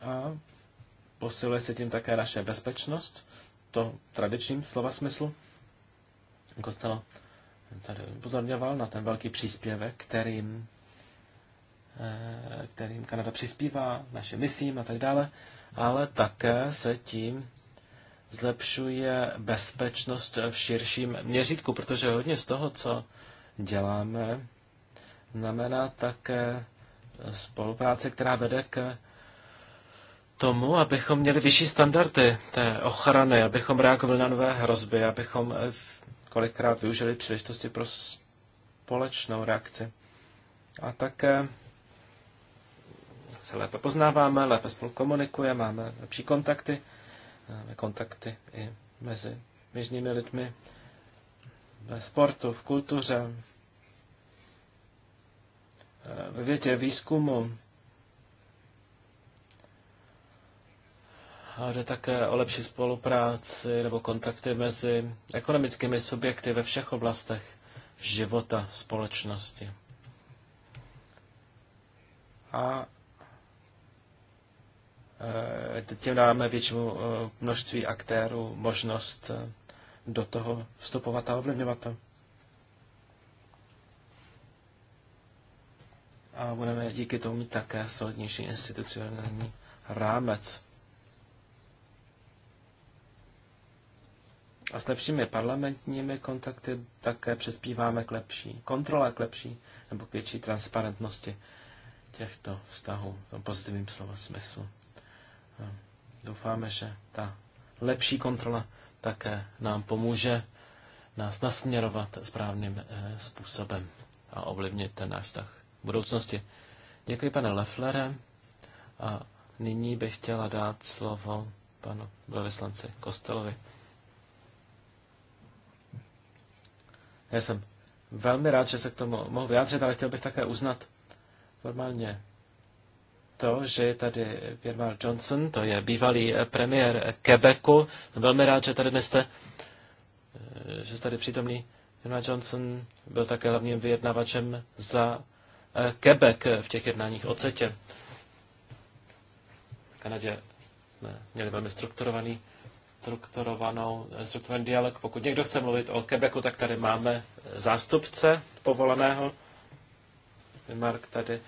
A posiluje se tím také naše bezpečnost, to tradičním slova smyslu. Kostela tady upozorňoval na ten velký příspěvek, kterým Eh, kterým Kanada přispívá, našim misím a tak dále, ale také se tím zlepšuje bezpečnost v širším měřítku, protože hodně z toho, co děláme, znamená také spolupráce, která vede k tomu, abychom měli vyšší standardy té ochrany, abychom reagovali na nové hrozby, abychom kolikrát využili příležitosti pro společnou reakci. A také se lépe poznáváme, lépe spolu komunikujeme, máme lepší kontakty, máme kontakty i mezi běžnými lidmi ve sportu, v kultuře, ve větě výzkumu. A jde také o lepší spolupráci nebo kontakty mezi ekonomickými subjekty ve všech oblastech života společnosti. A Eh, tím dáme většímu eh, množství aktérů možnost eh, do toho vstupovat a ovlivňovat to. A budeme díky tomu mít také solidnější institucionální rámec. A s lepšími parlamentními kontakty také přispíváme k lepší kontrole, k lepší nebo k větší transparentnosti těchto vztahů v tom pozitivním slova smyslu. Doufáme, že ta lepší kontrola také nám pomůže nás nasměrovat správným eh, způsobem a ovlivnit ten náš vztah v budoucnosti. Děkuji, pane Leflere. A nyní bych chtěla dát slovo panu velvyslanci Kostelovi. Já jsem velmi rád, že se k tomu mohu vyjádřit, ale chtěl bych také uznat formálně to, že je tady Pierre Johnson, to je bývalý premiér Quebecu. Jsem velmi rád, že tady dnes jste, eh, že jste tady přítomný. Pierre Johnson byl také hlavním vyjednavačem za eh, Quebec v těch jednáních o CETě. V Kanadě jsme měli velmi strukturovaný strukturovanou, eh, strukturovaný dialog. Pokud někdo chce mluvit o Quebecu, tak tady máme zástupce povoleného. Mark tady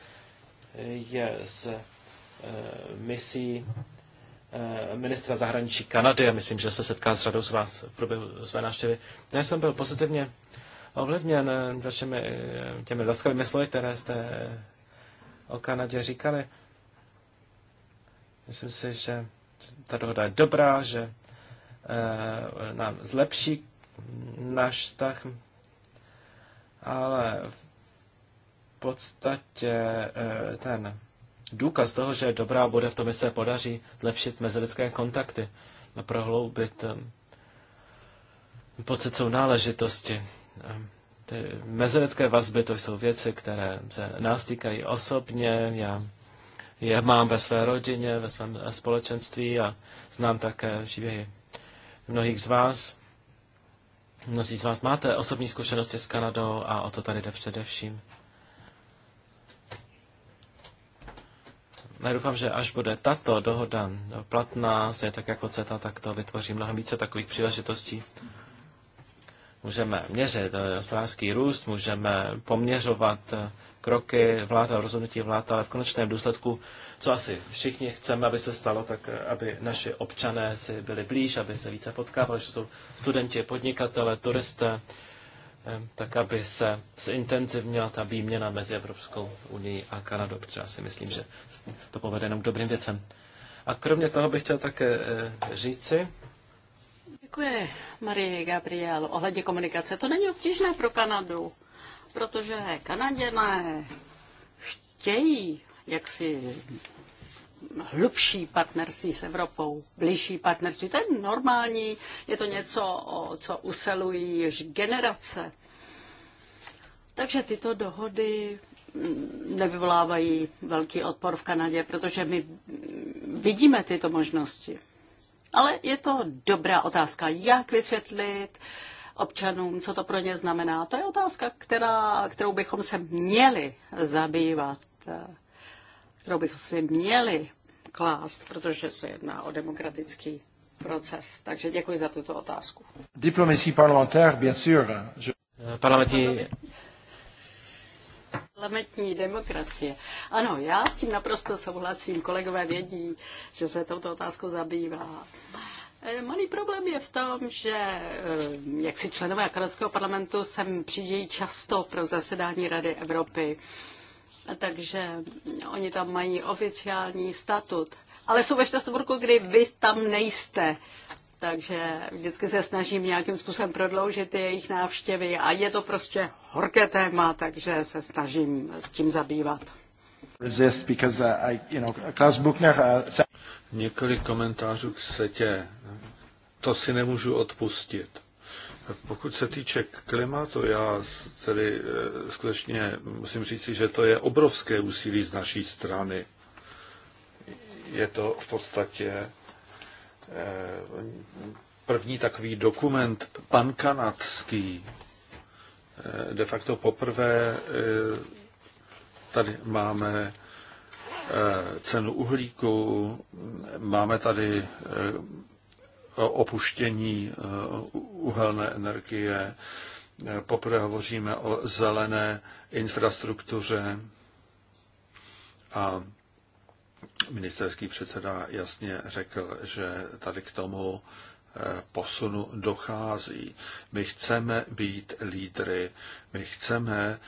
je z eh, misí eh, ministra zahraničí Kanady a myslím, že se setká s řadou z vás v průběhu své návštěvy. Já jsem byl pozitivně ovlivněn eh, vašimi těmi laskavými slovy, které jste o Kanadě říkali. Myslím si, že ta dohoda je dobrá, že nám zlepší náš vztah, ale v podstatě eh, ten důkaz toho, že dobrá bude v tom, že se podaří zlepšit mezilidské kontakty a prohloubit eh, pocit náležitosti, eh, Ty mezilidské vazby to jsou věci, které se nás týkají osobně. Já je mám ve své rodině, ve svém společenství a znám také příběhy mnohých z vás. Mnozí z vás máte osobní zkušenosti s Kanadou a o to tady jde především. já doufám, že až bude tato dohoda platná, se tak jako CETA, tak to vytvoří mnohem více takových příležitostí. Můžeme měřit eh, hospodářský růst, můžeme poměřovat eh, kroky vlád a rozhodnutí vlád, ale v konečném důsledku, co asi všichni chceme, aby se stalo, tak eh, aby naši občané si byli blíž, aby se více potkávali, že jsou studenti, podnikatele, turisté, tak aby se zintenzivnila ta výměna mezi Evropskou unii a Kanadou, protože já si myslím, že to povede jenom k dobrým věcem. A kromě toho bych chtěl také eh, říci, Děkuji, Marie Gabriel. Ohledně komunikace, to není obtížné pro Kanadu, protože Kanaděné chtějí jak si hlubší partnerství s Evropou, blížší partnerství. To je normální, je to něco, o co usilují již generace. Takže tyto dohody mm, nevyvolávají velký odpor v Kanadě, protože my vidíme tyto možnosti. Ale je to dobrá otázka, jak vysvětlit občanům, co to pro ně znamená. To je otázka, která, kterou bychom se měli zabývat kterou bychom si měli klást, protože se jedná o demokratický proces. Takže děkuji za tuto otázku. Diplomatie parlementaire, bien sûr. Je... Parlamentní... Parlamentní demokracie. Ano, já s tím naprosto souhlasím. Kolegové vědí, že se touto otázkou zabývá. E, Malý problém je v tom, že e, jak si členové kanadského parlamentu sem přijíždějí často pro zasedání Rady Evropy takže oni tam mají oficiální statut. Ale jsou ve Štrasburku, kdy vy tam nejste. Takže vždycky se snažím nějakým způsobem prodloužit jejich návštěvy a je to prostě horké téma, takže se snažím tím zabývat. Uh, uh, Několik komentářů k setě. To si nemůžu odpustit. Pokud se týče klimatu, já tedy eh, skutečně musím říci, že to je obrovské úsilí z naší strany. Je to v podstatě eh, první takový dokument pankanadský. Eh, de facto poprvé tady máme cenu uhlíku, máme tady opuštění eh, uhelné energie. Eh, poprvé hovoříme o zelené infrastruktuře a ministerský předseda jasně řekl, že tady k tomu eh, posunu dochází. My chceme být lídry, my chceme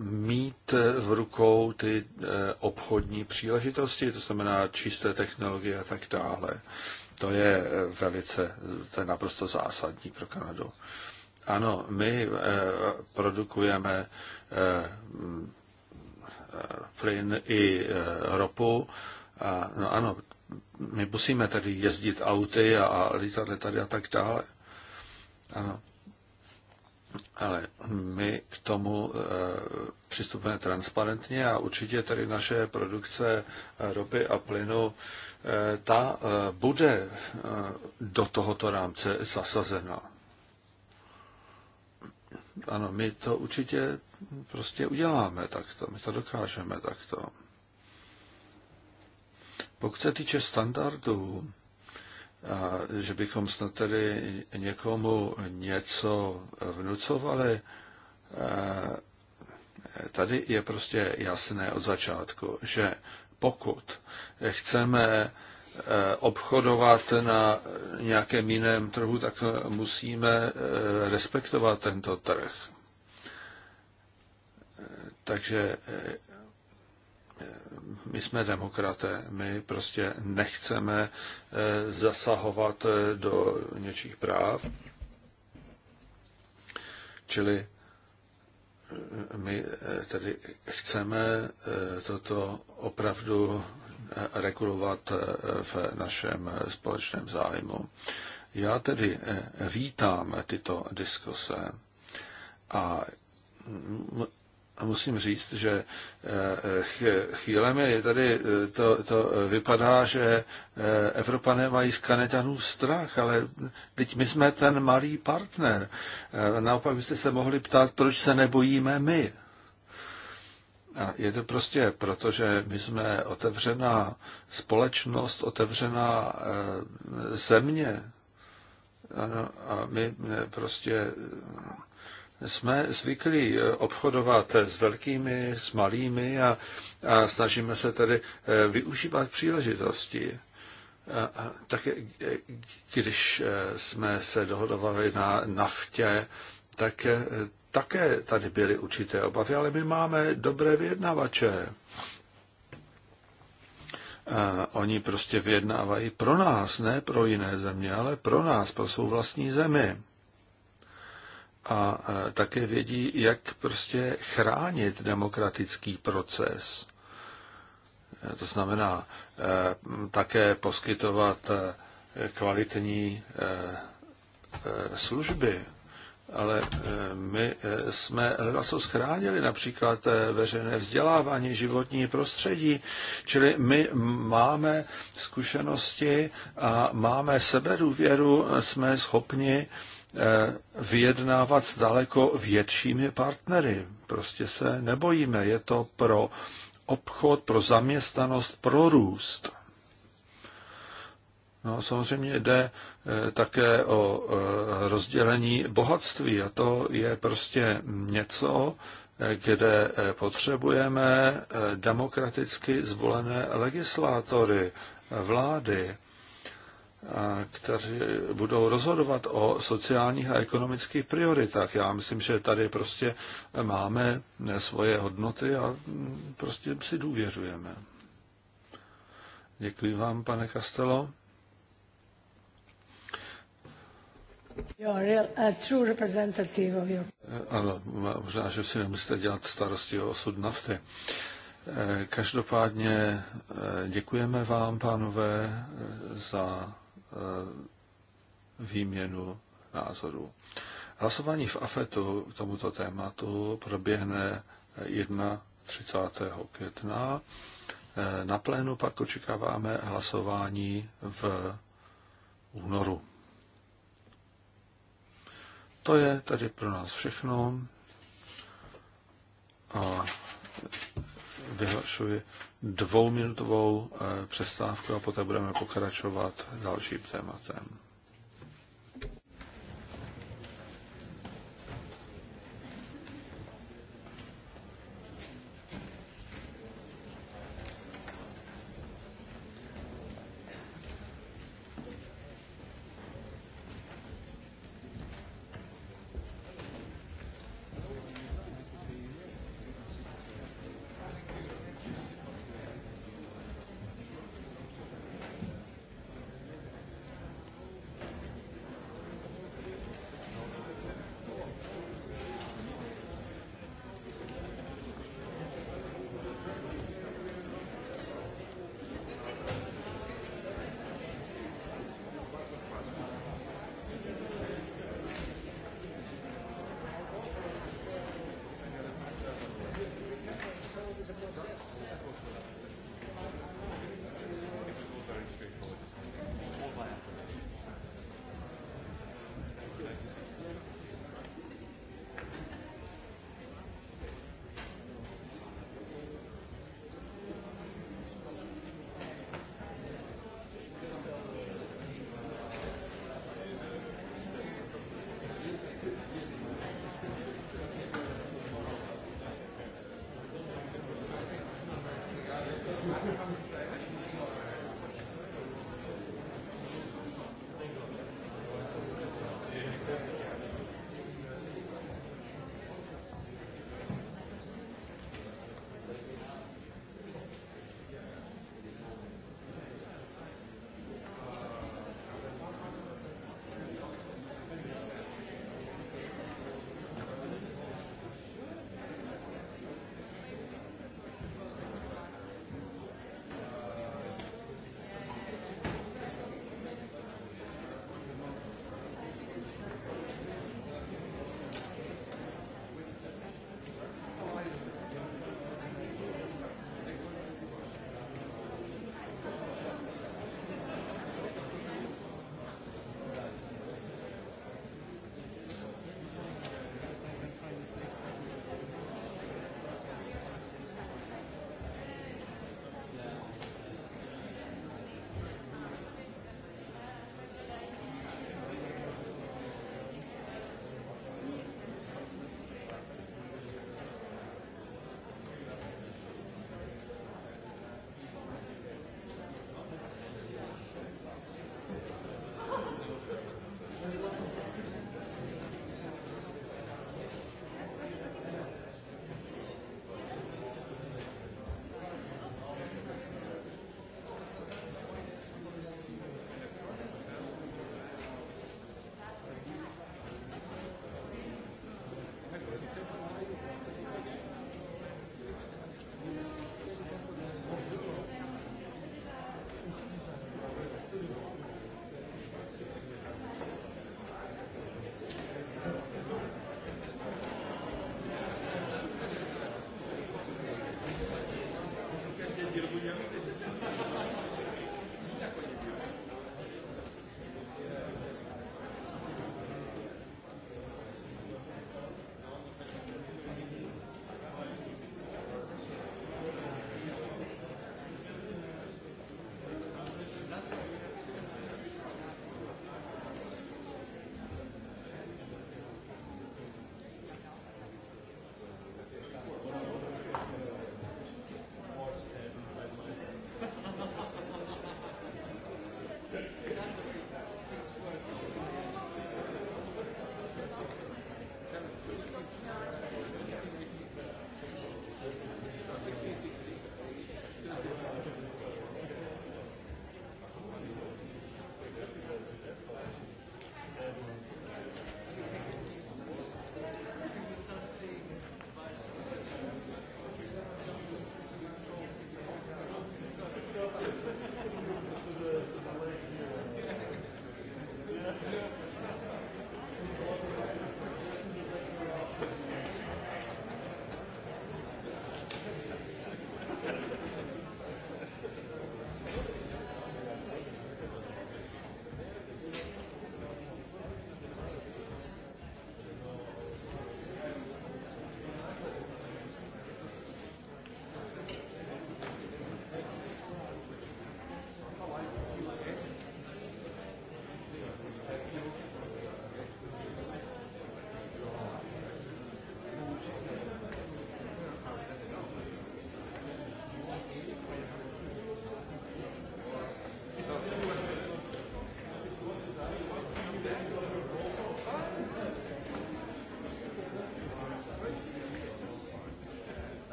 mít v rukou ty obchodní příležitosti, to znamená čisté technologie a tak dále. To je eh, velice, to je naprosto zásadní pro Kanadu. Ano, my eh, produkujeme eh, plyn i ropu. A, no ano, my musíme tady jezdit auty a, a lítat tady a tak dále. Ano. Ale my k tomu e, přistupujeme transparentně a určitě tady naše produkce ropy a plynu Eh, ta eh, bude eh, do tohoto rámce zasazena. Ano, my to určitě prostě uděláme takto, my to dokážeme takto. Pokud se týče standardů, že bychom snad tedy někomu něco vnucovali, tady je prostě jasné od začátku, že pokud chceme eh, obchodovat na nějakém jiném trhu, tak musíme eh, respektovat tento trh. Eh, takže my jsme demokraté, my prostě nechceme zasahovat do něčích práv. Čili my eh, tedy chceme eh, toto opravdu eh, regulovat v našem společném zájmu. Já tedy vítám tyto diskuse a mm, a musím říct, že eh, chvílemi je tady eh, to, to eh, vypadá, že Evropané mají z Kanaďanů strach, ale teď my jsme ten malý partner. Naopak byste se mohli ptát, proč se nebojíme my. A je to prostě proto, že my jsme otevřená společnost, otevřená země. Ano, a my prostě jsme zvyklí eh, obchodovat s velkými, s malými a, a snažíme se tedy eh, využívat příležitosti. Tak eh, když jsme se dohodovali na naftě, tak také tady byly určité obavy, ale my máme dobré vyjednavače. Oni prostě vyjednávají pro nás, ne pro jiné země, ale pro nás, pro svou vlastní zemi a e, také vědí, jak prostě chránit demokratický proces. E, to znamená e, také poskytovat kvalitní služby, ale my jsme co schránili, například veřejné vzdělávání, životní prostředí, čili my máme zkušenosti a máme sebedůvěru, jsme schopni Eh, vyjednávat s daleko většími partnery. Prostě se nebojíme, je to pro obchod, pro zaměstnanost, pro růst. No, samozřejmě jde eh, také o eh, rozdělení bohatství a to je prostě něco, kde potřebujeme demokraticky zvolené legislátory, vlády, kteří budou rozhodovat o sociálních a ekonomických prioritách. Já myslím, že tady prostě máme svoje hodnoty a prostě si důvěřujeme. Děkuji vám, pane Castelo. Ano, možná, že si nemusíte dělat starosti o osud nafty. Eh, každopádně eh, děkujeme vám, pánové, eh, za Eh, výměnu názorů. Hlasování v AFETu k tomuto tématu proběhne 31. května. Eh, na plénu pak očekáváme hlasování v únoru. To je tady pro nás všechno. A vyhlašuji dvouminutovou eh, přestávku a poté budeme pokračovat dalším tématem.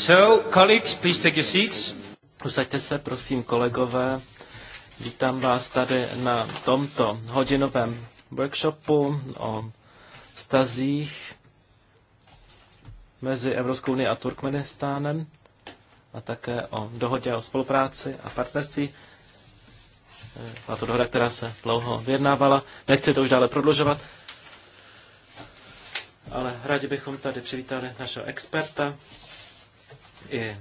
So, colleagues, please take your seats. Usaďte se, prosím, kolegové. Vítám vás tady na tomto hodinovém workshopu o stazích mezi Evropskou unii a Turkmenistánem a také o dohodě o spolupráci a partnerství. Byla to dohoda, která se dlouho vyjednávala. Nechci to už dále prodlužovat, ale rádi bychom tady přivítali našeho experta, i e,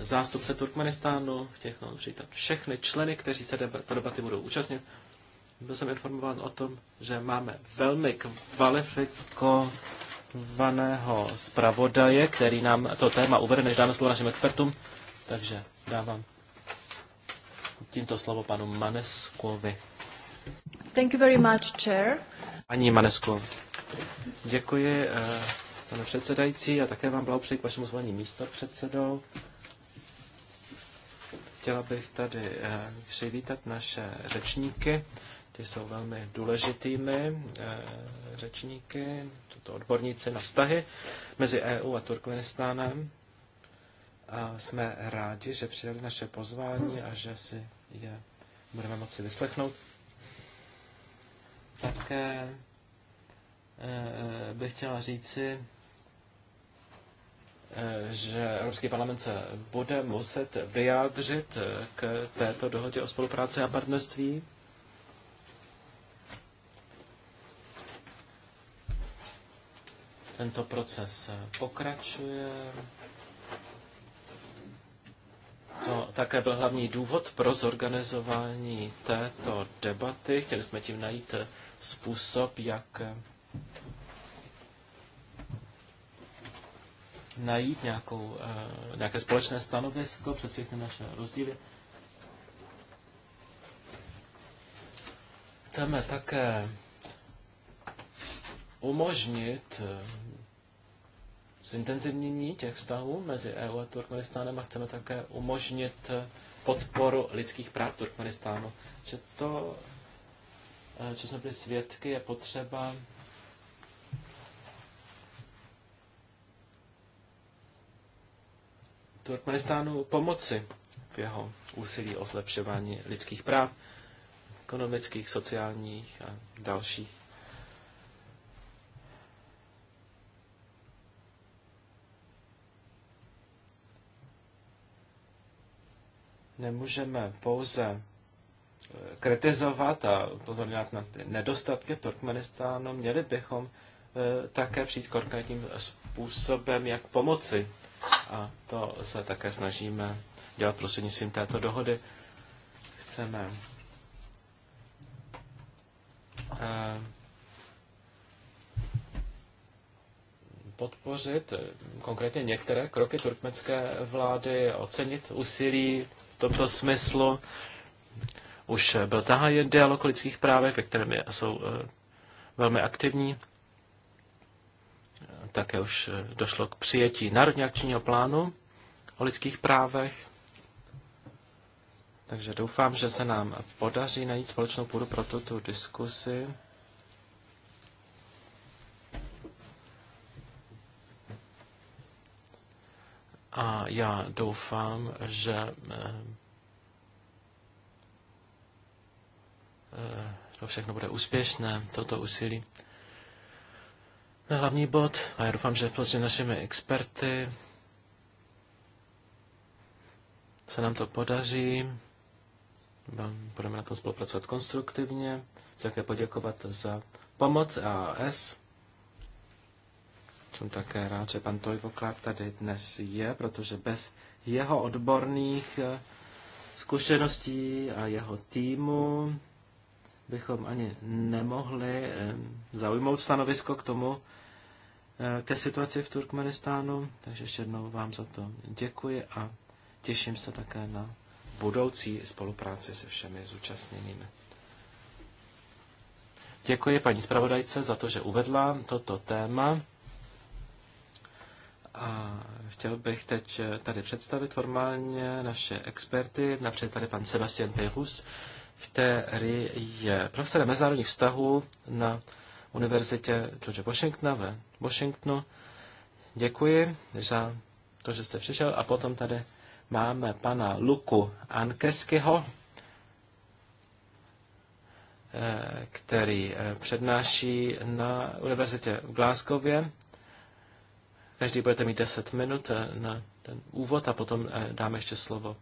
zástupce Turkmenistánu, chtěl no, přivítat všechny členy, kteří se debat, debaty budou účastnit. Byl jsem informován o tom, že máme velmi kvalifikovaného zpravodaje, který nám to téma uvede, než dáme slovo našim expertům. Takže dávám tímto slovo panu Maneskovi. Thank you very much, chair. Paní Manesko, děkuji. Eh, pane předsedající, a také vám blahopřeji k vašemu zvolení místo předsedou. Chtěla bych tady eh, přivítat naše řečníky. Ty jsou velmi důležitými eh, řečníky, tuto odborníci na vztahy mezi EU a Turkmenistánem. A jsme rádi, že přijali naše pozvání a že si je budeme moci vyslechnout. Také eh, bych chtěla říci, Eh, že Evropský parlament se bude muset vyjádřit eh, k této dohodě o spolupráci a partnerství. Tento proces eh, pokračuje. To také byl hlavní důvod pro zorganizování této debaty. Chtěli jsme tím najít způsob, jak najít nějakou, eh, nějaké společné stanovisko před všechny naše rozdíly. Chceme také umožnit eh, zintenzivnění těch vztahů mezi EU a Turkmenistánem a chceme také umožnit eh, podporu lidských práv Turkmenistánu. Že to, co jsme byli svědky, je potřeba Turkmenistánu pomoci v jeho úsilí o zlepšování lidských práv, ekonomických, sociálních a dalších. Nemůžeme pouze eh, kritizovat a upozorňovat na ty nedostatky v Turkmenistánu, měli bychom eh, také přijít konkrétním způsobem, jak pomoci a to se také snažíme dělat prostřednictvím této dohody. Chceme eh, podpořit eh, konkrétně některé kroky turkmenské vlády, ocenit úsilí v tomto smyslu. Už eh, byl zahájen dialog o lidských právech, ve kterém jsou velmi aktivní také už eh, došlo k přijetí Národní akčního plánu o lidských právech. Takže doufám, že se nám podaří najít společnou půdu pro tuto diskusi. A já doufám, že eh, eh, to všechno bude úspěšné, toto úsilí na hlavní bod a já doufám, že prostě našimi experty se nám to podaří. Budeme na tom spolupracovat konstruktivně. Chci také poděkovat za pomoc AAS. Jsem také rád, že pan Tojvoklák tady dnes je, protože bez jeho odborných eh, zkušeností a jeho týmu bychom ani nemohli eh, zaujmout stanovisko k tomu, Eh, té situaci v Turkmenistánu. Takže ještě jednou vám za to děkuji a těším se také na budoucí spolupráci se všemi zúčastněnými. Děkuji paní zpravodajce za to, že uvedla toto téma. A chtěl bych teď eh, tady představit formálně naše experty, například tady pan Sebastian Pejhus, který je profesorem mezinárodních vztahů na univerzitě George Washingtona ve Washingtonu. Děkuji za to, že jste přišel. A potom tady máme pana Luku Ankeskyho, eh, který eh, přednáší na univerzitě v Glasgowě. Každý budete mít 10 minut eh, na ten úvod a potom dáme ještě slovo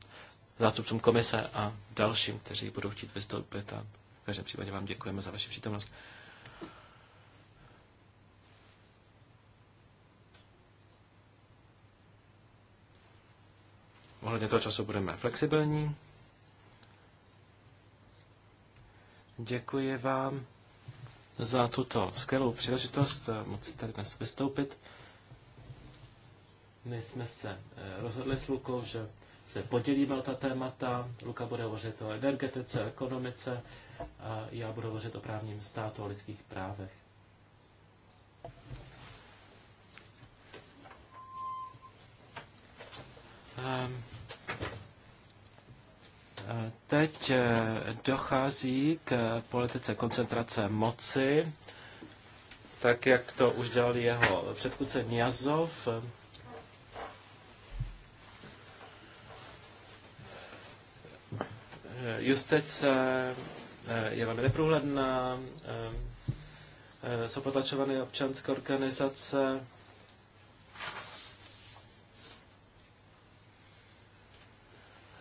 zástupcům komise a dalším, kteří budou chtít vystoupit. A v každém případě vám děkujeme za vaši přítomnost. ohledně toho času budeme flexibilní. Děkuji vám za tuto skvělou příležitost eh, moci tady dnes vystoupit. My jsme se eh, rozhodli s Lukou, že se podělíme o ta témata. Luka bude hovořit o energetice, ekonomice a já budu hovořit o právním státu, o lidských právech. Um, Teď eh, dochází k politice koncentrace moci, tak jak to už dělal jeho předchůdce Niazov. Justice eh, je velmi neprůhledná, eh, jsou potlačovány občanské organizace,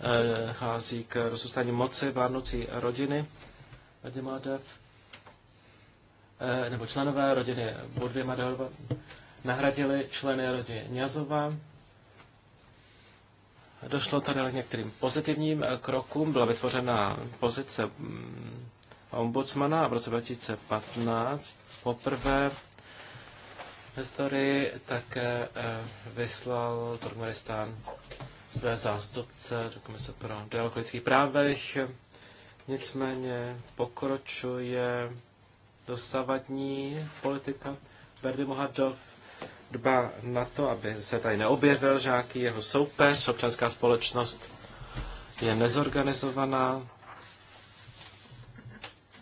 Eh, chází k rozostání moci vládnoucí rodiny Adimadev, eh, nebo členové rodiny Budvy Madhava nahradili členy rodiny Ňazova. Došlo tady k některým pozitivním eh, krokům. Byla vytvořena pozice mm, ombudsmana v roce 2015 poprvé v historii také vyslal Turkmenistán své zástupce do Komise pro dialog o lidských právech. Nicméně pokročuje dosavadní politika. Berdy Mohadov dba na to, aby se tady neobjevil žáký jeho soupeř. Občanská společnost je nezorganizovaná.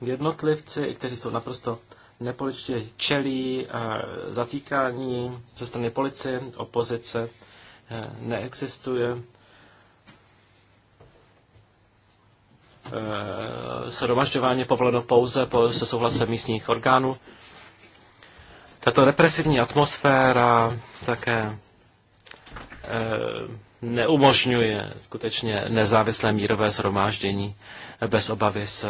Jednotlivci, i kteří jsou naprosto nepoličtě čelí eh, zatýkání ze strany policie, opozice neexistuje. Eh, Sromažďování je povoleno pouze se souhlasem místních orgánů. Tato represivní atmosféra také eh, neumožňuje skutečně nezávislé mírové shromáždění bez obavy z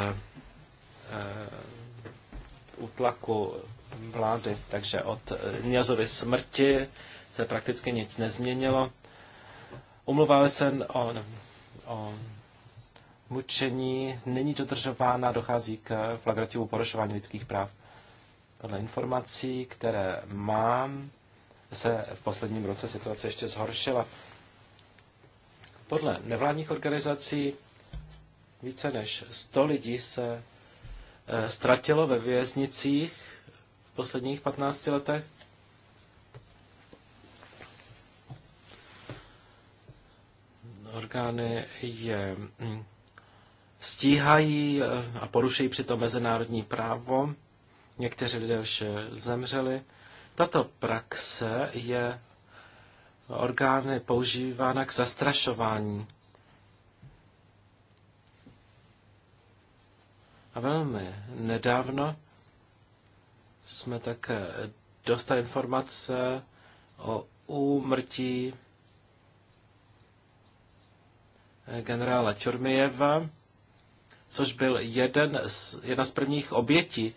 útlaku eh, vlády. Takže od Nězovy smrti se prakticky nic nezměnilo. Umluva OSN o, o mučení není dodržována, dochází k flagrativu porušování lidských práv. Podle informací, které mám, se v posledním roce situace ještě zhoršila. Podle nevládních organizací více než 100 lidí se eh, ztratilo ve věznicích v posledních 15 letech. orgány je mm, stíhají eh, a porušují přitom mezinárodní právo. Někteří lidé už eh, zemřeli. Tato praxe je orgány používána k zastrašování. A velmi nedávno jsme také dostali informace o úmrtí generála Čormijeva, což byl jeden z, jedna z prvních obětí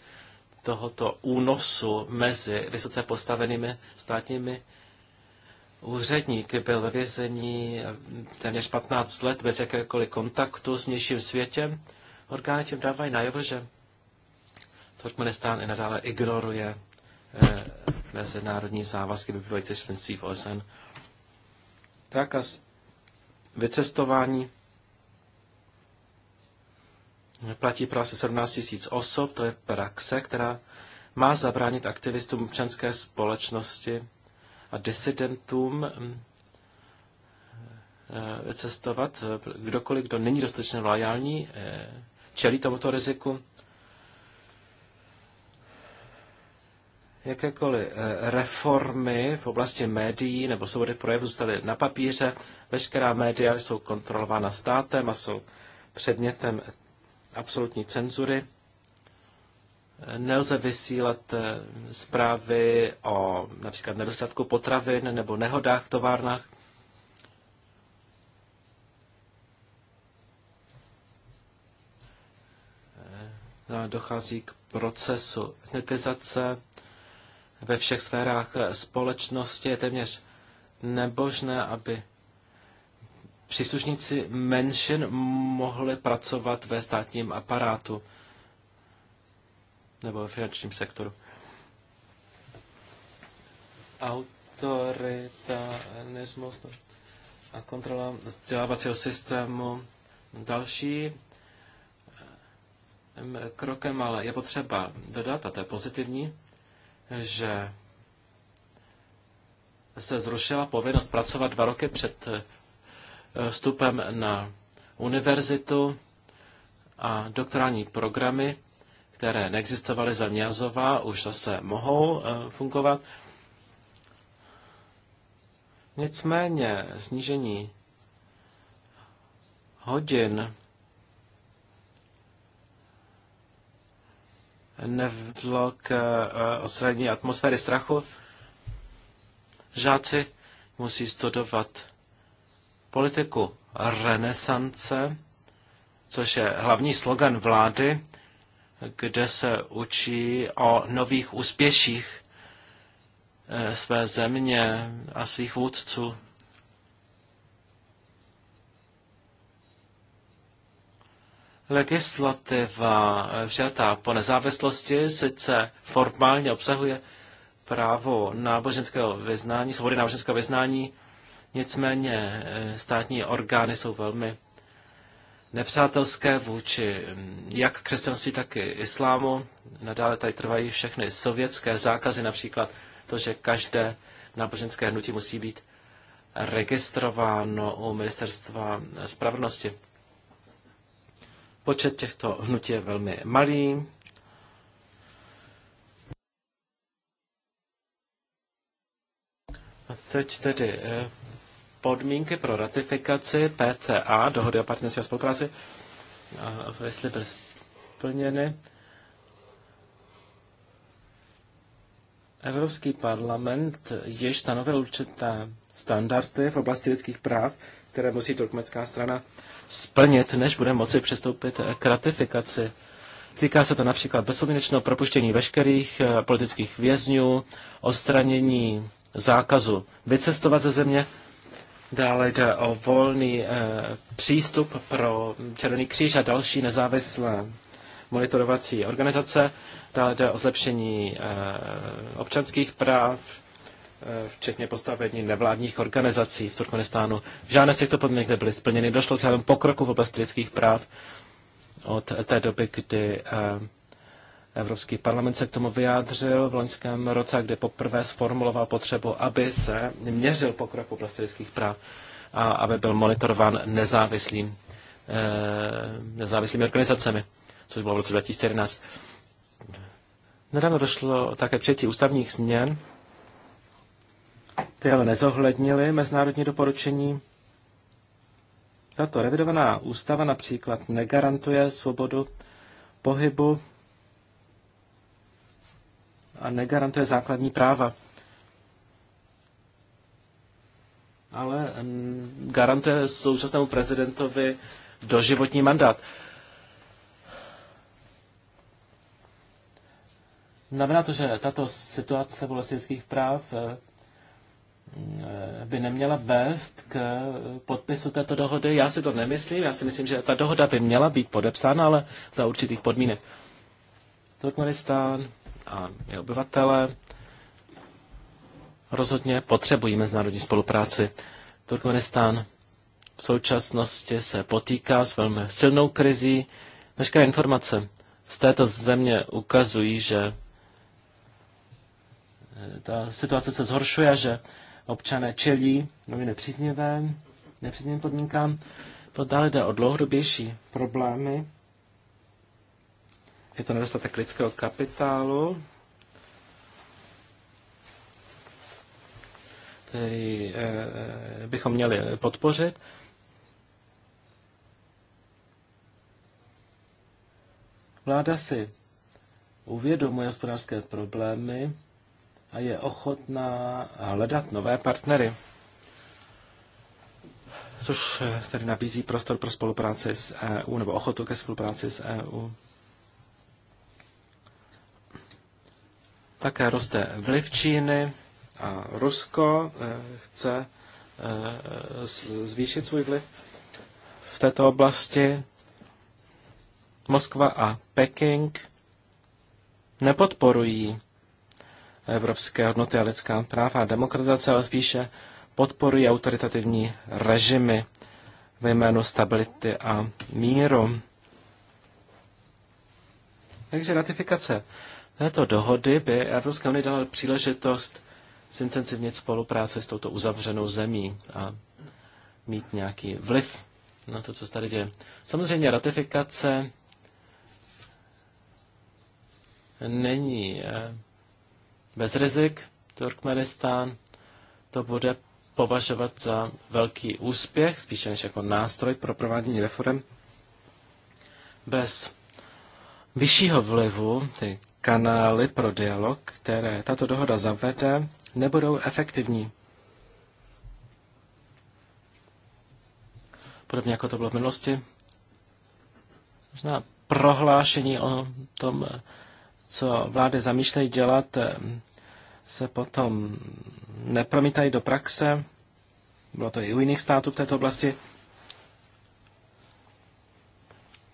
tohoto únosu mezi vysoce postavenými státními úředníky. Byl ve vězení téměř 15 let bez jakékoliv kontaktu s vnějším světem. Orgány tím dávají najevo, že Turkmenistán i nadále ignoruje eh, mezinárodní závazky vyplývající členství v OSN. a vycestování. Platí pro asi 17 000 osob, to je praxe, která má zabránit aktivistům občanské společnosti a disidentům mm, eh, cestovat. Kdokoliv, kdo není dostatečně loajální, eh, čelí tomuto riziku. jakékoliv eh, reformy v oblasti médií nebo svobody projevu zůstaly na papíře. Veškerá média jsou kontrolována státem a jsou předmětem absolutní cenzury. Nelze vysílat eh, zprávy o například nedostatku potravin nebo nehodách v továrnách. Eh, no dochází k procesu etnitizace ve všech sférách společnosti je téměř nebožné, aby příslušníci menšin mohli pracovat ve státním aparátu nebo ve finančním sektoru. Autoritarismus a kontrola vzdělávacího systému další ehm, krokem, ale je potřeba dodat, a to je pozitivní, že se zrušila povinnost pracovat dva roky před eh, vstupem na univerzitu a doktorální programy, které neexistovaly za Mňazova, už zase mohou eh, fungovat. Nicméně snížení hodin nevedlo k eh, odstranění atmosféry strachu. Žáci musí studovat politiku renesance, což je hlavní slogan vlády, kde se učí o nových úspěších eh, své země a svých vůdců. Legislativa eh, přijatá po nezávislosti sice formálně obsahuje právo náboženského vyznání, svobody náboženského vyznání, nicméně eh, státní orgány jsou velmi nepřátelské vůči mm, jak křesťanství, tak i islámu. Nadále tady trvají všechny sovětské zákazy, například to, že každé náboženské hnutí musí být registrováno u ministerstva spravedlnosti. Počet těchto hnutí je velmi malý. A teď tedy eh, podmínky pro ratifikaci PCA, dohody o partnerství a spolupráci, jestli byly splněny. Evropský parlament již stanovil určité standardy v oblasti lidských práv, které musí turkmenská strana splnit, než bude moci přistoupit k ratifikaci. Týká se to například bezpodmínečného propuštění veškerých eh, politických vězňů, odstranění zákazu vycestovat ze země, dále jde o volný eh, přístup pro Červený kříž a další nezávislé monitorovací organizace, dále jde o zlepšení eh, občanských práv, Eh, včetně postavení nevládních organizací v Turkmenistánu. Žádné z těchto podmínek nebyly splněny. Došlo k žádnému pokroku v oblasti lidských práv od té doby, kdy eh, Evropský parlament se k tomu vyjádřil v loňském roce, kde poprvé sformuloval potřebu, aby se měřil pokrok v oblasti lidských práv a aby byl monitorován nezávislým, eh, nezávislými organizacemi, což bylo v roce 2011. Nedávno došlo také přijetí ústavních změn, ty ale mezinárodní doporučení. Tato revidovaná ústava například negarantuje svobodu pohybu a negarantuje základní práva. Ale mm, garantuje současnému prezidentovi doživotní mandát. Znamená to, že tato situace vlastnických práv eh, Eh, by neměla vést k podpisu této dohody. Já si to nemyslím, já si myslím, že ta dohoda by měla být podepsána, ale za určitých podmínek. Turkmenistán a jeho obyvatele rozhodně potřebují mezinárodní spolupráci. Turkmenistán v současnosti se potýká s velmi silnou krizí. Veškeré informace z této země ukazují, že eh, ta situace se zhoršuje, že občané čelí nově nepříznivým, nepříznivým podmínkám. Dále jde o dlouhodobější problémy. Je to nedostatek lidského kapitálu, který eh, eh, bychom měli podpořit. Vláda si uvědomuje hospodářské problémy, a je ochotná hledat nové partnery. Což eh, tedy nabízí prostor pro spolupráci s EU nebo ochotu ke spolupráci s EU. Také roste vliv Číny a Rusko eh, chce eh, zvýšit svůj vliv v této oblasti. Moskva a Peking nepodporují evropské hodnoty a lidská práva a demokratizace, ale spíše podporují autoritativní režimy ve jménu stability a míru. Takže ratifikace této dohody by Evropská unie dala příležitost zintenzivnit spolupráci s touto uzavřenou zemí a mít nějaký vliv na to, co se tady děje. Samozřejmě ratifikace není eh, bez rizik Turkmenistán to bude považovat za velký úspěch, spíše než jako nástroj pro provádění reform. Bez vyššího vlivu ty kanály pro dialog, které tato dohoda zavede, nebudou efektivní. Podobně jako to bylo v minulosti. Možná prohlášení o tom, co vlády zamýšlejí dělat, se potom nepromítají do praxe. Bylo to i u jiných států v této oblasti.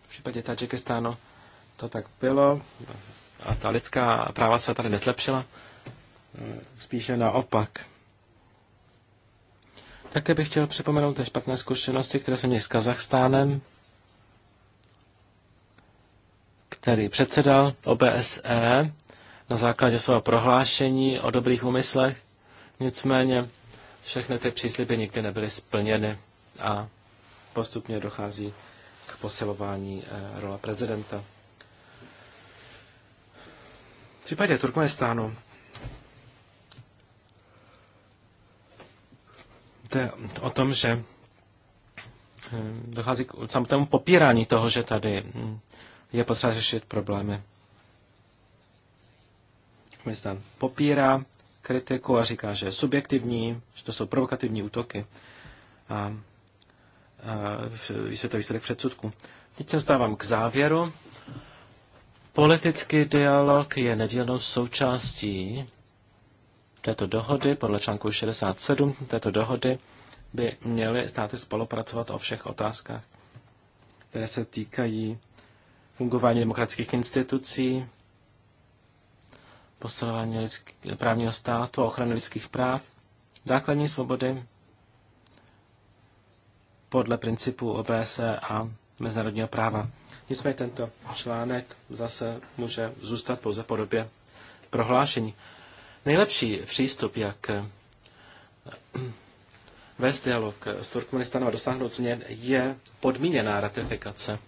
V případě Tadžikistánu to tak bylo a ta lidská práva se tady neslepšila. Spíše naopak. Také bych chtěl připomenout ty špatné zkušenosti, které jsme měli s Kazachstánem, který předsedal OBSE na základě svého prohlášení o dobrých úmyslech. Nicméně všechny ty přísliby nikdy nebyly splněny a postupně dochází k posilování eh, role prezidenta. V případě Turkmenistánu jde o tom, že eh, dochází k samotnému popírání toho, že tady hm, je potřeba řešit problémy Afganistán popírá kritiku a říká, že je subjektivní, že to jsou provokativní útoky a, a výsledek, výsledek předsudku. Teď se stávám k závěru. Politický dialog je nedílnou součástí této dohody. Podle článku 67 této dohody by měly státy spolupracovat o všech otázkách, které se týkají fungování demokratických institucí, posilování právního státu a ochrany lidských práv, základní svobody podle principu OBSE a mezinárodního práva. Nicméně tento článek zase může zůstat pouze v podobě prohlášení. Nejlepší přístup, jak eh, vést dialog s Turkmenistanem a dosáhnout změn, je podmíněná ratifikace.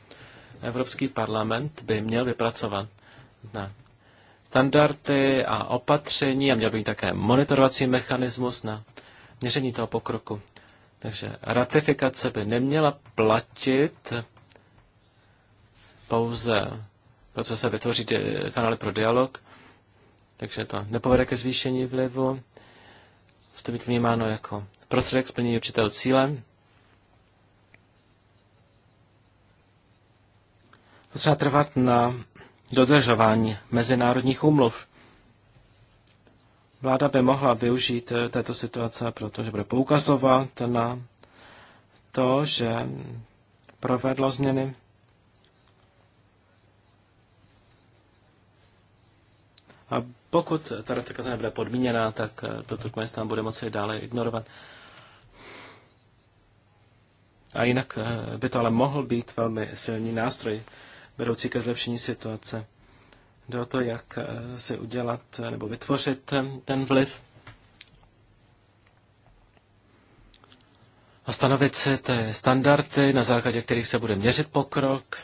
Evropský parlament by měl vypracovat na standardy a opatření a měl by mít také monitorovací mechanismus na měření toho pokroku. Takže ratifikace by neměla platit pouze to, co se vytvoří kanály pro dialog, takže to nepovede ke zvýšení vlivu. Musí to být vnímáno jako prostředek splnění určitého cíle. Potřeba trvat na dodržování mezinárodních umluv. Vláda by mohla využít eh, této situace, protože bude poukazovat na to, že provedlo změny A pokud ta ratifikace nebude podmíněná, tak eh, to Turkmenistán bude moci dále ignorovat. A jinak eh, by to ale mohl být velmi silný nástroj vedoucí ke zlepšení situace. Jde o to, jak eh, si udělat eh, nebo vytvořit ten, ten vliv a stanovit si ty standardy, na základě kterých se bude měřit pokrok.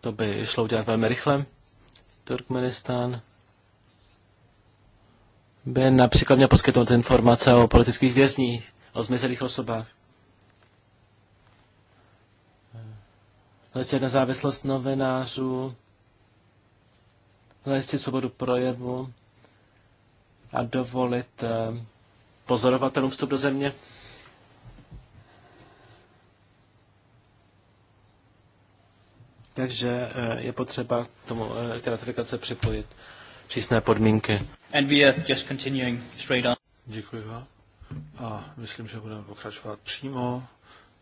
To by šlo udělat velmi rychle. Turkmenistán by například měl poskytnout informace o politických vězních, o zmizelých osobách. zajistit nezávislost novinářů, zajistit svobodu projevu a dovolit eh, pozorovatelům vstup do země. Takže eh, je potřeba k tomu eh, k ratifikace připojit přísné podmínky. And we are just continuing straight on. Děkuji vám. A myslím, že budeme pokračovat přímo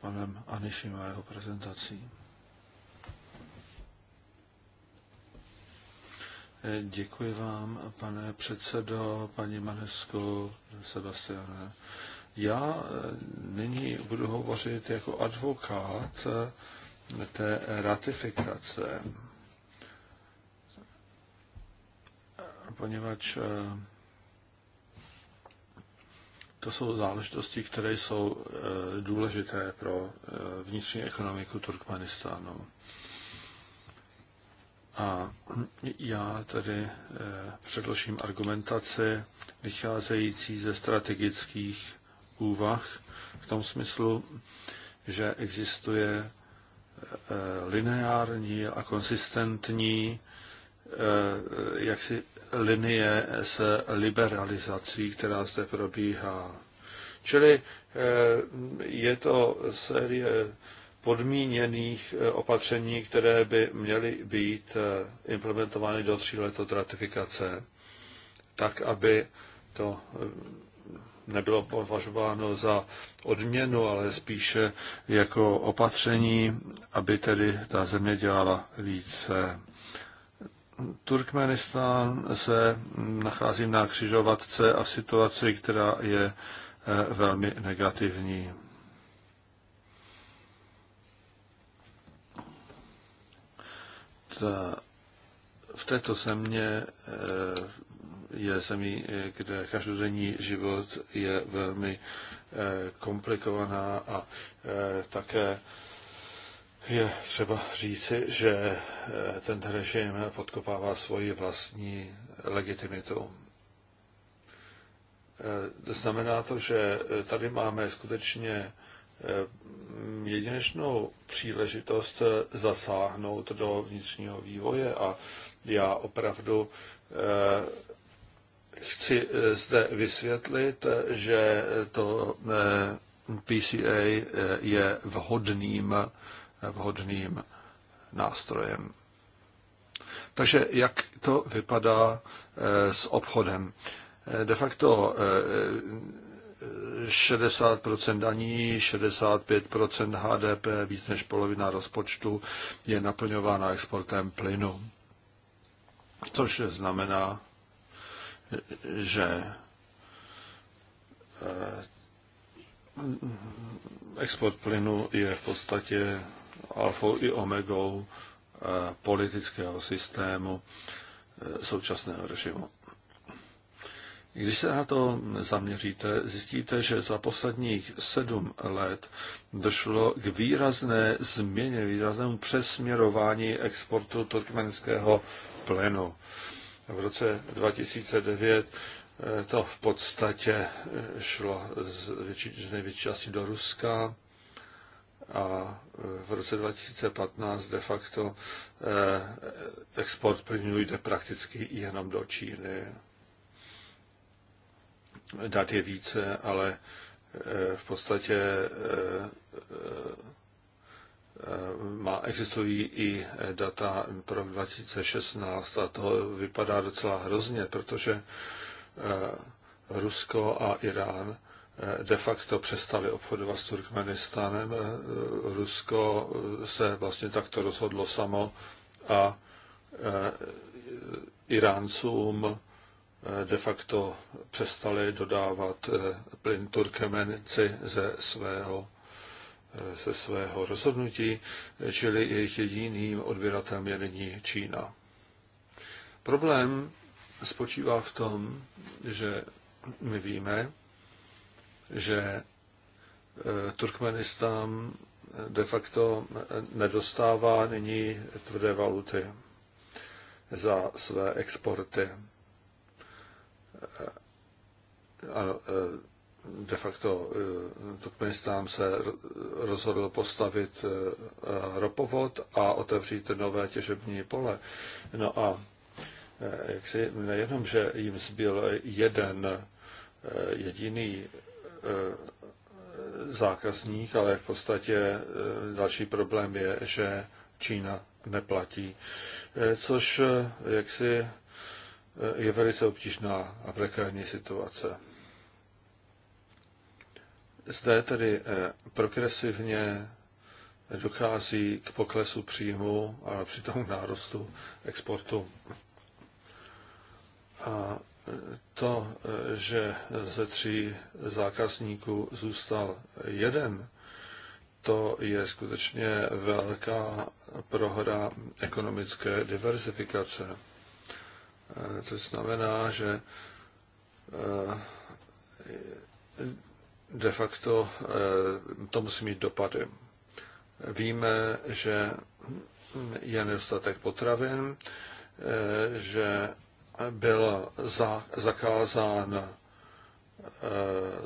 panem Aniším a jeho prezentací. Děkuji vám, pane předsedo, paní Manesku, Sebastiane. Já eh, nyní budu hovořit jako advokát eh, té ratifikace, poněvadž eh, to jsou záležitosti, které jsou důležité pro vnitřní ekonomiku Turkmenistánu. A já tady eh, předložím argumentaci vycházející ze strategických úvah v tom smyslu, že existuje eh, lineární a konsistentní eh, jaksi linie s liberalizací, která zde probíhá. Čili je to série podmíněných eh, opatření, které by měly být eh, implementovány do tří let od ratifikace, tak aby to eh, nebylo považováno za odměnu, ale spíše jako opatření, aby tedy ta země dělala více. Turkmenistán se nachází na křižovatce a v situaci, která je velmi negativní. ta, v této země eh, je zemí, kde každodenní život je velmi eh, komplikovaná a eh, také je třeba říci, že ten režim podkopává svoji vlastní legitimitu. Znamená to, že tady máme skutečně jedinečnou příležitost zasáhnout do vnitřního vývoje a já opravdu eh, chci eh, zde vysvětlit, že to eh, PCA je vhodným, vhodným nástrojem. Takže jak to vypadá s obchodem? De facto 60% daní, 65% HDP, víc než polovina rozpočtu je naplňována exportem plynu. Což znamená, že eh, export plynu je v podstatě alfou i omegou eh, politického systému eh, současného režimu. Když se na to zaměříte, zjistíte, že za posledních sedm let došlo k výrazné změně, výraznému přesměrování exportu turkmenského plenu. V roce 2009 eh, to v podstatě eh, šlo z, větší, z největší asi do Ruska a eh, v roce 2015 de facto export plynu jde prakticky jenom do Číny dat je více, ale eh, v podstatě eh, eh, má, existují i data pro rok 2016 a to vypadá docela hrozně, protože Rusko a Irán de facto přestali obchodovat s Turkmenistánem. Rusko se vlastně takto rozhodlo samo a Iráncům de facto přestali dodávat eh, plyn Turkmenici ze svého, eh, ze svého rozhodnutí, čili jejich jediným odběratelem je nyní Čína. Problém spočívá v tom, že my víme, že eh, Turkmenistán de facto nedostává nyní tvrdé valuty za své exporty ano, de facto e, Turkmenistán se rozhodl postavit e, ropovod a otevřít nové těžební pole. No a e, jak si, nejenom, že jim zbyl jeden jediný zákazník, ale v podstatě další problém je, že Čína neplatí, což jak si je velice obtížná a prekární situace. Zde tedy eh, progresivně dochází k poklesu příjmu a přitom k nárostu exportu. A eh, to, eh, že ze tří zákazníků zůstal jeden, to je skutečně velká prohra ekonomické diversifikace. To eh, znamená, že eh, de facto eh, to musí mít dopady. Víme, že je nedostatek potravin, že byl za, zakázán,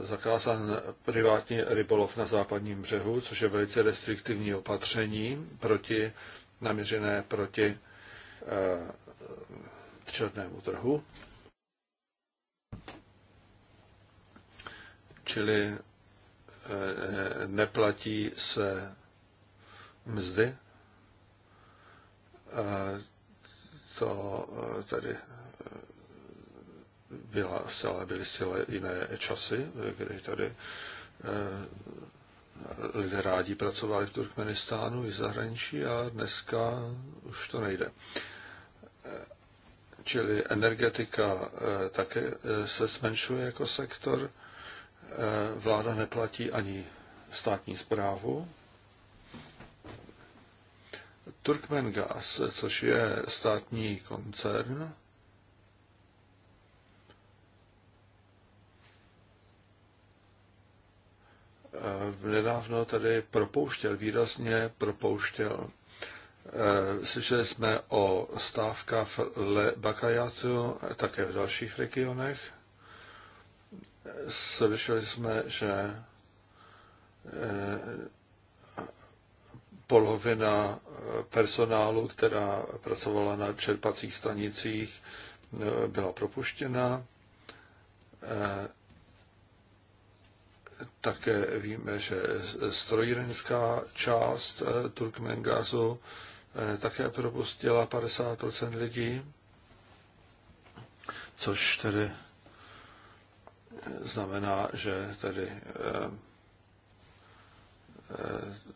zakázán privátní rybolov na západním břehu, což je velice restriktivní opatření proti, namířené proti černému trhu. Čili eh, neplatí se mzdy. To eh, tady eh, byla, byly celé jiné časy, kdy tady lidé rádi pracovali v Turkmenistánu i zahraničí a dneska už to nejde. Čili energetika eh, také eh, se zmenšuje jako sektor, eh, vláda neplatí ani státní zprávu. Turkmen Gas, což je státní koncern, nedávno tady propouštěl, výrazně propouštěl Eh, slyšeli jsme o stávkách v Le Bacayatu, také v dalších regionech. Slyšeli jsme, že eh, polovina eh, personálu, která pracovala na čerpacích stanicích, byla propuštěna. Také víme, že strojírenská část Turkmengazu Eh, také propustila 50 lidí, což tedy eh, znamená, že tedy eh,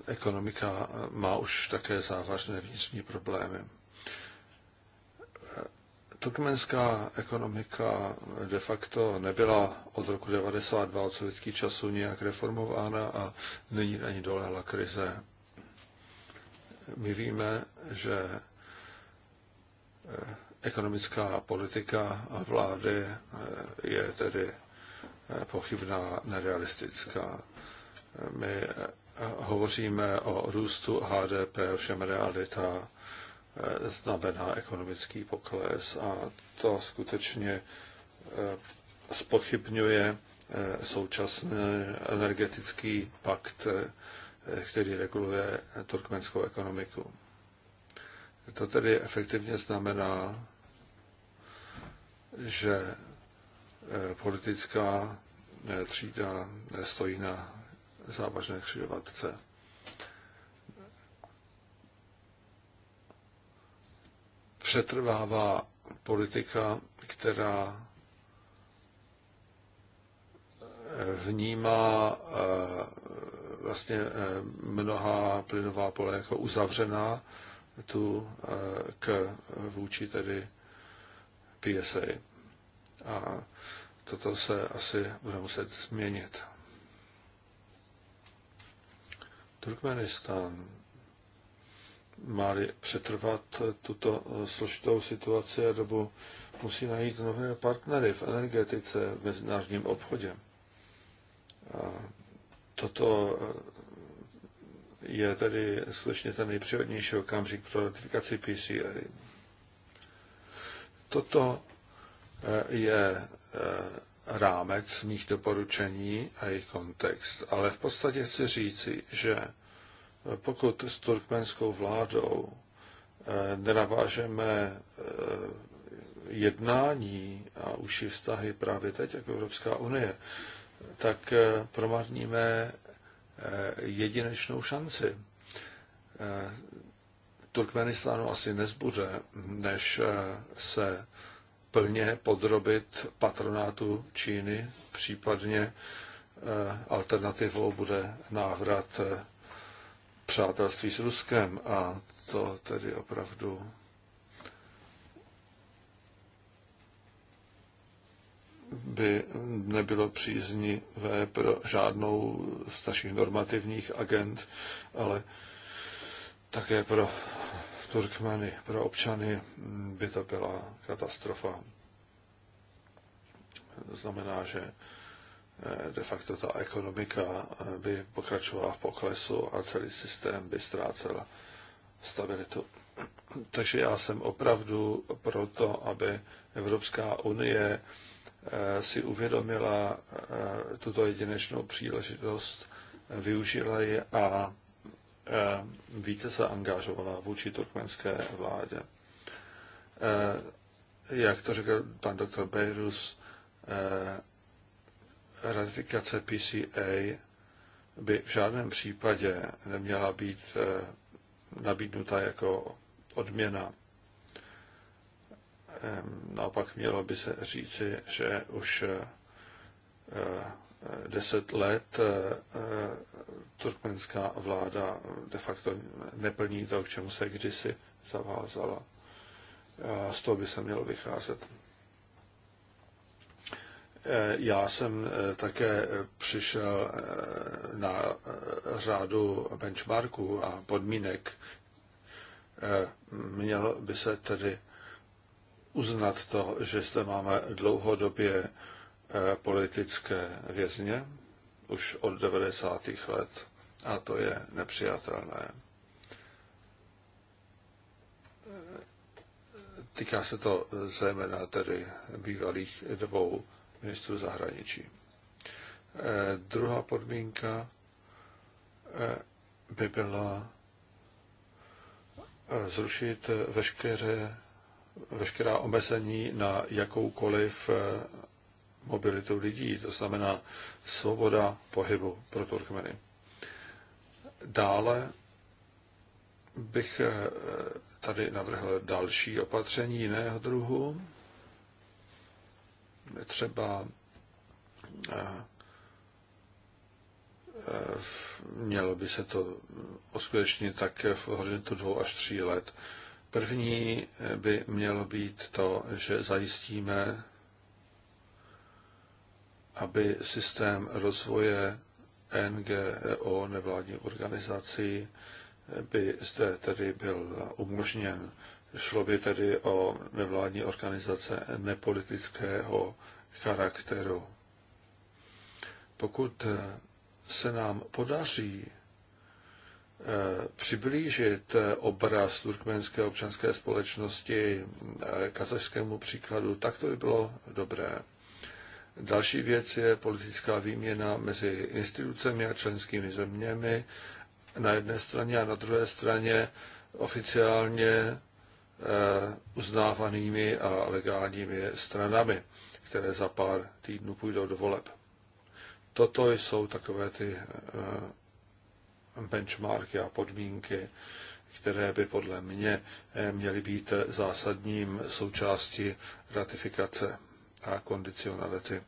ekonomika má už také závažné vnitřní problémy. Turkmenská ekonomika de facto nebyla od roku 1992 od sovětských časů nějak reformována a nyní ani dolehla krize. My víme, že eh, ekonomická politika vlády eh, je tedy eh, pochybná, nerealistická. My hovoříme o růstu HDP, všem realita znamená ekonomický pokles a to skutečně spochybňuje současný energetický pakt který reguluje turkmenskou ekonomiku. To tedy efektivně znamená, že eh, politická eh, třída eh, stojí na závažné křižovatce. Přetrvává politika, která vnímá vlastně eh, mnoha plynová pole jako uzavřená tu eh, k vůči tedy PSA. A toto se asi bude muset změnit. Turkmenistán má přetrvat tuto eh, složitou situaci a dobu, musí najít nové partnery v energetice, v mezinárodním obchodě. A toto eh, je tedy skutečně ten nejpřírodnější okamžik pro ratifikaci PCA. Toto eh, je eh, rámec mých doporučení a jejich kontext, ale v podstatě chci říci, že pokud s turkmenskou vládou nenavážeme jednání a užší vztahy právě teď jako Evropská unie, tak eh, promarníme eh, jedinečnou šanci. Eh, Turkmenistánu asi nezbude, než se plně podrobit patronátu Číny, případně alternativou bude návrat přátelství s Ruskem a to tedy opravdu by nebylo příznivé pro žádnou z našich normativních agent, ale také pro Turkmeny, pro občany by to byla katastrofa. To znamená, že eh, de facto ta ekonomika eh, by pokračovala v poklesu a celý systém by ztrácel stabilitu. Takže já jsem opravdu proto, aby Evropská unie Eh, si uvědomila eh, tuto jedinečnou příležitost, využila ji a eh, více se angažovala vůči turkmenské vládě. Jak to řekl pan doktor Beirus, ratifikace PCA by v žádném případě neměla být nabídnuta jako odměna naopak mělo by se říci, že už eh, eh, deset let eh, turkmenská vláda de facto neplní to, k čemu se kdysi zavázala. A z toho by se mělo vycházet. Já jsem také přišel na řádu benchmarků a podmínek. Měl by se tedy uznat to, že zde máme dlouhodobě eh, politické vězně, už od 90. let, a to je nepřijatelné. Eh, týká se to eh, zejména tedy bývalých dvou ministrů zahraničí. Druhá podmínka by byla zrušit veškeré veškerá omezení na jakoukoliv eh, mobilitu lidí, to znamená svoboda pohybu pro Turkmeny. Dále bych eh, tady navrhl další opatření jiného druhu, třeba eh, mělo by se to oskutečnit tak v horizontu dvou až tří let. První eh, by mělo být to, že zajistíme, aby systém rozvoje NGO nevládní organizací eh, by zde tedy byl umožněn. Šlo by tedy o nevládní organizace nepolitického charakteru. Pokud eh, se nám podaří Eh, přiblížit obraz turkmenské občanské společnosti eh, kazašskému příkladu, tak to by bylo dobré. Další věc je politická výměna mezi institucemi a členskými zeměmi na jedné straně a na druhé straně oficiálně eh, uznávanými a legálními stranami, které za pár týdnů půjdou do voleb. Toto jsou takové ty benchmarky a podmínky, které by podle mě eh, měly být zásadním součástí ratifikace a kondicionality.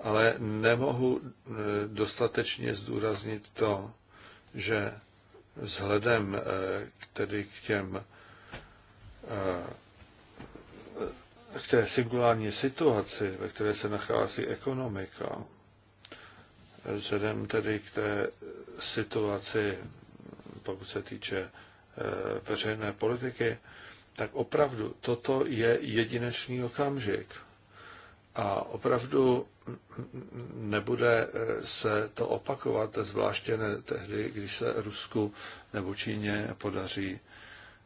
Ale nemohu eh, dostatečně zdůraznit to, že vzhledem eh, k, tedy k těm k té singulární situaci, ve které se nachází ekonomika, vzhledem tedy k té situaci, pokud se týče eh, veřejné politiky, tak opravdu toto je jedinečný okamžik. A opravdu nebude eh, se to opakovat, zvláště ne tehdy, když se Rusku nebo Číně podaří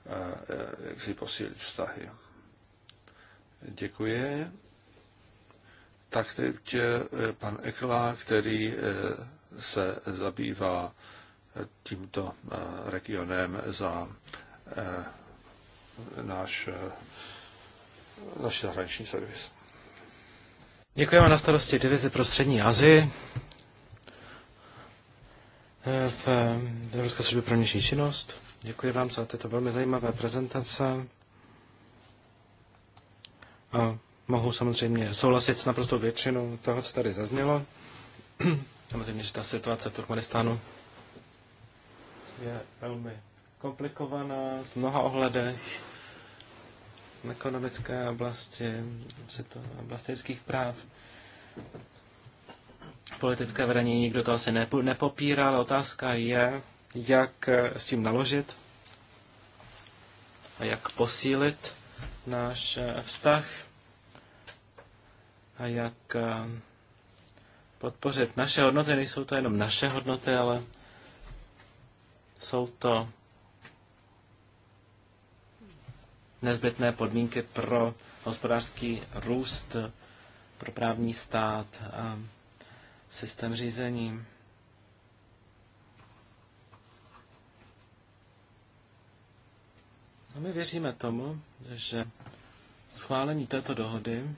eh, jak si posílit vztahy. Děkuji tak teď eh, pan Ekla, který eh, se zabývá eh, tímto regionem za náš, náš zahraniční servis. Děkujeme na starosti divize pro střední Azii v Evropské službě pro nižší činnost. Děkuji vám za tyto velmi zajímavé prezentace. A Mohu samozřejmě souhlasit s naprosto většinou toho, co tady zaznělo. <clears throat> Samozřejmě, že ta situace v Turkmenistánu je velmi komplikovaná z mnoha ohledech v ekonomické oblasti, oblasti lidských práv, politické vedení, nikdo to asi nepopírá, ale otázka je, jak eh, s tím naložit a jak posílit náš eh, vztah a jak eh, podpořit naše hodnoty. Nejsou to jenom naše hodnoty, ale jsou to nezbytné podmínky pro hospodářský růst, pro právní stát a systém řízení. A my věříme tomu, že schválení této dohody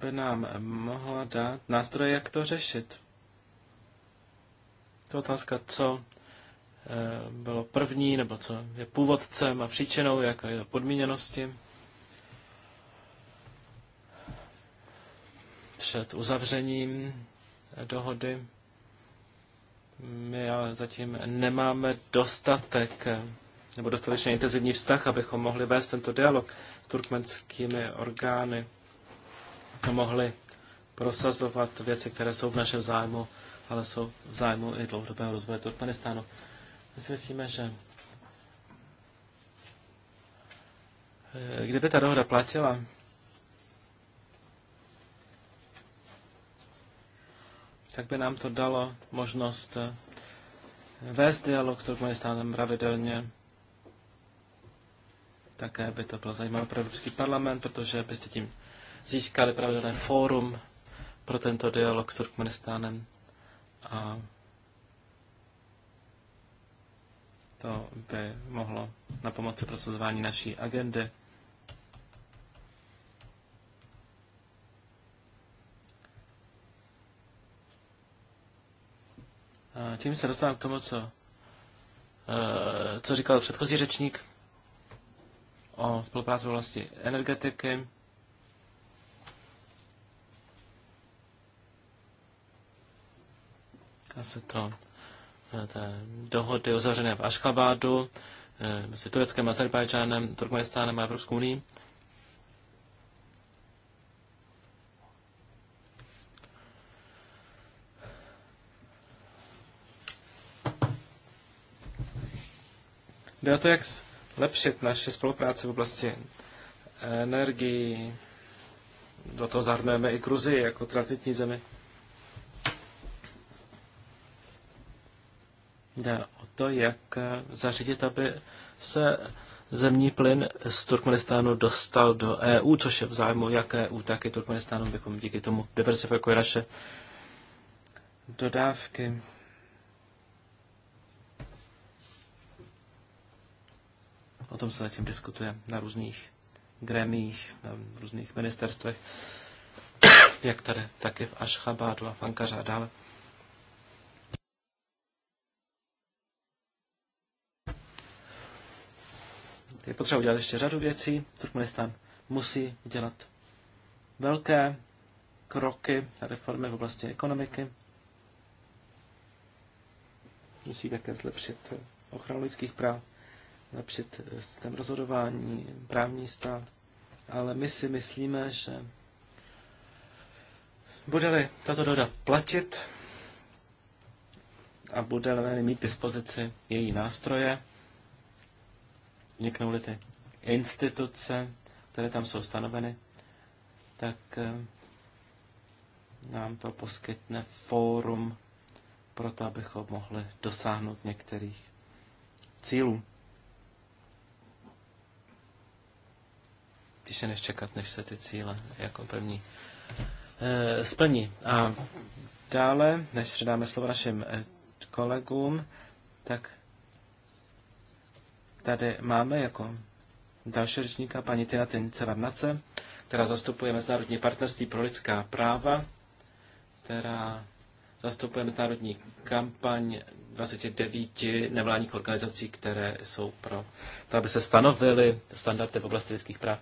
by nám mohla dát nástroje, jak to řešit. To je otázka, co eh, bylo první, nebo co je původcem a příčinou, jaká je podmíněnosti. Před uzavřením dohody my ale zatím nemáme dostatek nebo dostatečně intenzivní vztah, abychom mohli vést tento dialog s turkmenskými orgány mohli prosazovat věci, které jsou v našem zájmu, ale jsou v zájmu i dlouhodobého rozvoje Turkmenistánu. My si myslíme, že eh, kdyby ta dohoda platila, tak by nám to dalo možnost eh, vést dialog s Turkmenistánem pravidelně. Také by to bylo zajímavé pro Evropský parlament, protože byste tím získali pravidelné fórum pro tento dialog s Turkmenistánem a to by mohlo na pomoci prosazování naší agendy. A tím se dostávám k tomu, co, eh, co říkal předchozí řečník o spolupráci v oblasti energetiky. Týká se to eh, té dohody uzavřené v Ašchabádu eh, mezi Tureckem, Azerbajdžánem, Turkmenistánem a Evropskou unii. Jde o to, jak zlepšit naše spolupráci v oblasti eh, energii. Do toho zahrnujeme i Gruzii jako transitní zemi. Jde o to, jak eh, zařídit, aby se zemní plyn z Turkmenistánu dostal do EU, což je v zájmu jak EU, tak i Turkmenistánu, bychom díky tomu diversifikovali naše dodávky. O tom se zatím diskutuje na různých gremích, na různých ministerstvech, <coughs> jak tady, tak i v Ašchabádu a v Ankaře a dále. je potřeba udělat ještě řadu věcí. Turkmenistán musí udělat velké kroky a reformy v oblasti ekonomiky. Musí také zlepšit ochranu lidských práv, zlepšit eh, systém rozhodování, právní stát. Ale my si myslíme, že bude-li tato doda platit a bude-li mít dispozici její nástroje, vzniknou-li ty instituce, které tam jsou stanoveny, tak eh, nám to poskytne fórum pro to, abychom mohli dosáhnout některých cílů. Tiše než čekat, než se ty cíle jako první e, splní. A dále, než předáme slovo našim eh, kolegům, tak Tady máme jako další řečníka paní Tina tince která zastupuje Mezinárodní partnerství pro lidská práva, která zastupuje mezinárodní kampaň 29 nevládních organizací, které jsou pro to, aby se stanovily standardy v oblasti lidských práv.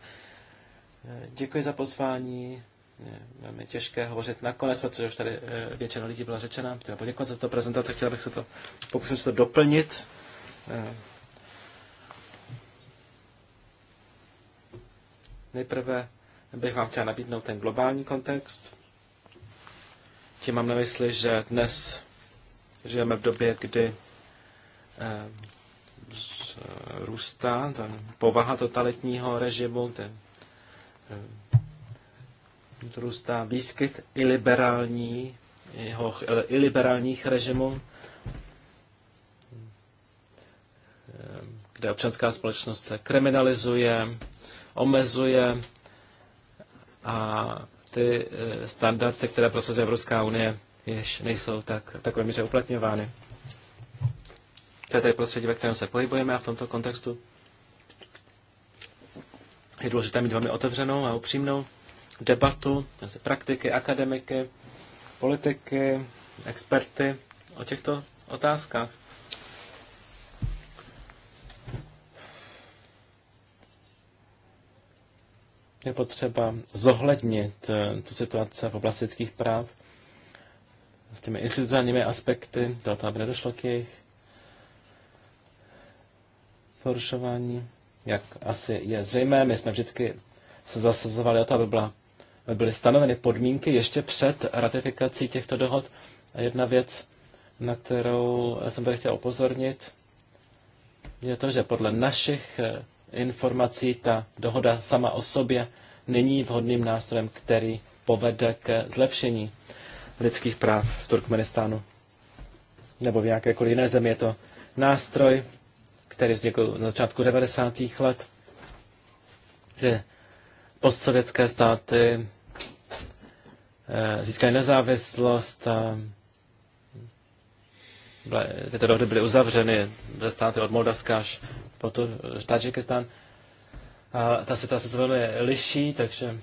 Děkuji za pozvání. Je velmi těžké hovořit nakonec, protože už tady eh, většina lidí byla řečena. Chtěla poděkovat za to prezentace, chtěla bych se to, pokusím se to doplnit eh, Nejprve bych vám chtěl nabídnout ten globální kontext. Tím mám na mysli, že dnes žijeme v době, kdy eh, eh, růstá ta povaha totalitního režimu, kde eh, růstá výskyt iliberální, jeho, iliberálních režimů, kde občanská společnost se kriminalizuje, omezuje a ty eh, standardy, které prosazuje Evropská unie, jež nejsou tak, v takové míře uplatňovány. To je tedy prostředí, ve kterém se pohybujeme a v tomto kontextu je důležité mít velmi otevřenou a upřímnou debatu mezi praktiky, akademiky, politiky, experty o těchto otázkách. je potřeba zohlednit eh, tu situaci v oblasti lidských práv s těmi institucionálními aspekty, toho, aby nedošlo k jejich porušování. Jak asi je zřejmé, my jsme vždycky se zasazovali o to, aby, byla, aby byly stanoveny podmínky ještě před ratifikací těchto dohod. A jedna věc, na kterou jsem tady chtěl upozornit, je to, že podle našich eh, informací. Ta dohoda sama o sobě není vhodným nástrojem, který povede k zlepšení lidských práv v Turkmenistánu nebo v jakékoliv jiné zemi. Je to nástroj, který vznikl na začátku 90. let, že postsovětské státy eh, získají nezávislost a tyto dohody byly uzavřeny ze státy od Moldavska až potom Tadžikistán. A ta situace se velmi liší, takže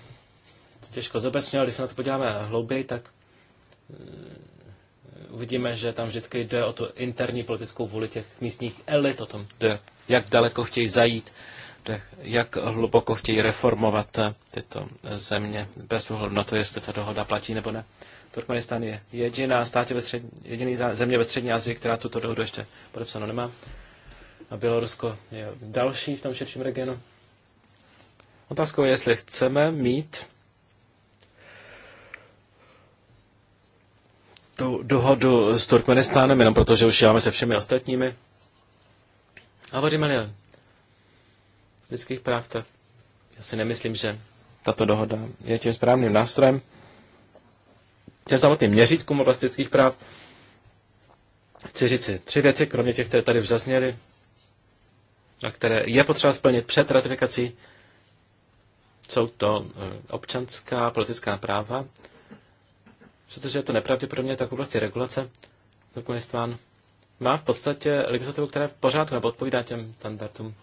těžko zobecně, ale když se na to podíváme hlouběji, tak eh, uvidíme, že tam vždycky jde o tu interní politickou vůli těch místních elit, o tom, jde, jak daleko chtějí zajít, jde, jak hluboko chtějí reformovat eh, tyto země, bez ohledu na to, jestli ta dohoda platí nebo ne. Turkmenistán je jediná státě ve střed, jediný země ve střední Asii, která tuto dohodu ještě podepsanou nemá a Bělorusko je další v tom širším regionu. Otázkou je, jestli chceme mít tu dohodu s Turkmenistánem, jenom protože už děláme se všemi ostatními. A hovoříme lidských práv, tak já si nemyslím, že tato dohoda je tím správným nástrojem. Těm samotným měřítkům oblastických práv chci si tři věci, kromě těch, které tady už a které je potřeba splnit před ratifikací, jsou to eh, občanská politická práva, protože je to nepravděpodobně tak v oblasti regulace Turkmenistán má v podstatě legislativu, která je v pořádku nebo odpovídá těm standardům,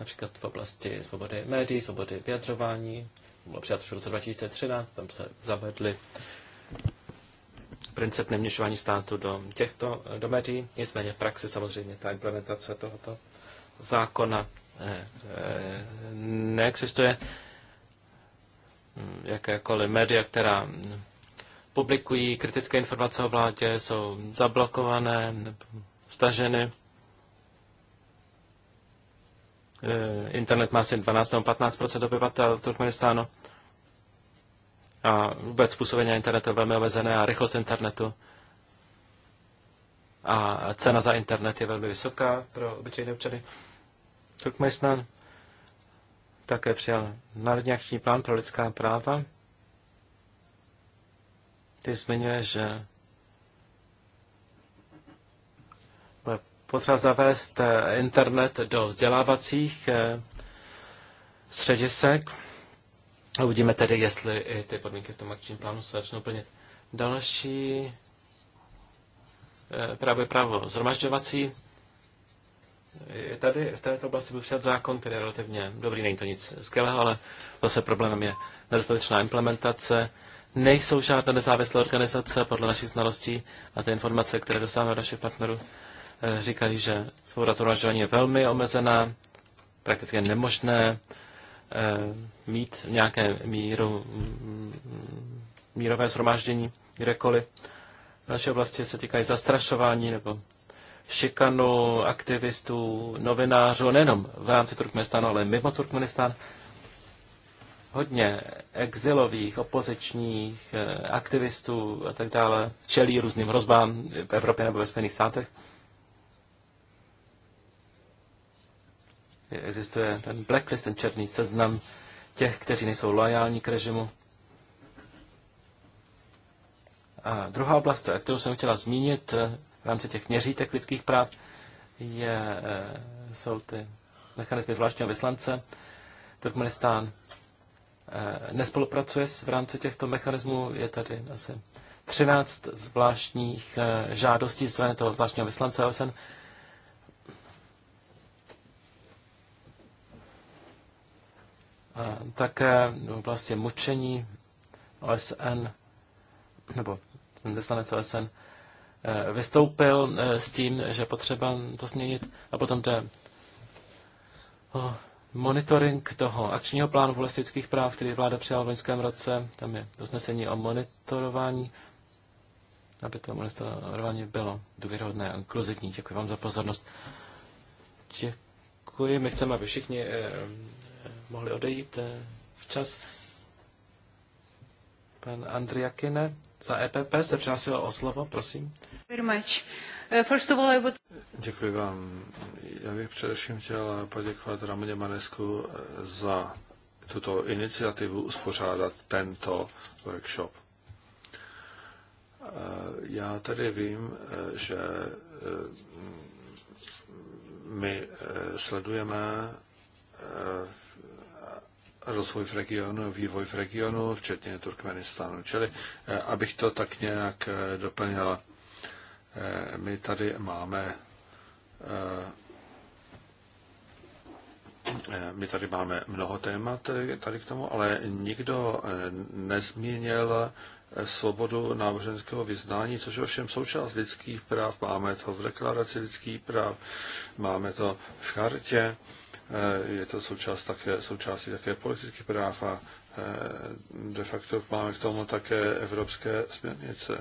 například v oblasti svobody médií, svobody vyjadřování, bylo přijato v roce 2013, tam se zavedly princip neměšování státu do těchto eh, do médií, nicméně v praxi samozřejmě ta implementace tohoto zákona eh, eh, neexistuje mm, jakékoliv média, která publikují kritické informace o vládě, jsou zablokované, staženy. Eh, internet má asi 12 nebo 15 obyvatel Turkmenistánu a vůbec působení internetu je velmi omezené a rychlost internetu a cena za internet je velmi vysoká pro obyčejné občany. Turkmenistan také přijal Národní akční plán pro lidská práva, který zmiňuje, že bude potřeba zavést eh, internet do vzdělávacích eh, středisek. A uvidíme tedy, jestli i ty podmínky v tom akčním plánu se začnou plnit. Další eh, právě právo zhromažďovací tady v této oblasti byl přijat zákon, který je relativně dobrý, není to nic skvělého, ale zase problémem je nedostatečná implementace. Nejsou žádné nezávislé organizace podle našich znalostí a ty informace, které dostáváme od našich partnerů, eh, říkají, že svoboda zhromažďování je velmi omezená, prakticky nemožné eh, mít nějaké míru, mm, mm, mírové zhromáždění kdekoliv. V naší oblasti se týkají zastrašování nebo šikanu aktivistů, novinářů, nejenom v rámci Turkmenistánu, ale mimo Turkmenistán. Hodně exilových, opozičních eh, aktivistů a tak dále čelí různým hrozbám v Evropě nebo ve Spojených státech. Existuje ten blacklist, ten černý seznam těch, kteří nejsou loajální k režimu. A druhá oblast, kterou jsem chtěla zmínit, v rámci těch měřítek lidských práv je, eh, jsou ty mechanizmy zvláštního vyslance. Turkmenistán eh, nespolupracuje v rámci těchto mechanismů. Je tady asi 13 zvláštních eh, žádostí ze strany toho zvláštního vyslance OSN. A také v oblasti mučení OSN, nebo vyslanec OSN Eh, vystoupil eh, s tím, že potřeba to změnit a potom jde o eh, monitoring toho akčního plánu holistických práv, který vláda přijala v loňském roce. Tam je usnesení o monitorování, aby to monitorování bylo důvěrhodné a inkluzivní. Děkuji vám za pozornost. Děkuji. My chceme, aby všichni mohli odejít včas. Pan Andriakine za EPP se přihlásil o slovo, prosím. Uh, Děkuji vám. Já bych především chtěl poděkovat Rameně Manesku eh, za tuto iniciativu uspořádat tento workshop. Eh, já tady vím, eh, že my sledujeme rozvoj v regionu, vývoj v regionu, včetně Turkmenistánu. Čili eh, abych to tak nějak eh, doplnila, eh, my tady máme my tady máme mnoho témat tady k tomu, ale nikdo nezměnil svobodu náboženského vyznání, což je ovšem součást lidských práv. Máme to v deklaraci lidských práv, máme to v chartě Eh, je to součást také, součástí také politických práv a eh, de facto máme k tomu také evropské směrnice.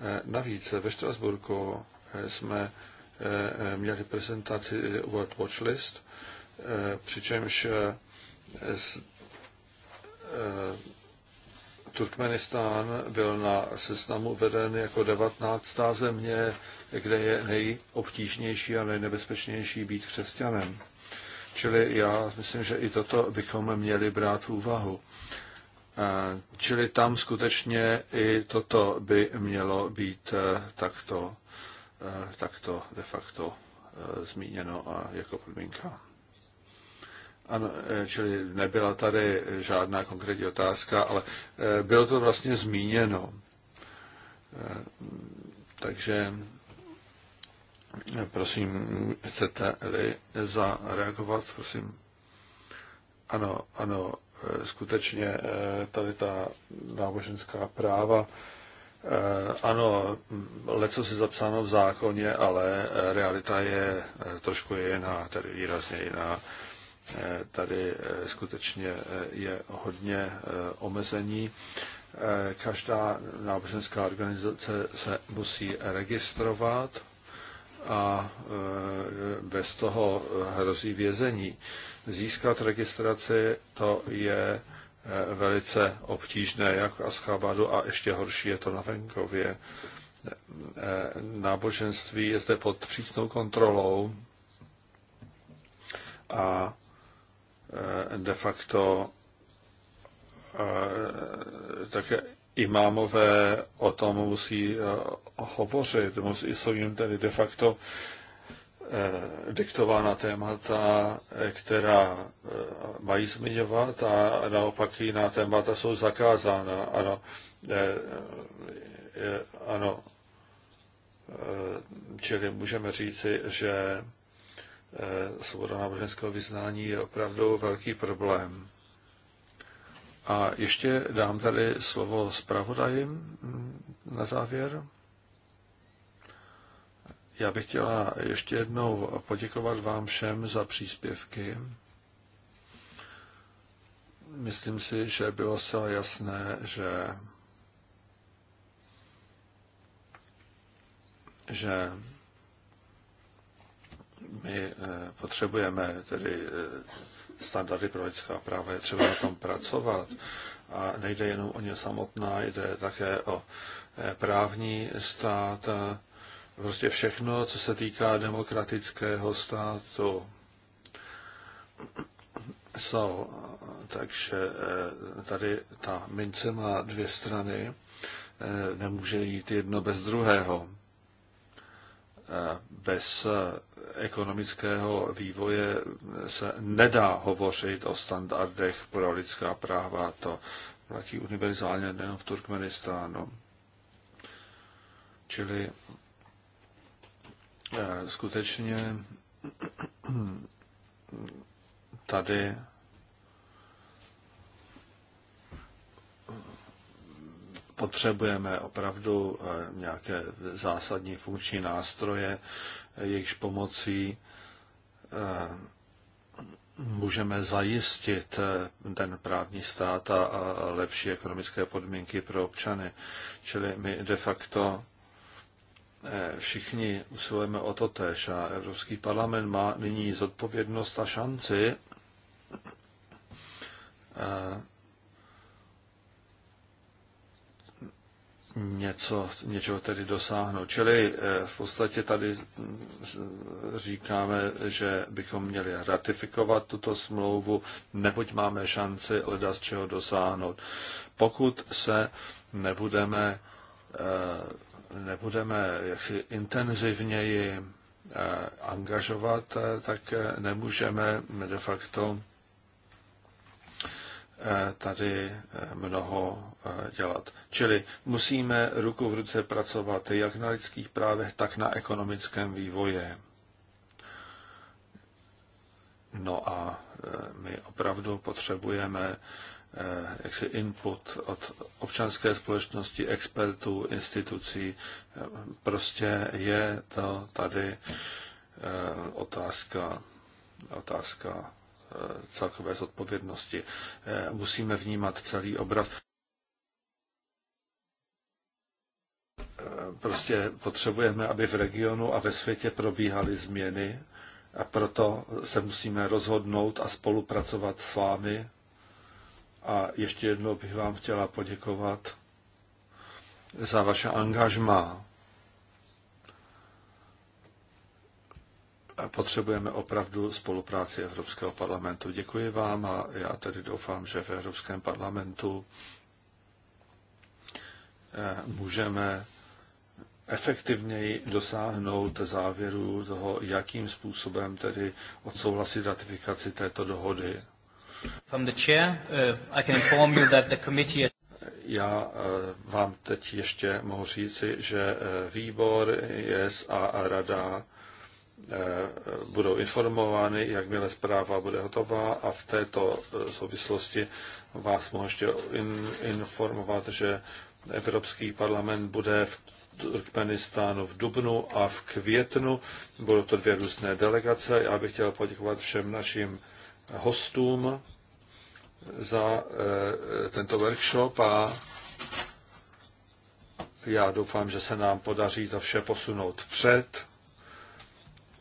Eh, navíc ve Štrasburku jsme měli prezentaci World Watch List, přičemž Turkmenistán byl na seznamu veden jako 19. země, kde je nejobtížnější a nejnebezpečnější být křesťanem. Čili já myslím, že i toto bychom měli brát v úvahu. Čili tam skutečně i toto by mělo být e, takto, e, takto de facto e, zmíněno a jako podmínka. Ano, čili nebyla tady žádná konkrétní otázka, ale bylo to vlastně zmíněno. Takže Prosím, chcete-li zareagovat, prosím. Ano, ano, eh, skutečně eh, tady ta náboženská práva, eh, ano, mm, leco si zapsáno v zákoně, ale realita je trošku jiná, tedy výrazně jiná. Tady skutečně je hodně omezení. Každá náboženská organizace se musí registrovat a e, bez toho hrozí vězení. Získat registraci to je e, velice obtížné, jak v Aschabadu, a ještě horší je to na venkově. E, náboženství je zde pod přísnou kontrolou a de facto také imámové o tom musí hovořit, jsou jim tedy de facto eh, diktována témata, eh, která eh, mají zmiňovat a naopak jiná témata jsou zakázána. Ano, ano, čili můžeme říci, že svoboda náboženského vyznání je opravdu velký problém. A ještě dám tady slovo zpravodajím hm, na závěr. Já bych chtěla ještě jednou poděkovat vám všem za příspěvky. Myslím si, že bylo zcela jasné, že že my eh, potřebujeme tedy eh, standardy pro lidská práva, je třeba na tom pracovat. A nejde jenom o ně samotná, jde také o eh, právní stát, prostě všechno, co se týká demokratického státu. So, takže eh, tady ta mince má dvě strany, eh, nemůže jít jedno bez druhého. Eh, bez ekonomického vývoje se nedá hovořit o standardech pro lidská práva. To platí univerzálně nejen v Turkmenistánu. Čili skutečně tady potřebujeme opravdu eh, nějaké zásadní funkční nástroje, jejichž pomocí eh, můžeme zajistit eh, ten právní stát a lepší ekonomické podmínky pro občany. Čili my de facto Eh, všichni usilujeme o to tež a Evropský parlament má nyní zodpovědnost a šanci eh, něco, něčeho tedy dosáhnout. Čili eh, v podstatě tady říkáme, že bychom měli ratifikovat tuto smlouvu, neboť máme šanci leda z čeho dosáhnout. Pokud se nebudeme nebudeme jaksi intenzivněji eh, angažovat, eh, tak eh, nemůžeme de facto tady mnoho dělat. Čili musíme ruku v ruce pracovat jak na lidských právech, tak na ekonomickém vývoji. No a my opravdu potřebujeme Eh, jaksi input od občanské společnosti, expertů, institucí. Eh, prostě je to tady eh, otázka, otázka celkové zodpovědnosti. Musíme vnímat celý obraz. Prostě potřebujeme, aby v regionu a ve světě probíhaly změny a proto se musíme rozhodnout a spolupracovat s vámi, a ještě jednou bych vám chtěla poděkovat za vaše angažmá. Potřebujeme opravdu spolupráci Evropského parlamentu. Děkuji vám a já tedy doufám, že v Evropském parlamentu eh, můžeme efektivněji dosáhnout závěru toho, jakým způsobem tedy odsouhlasit ratifikaci této dohody. From the chair, uh, I can inform you that the committee... Já uh, vám teď ještě mohu říci, že uh, výbor, JES a rada uh, budou informovány, jakmile zpráva bude hotová a v této souvislosti vás mohu ještě in, informovat, že Evropský parlament bude v Turkmenistánu v dubnu a v květnu. Budou to dvě různé delegace. Já bych chtěl poděkovat všem našim hostům za eh, tento workshop a já doufám, že se nám podaří to vše posunout před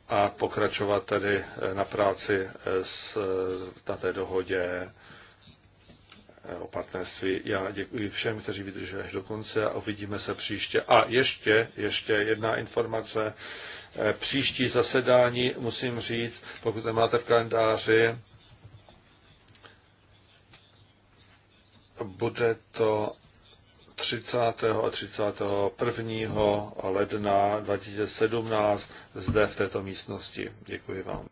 a pokračovat tedy eh, na práci eh, s, na té dohodě o partnerství. Já děkuji všem, kteří vydrželi až do konce a uvidíme se příště. A ještě, ještě jedna informace. Příští zasedání, musím říct, pokud nemáte v kalendáři, Bude to 30. a 31. ledna 2017 zde v této místnosti. Děkuji vám.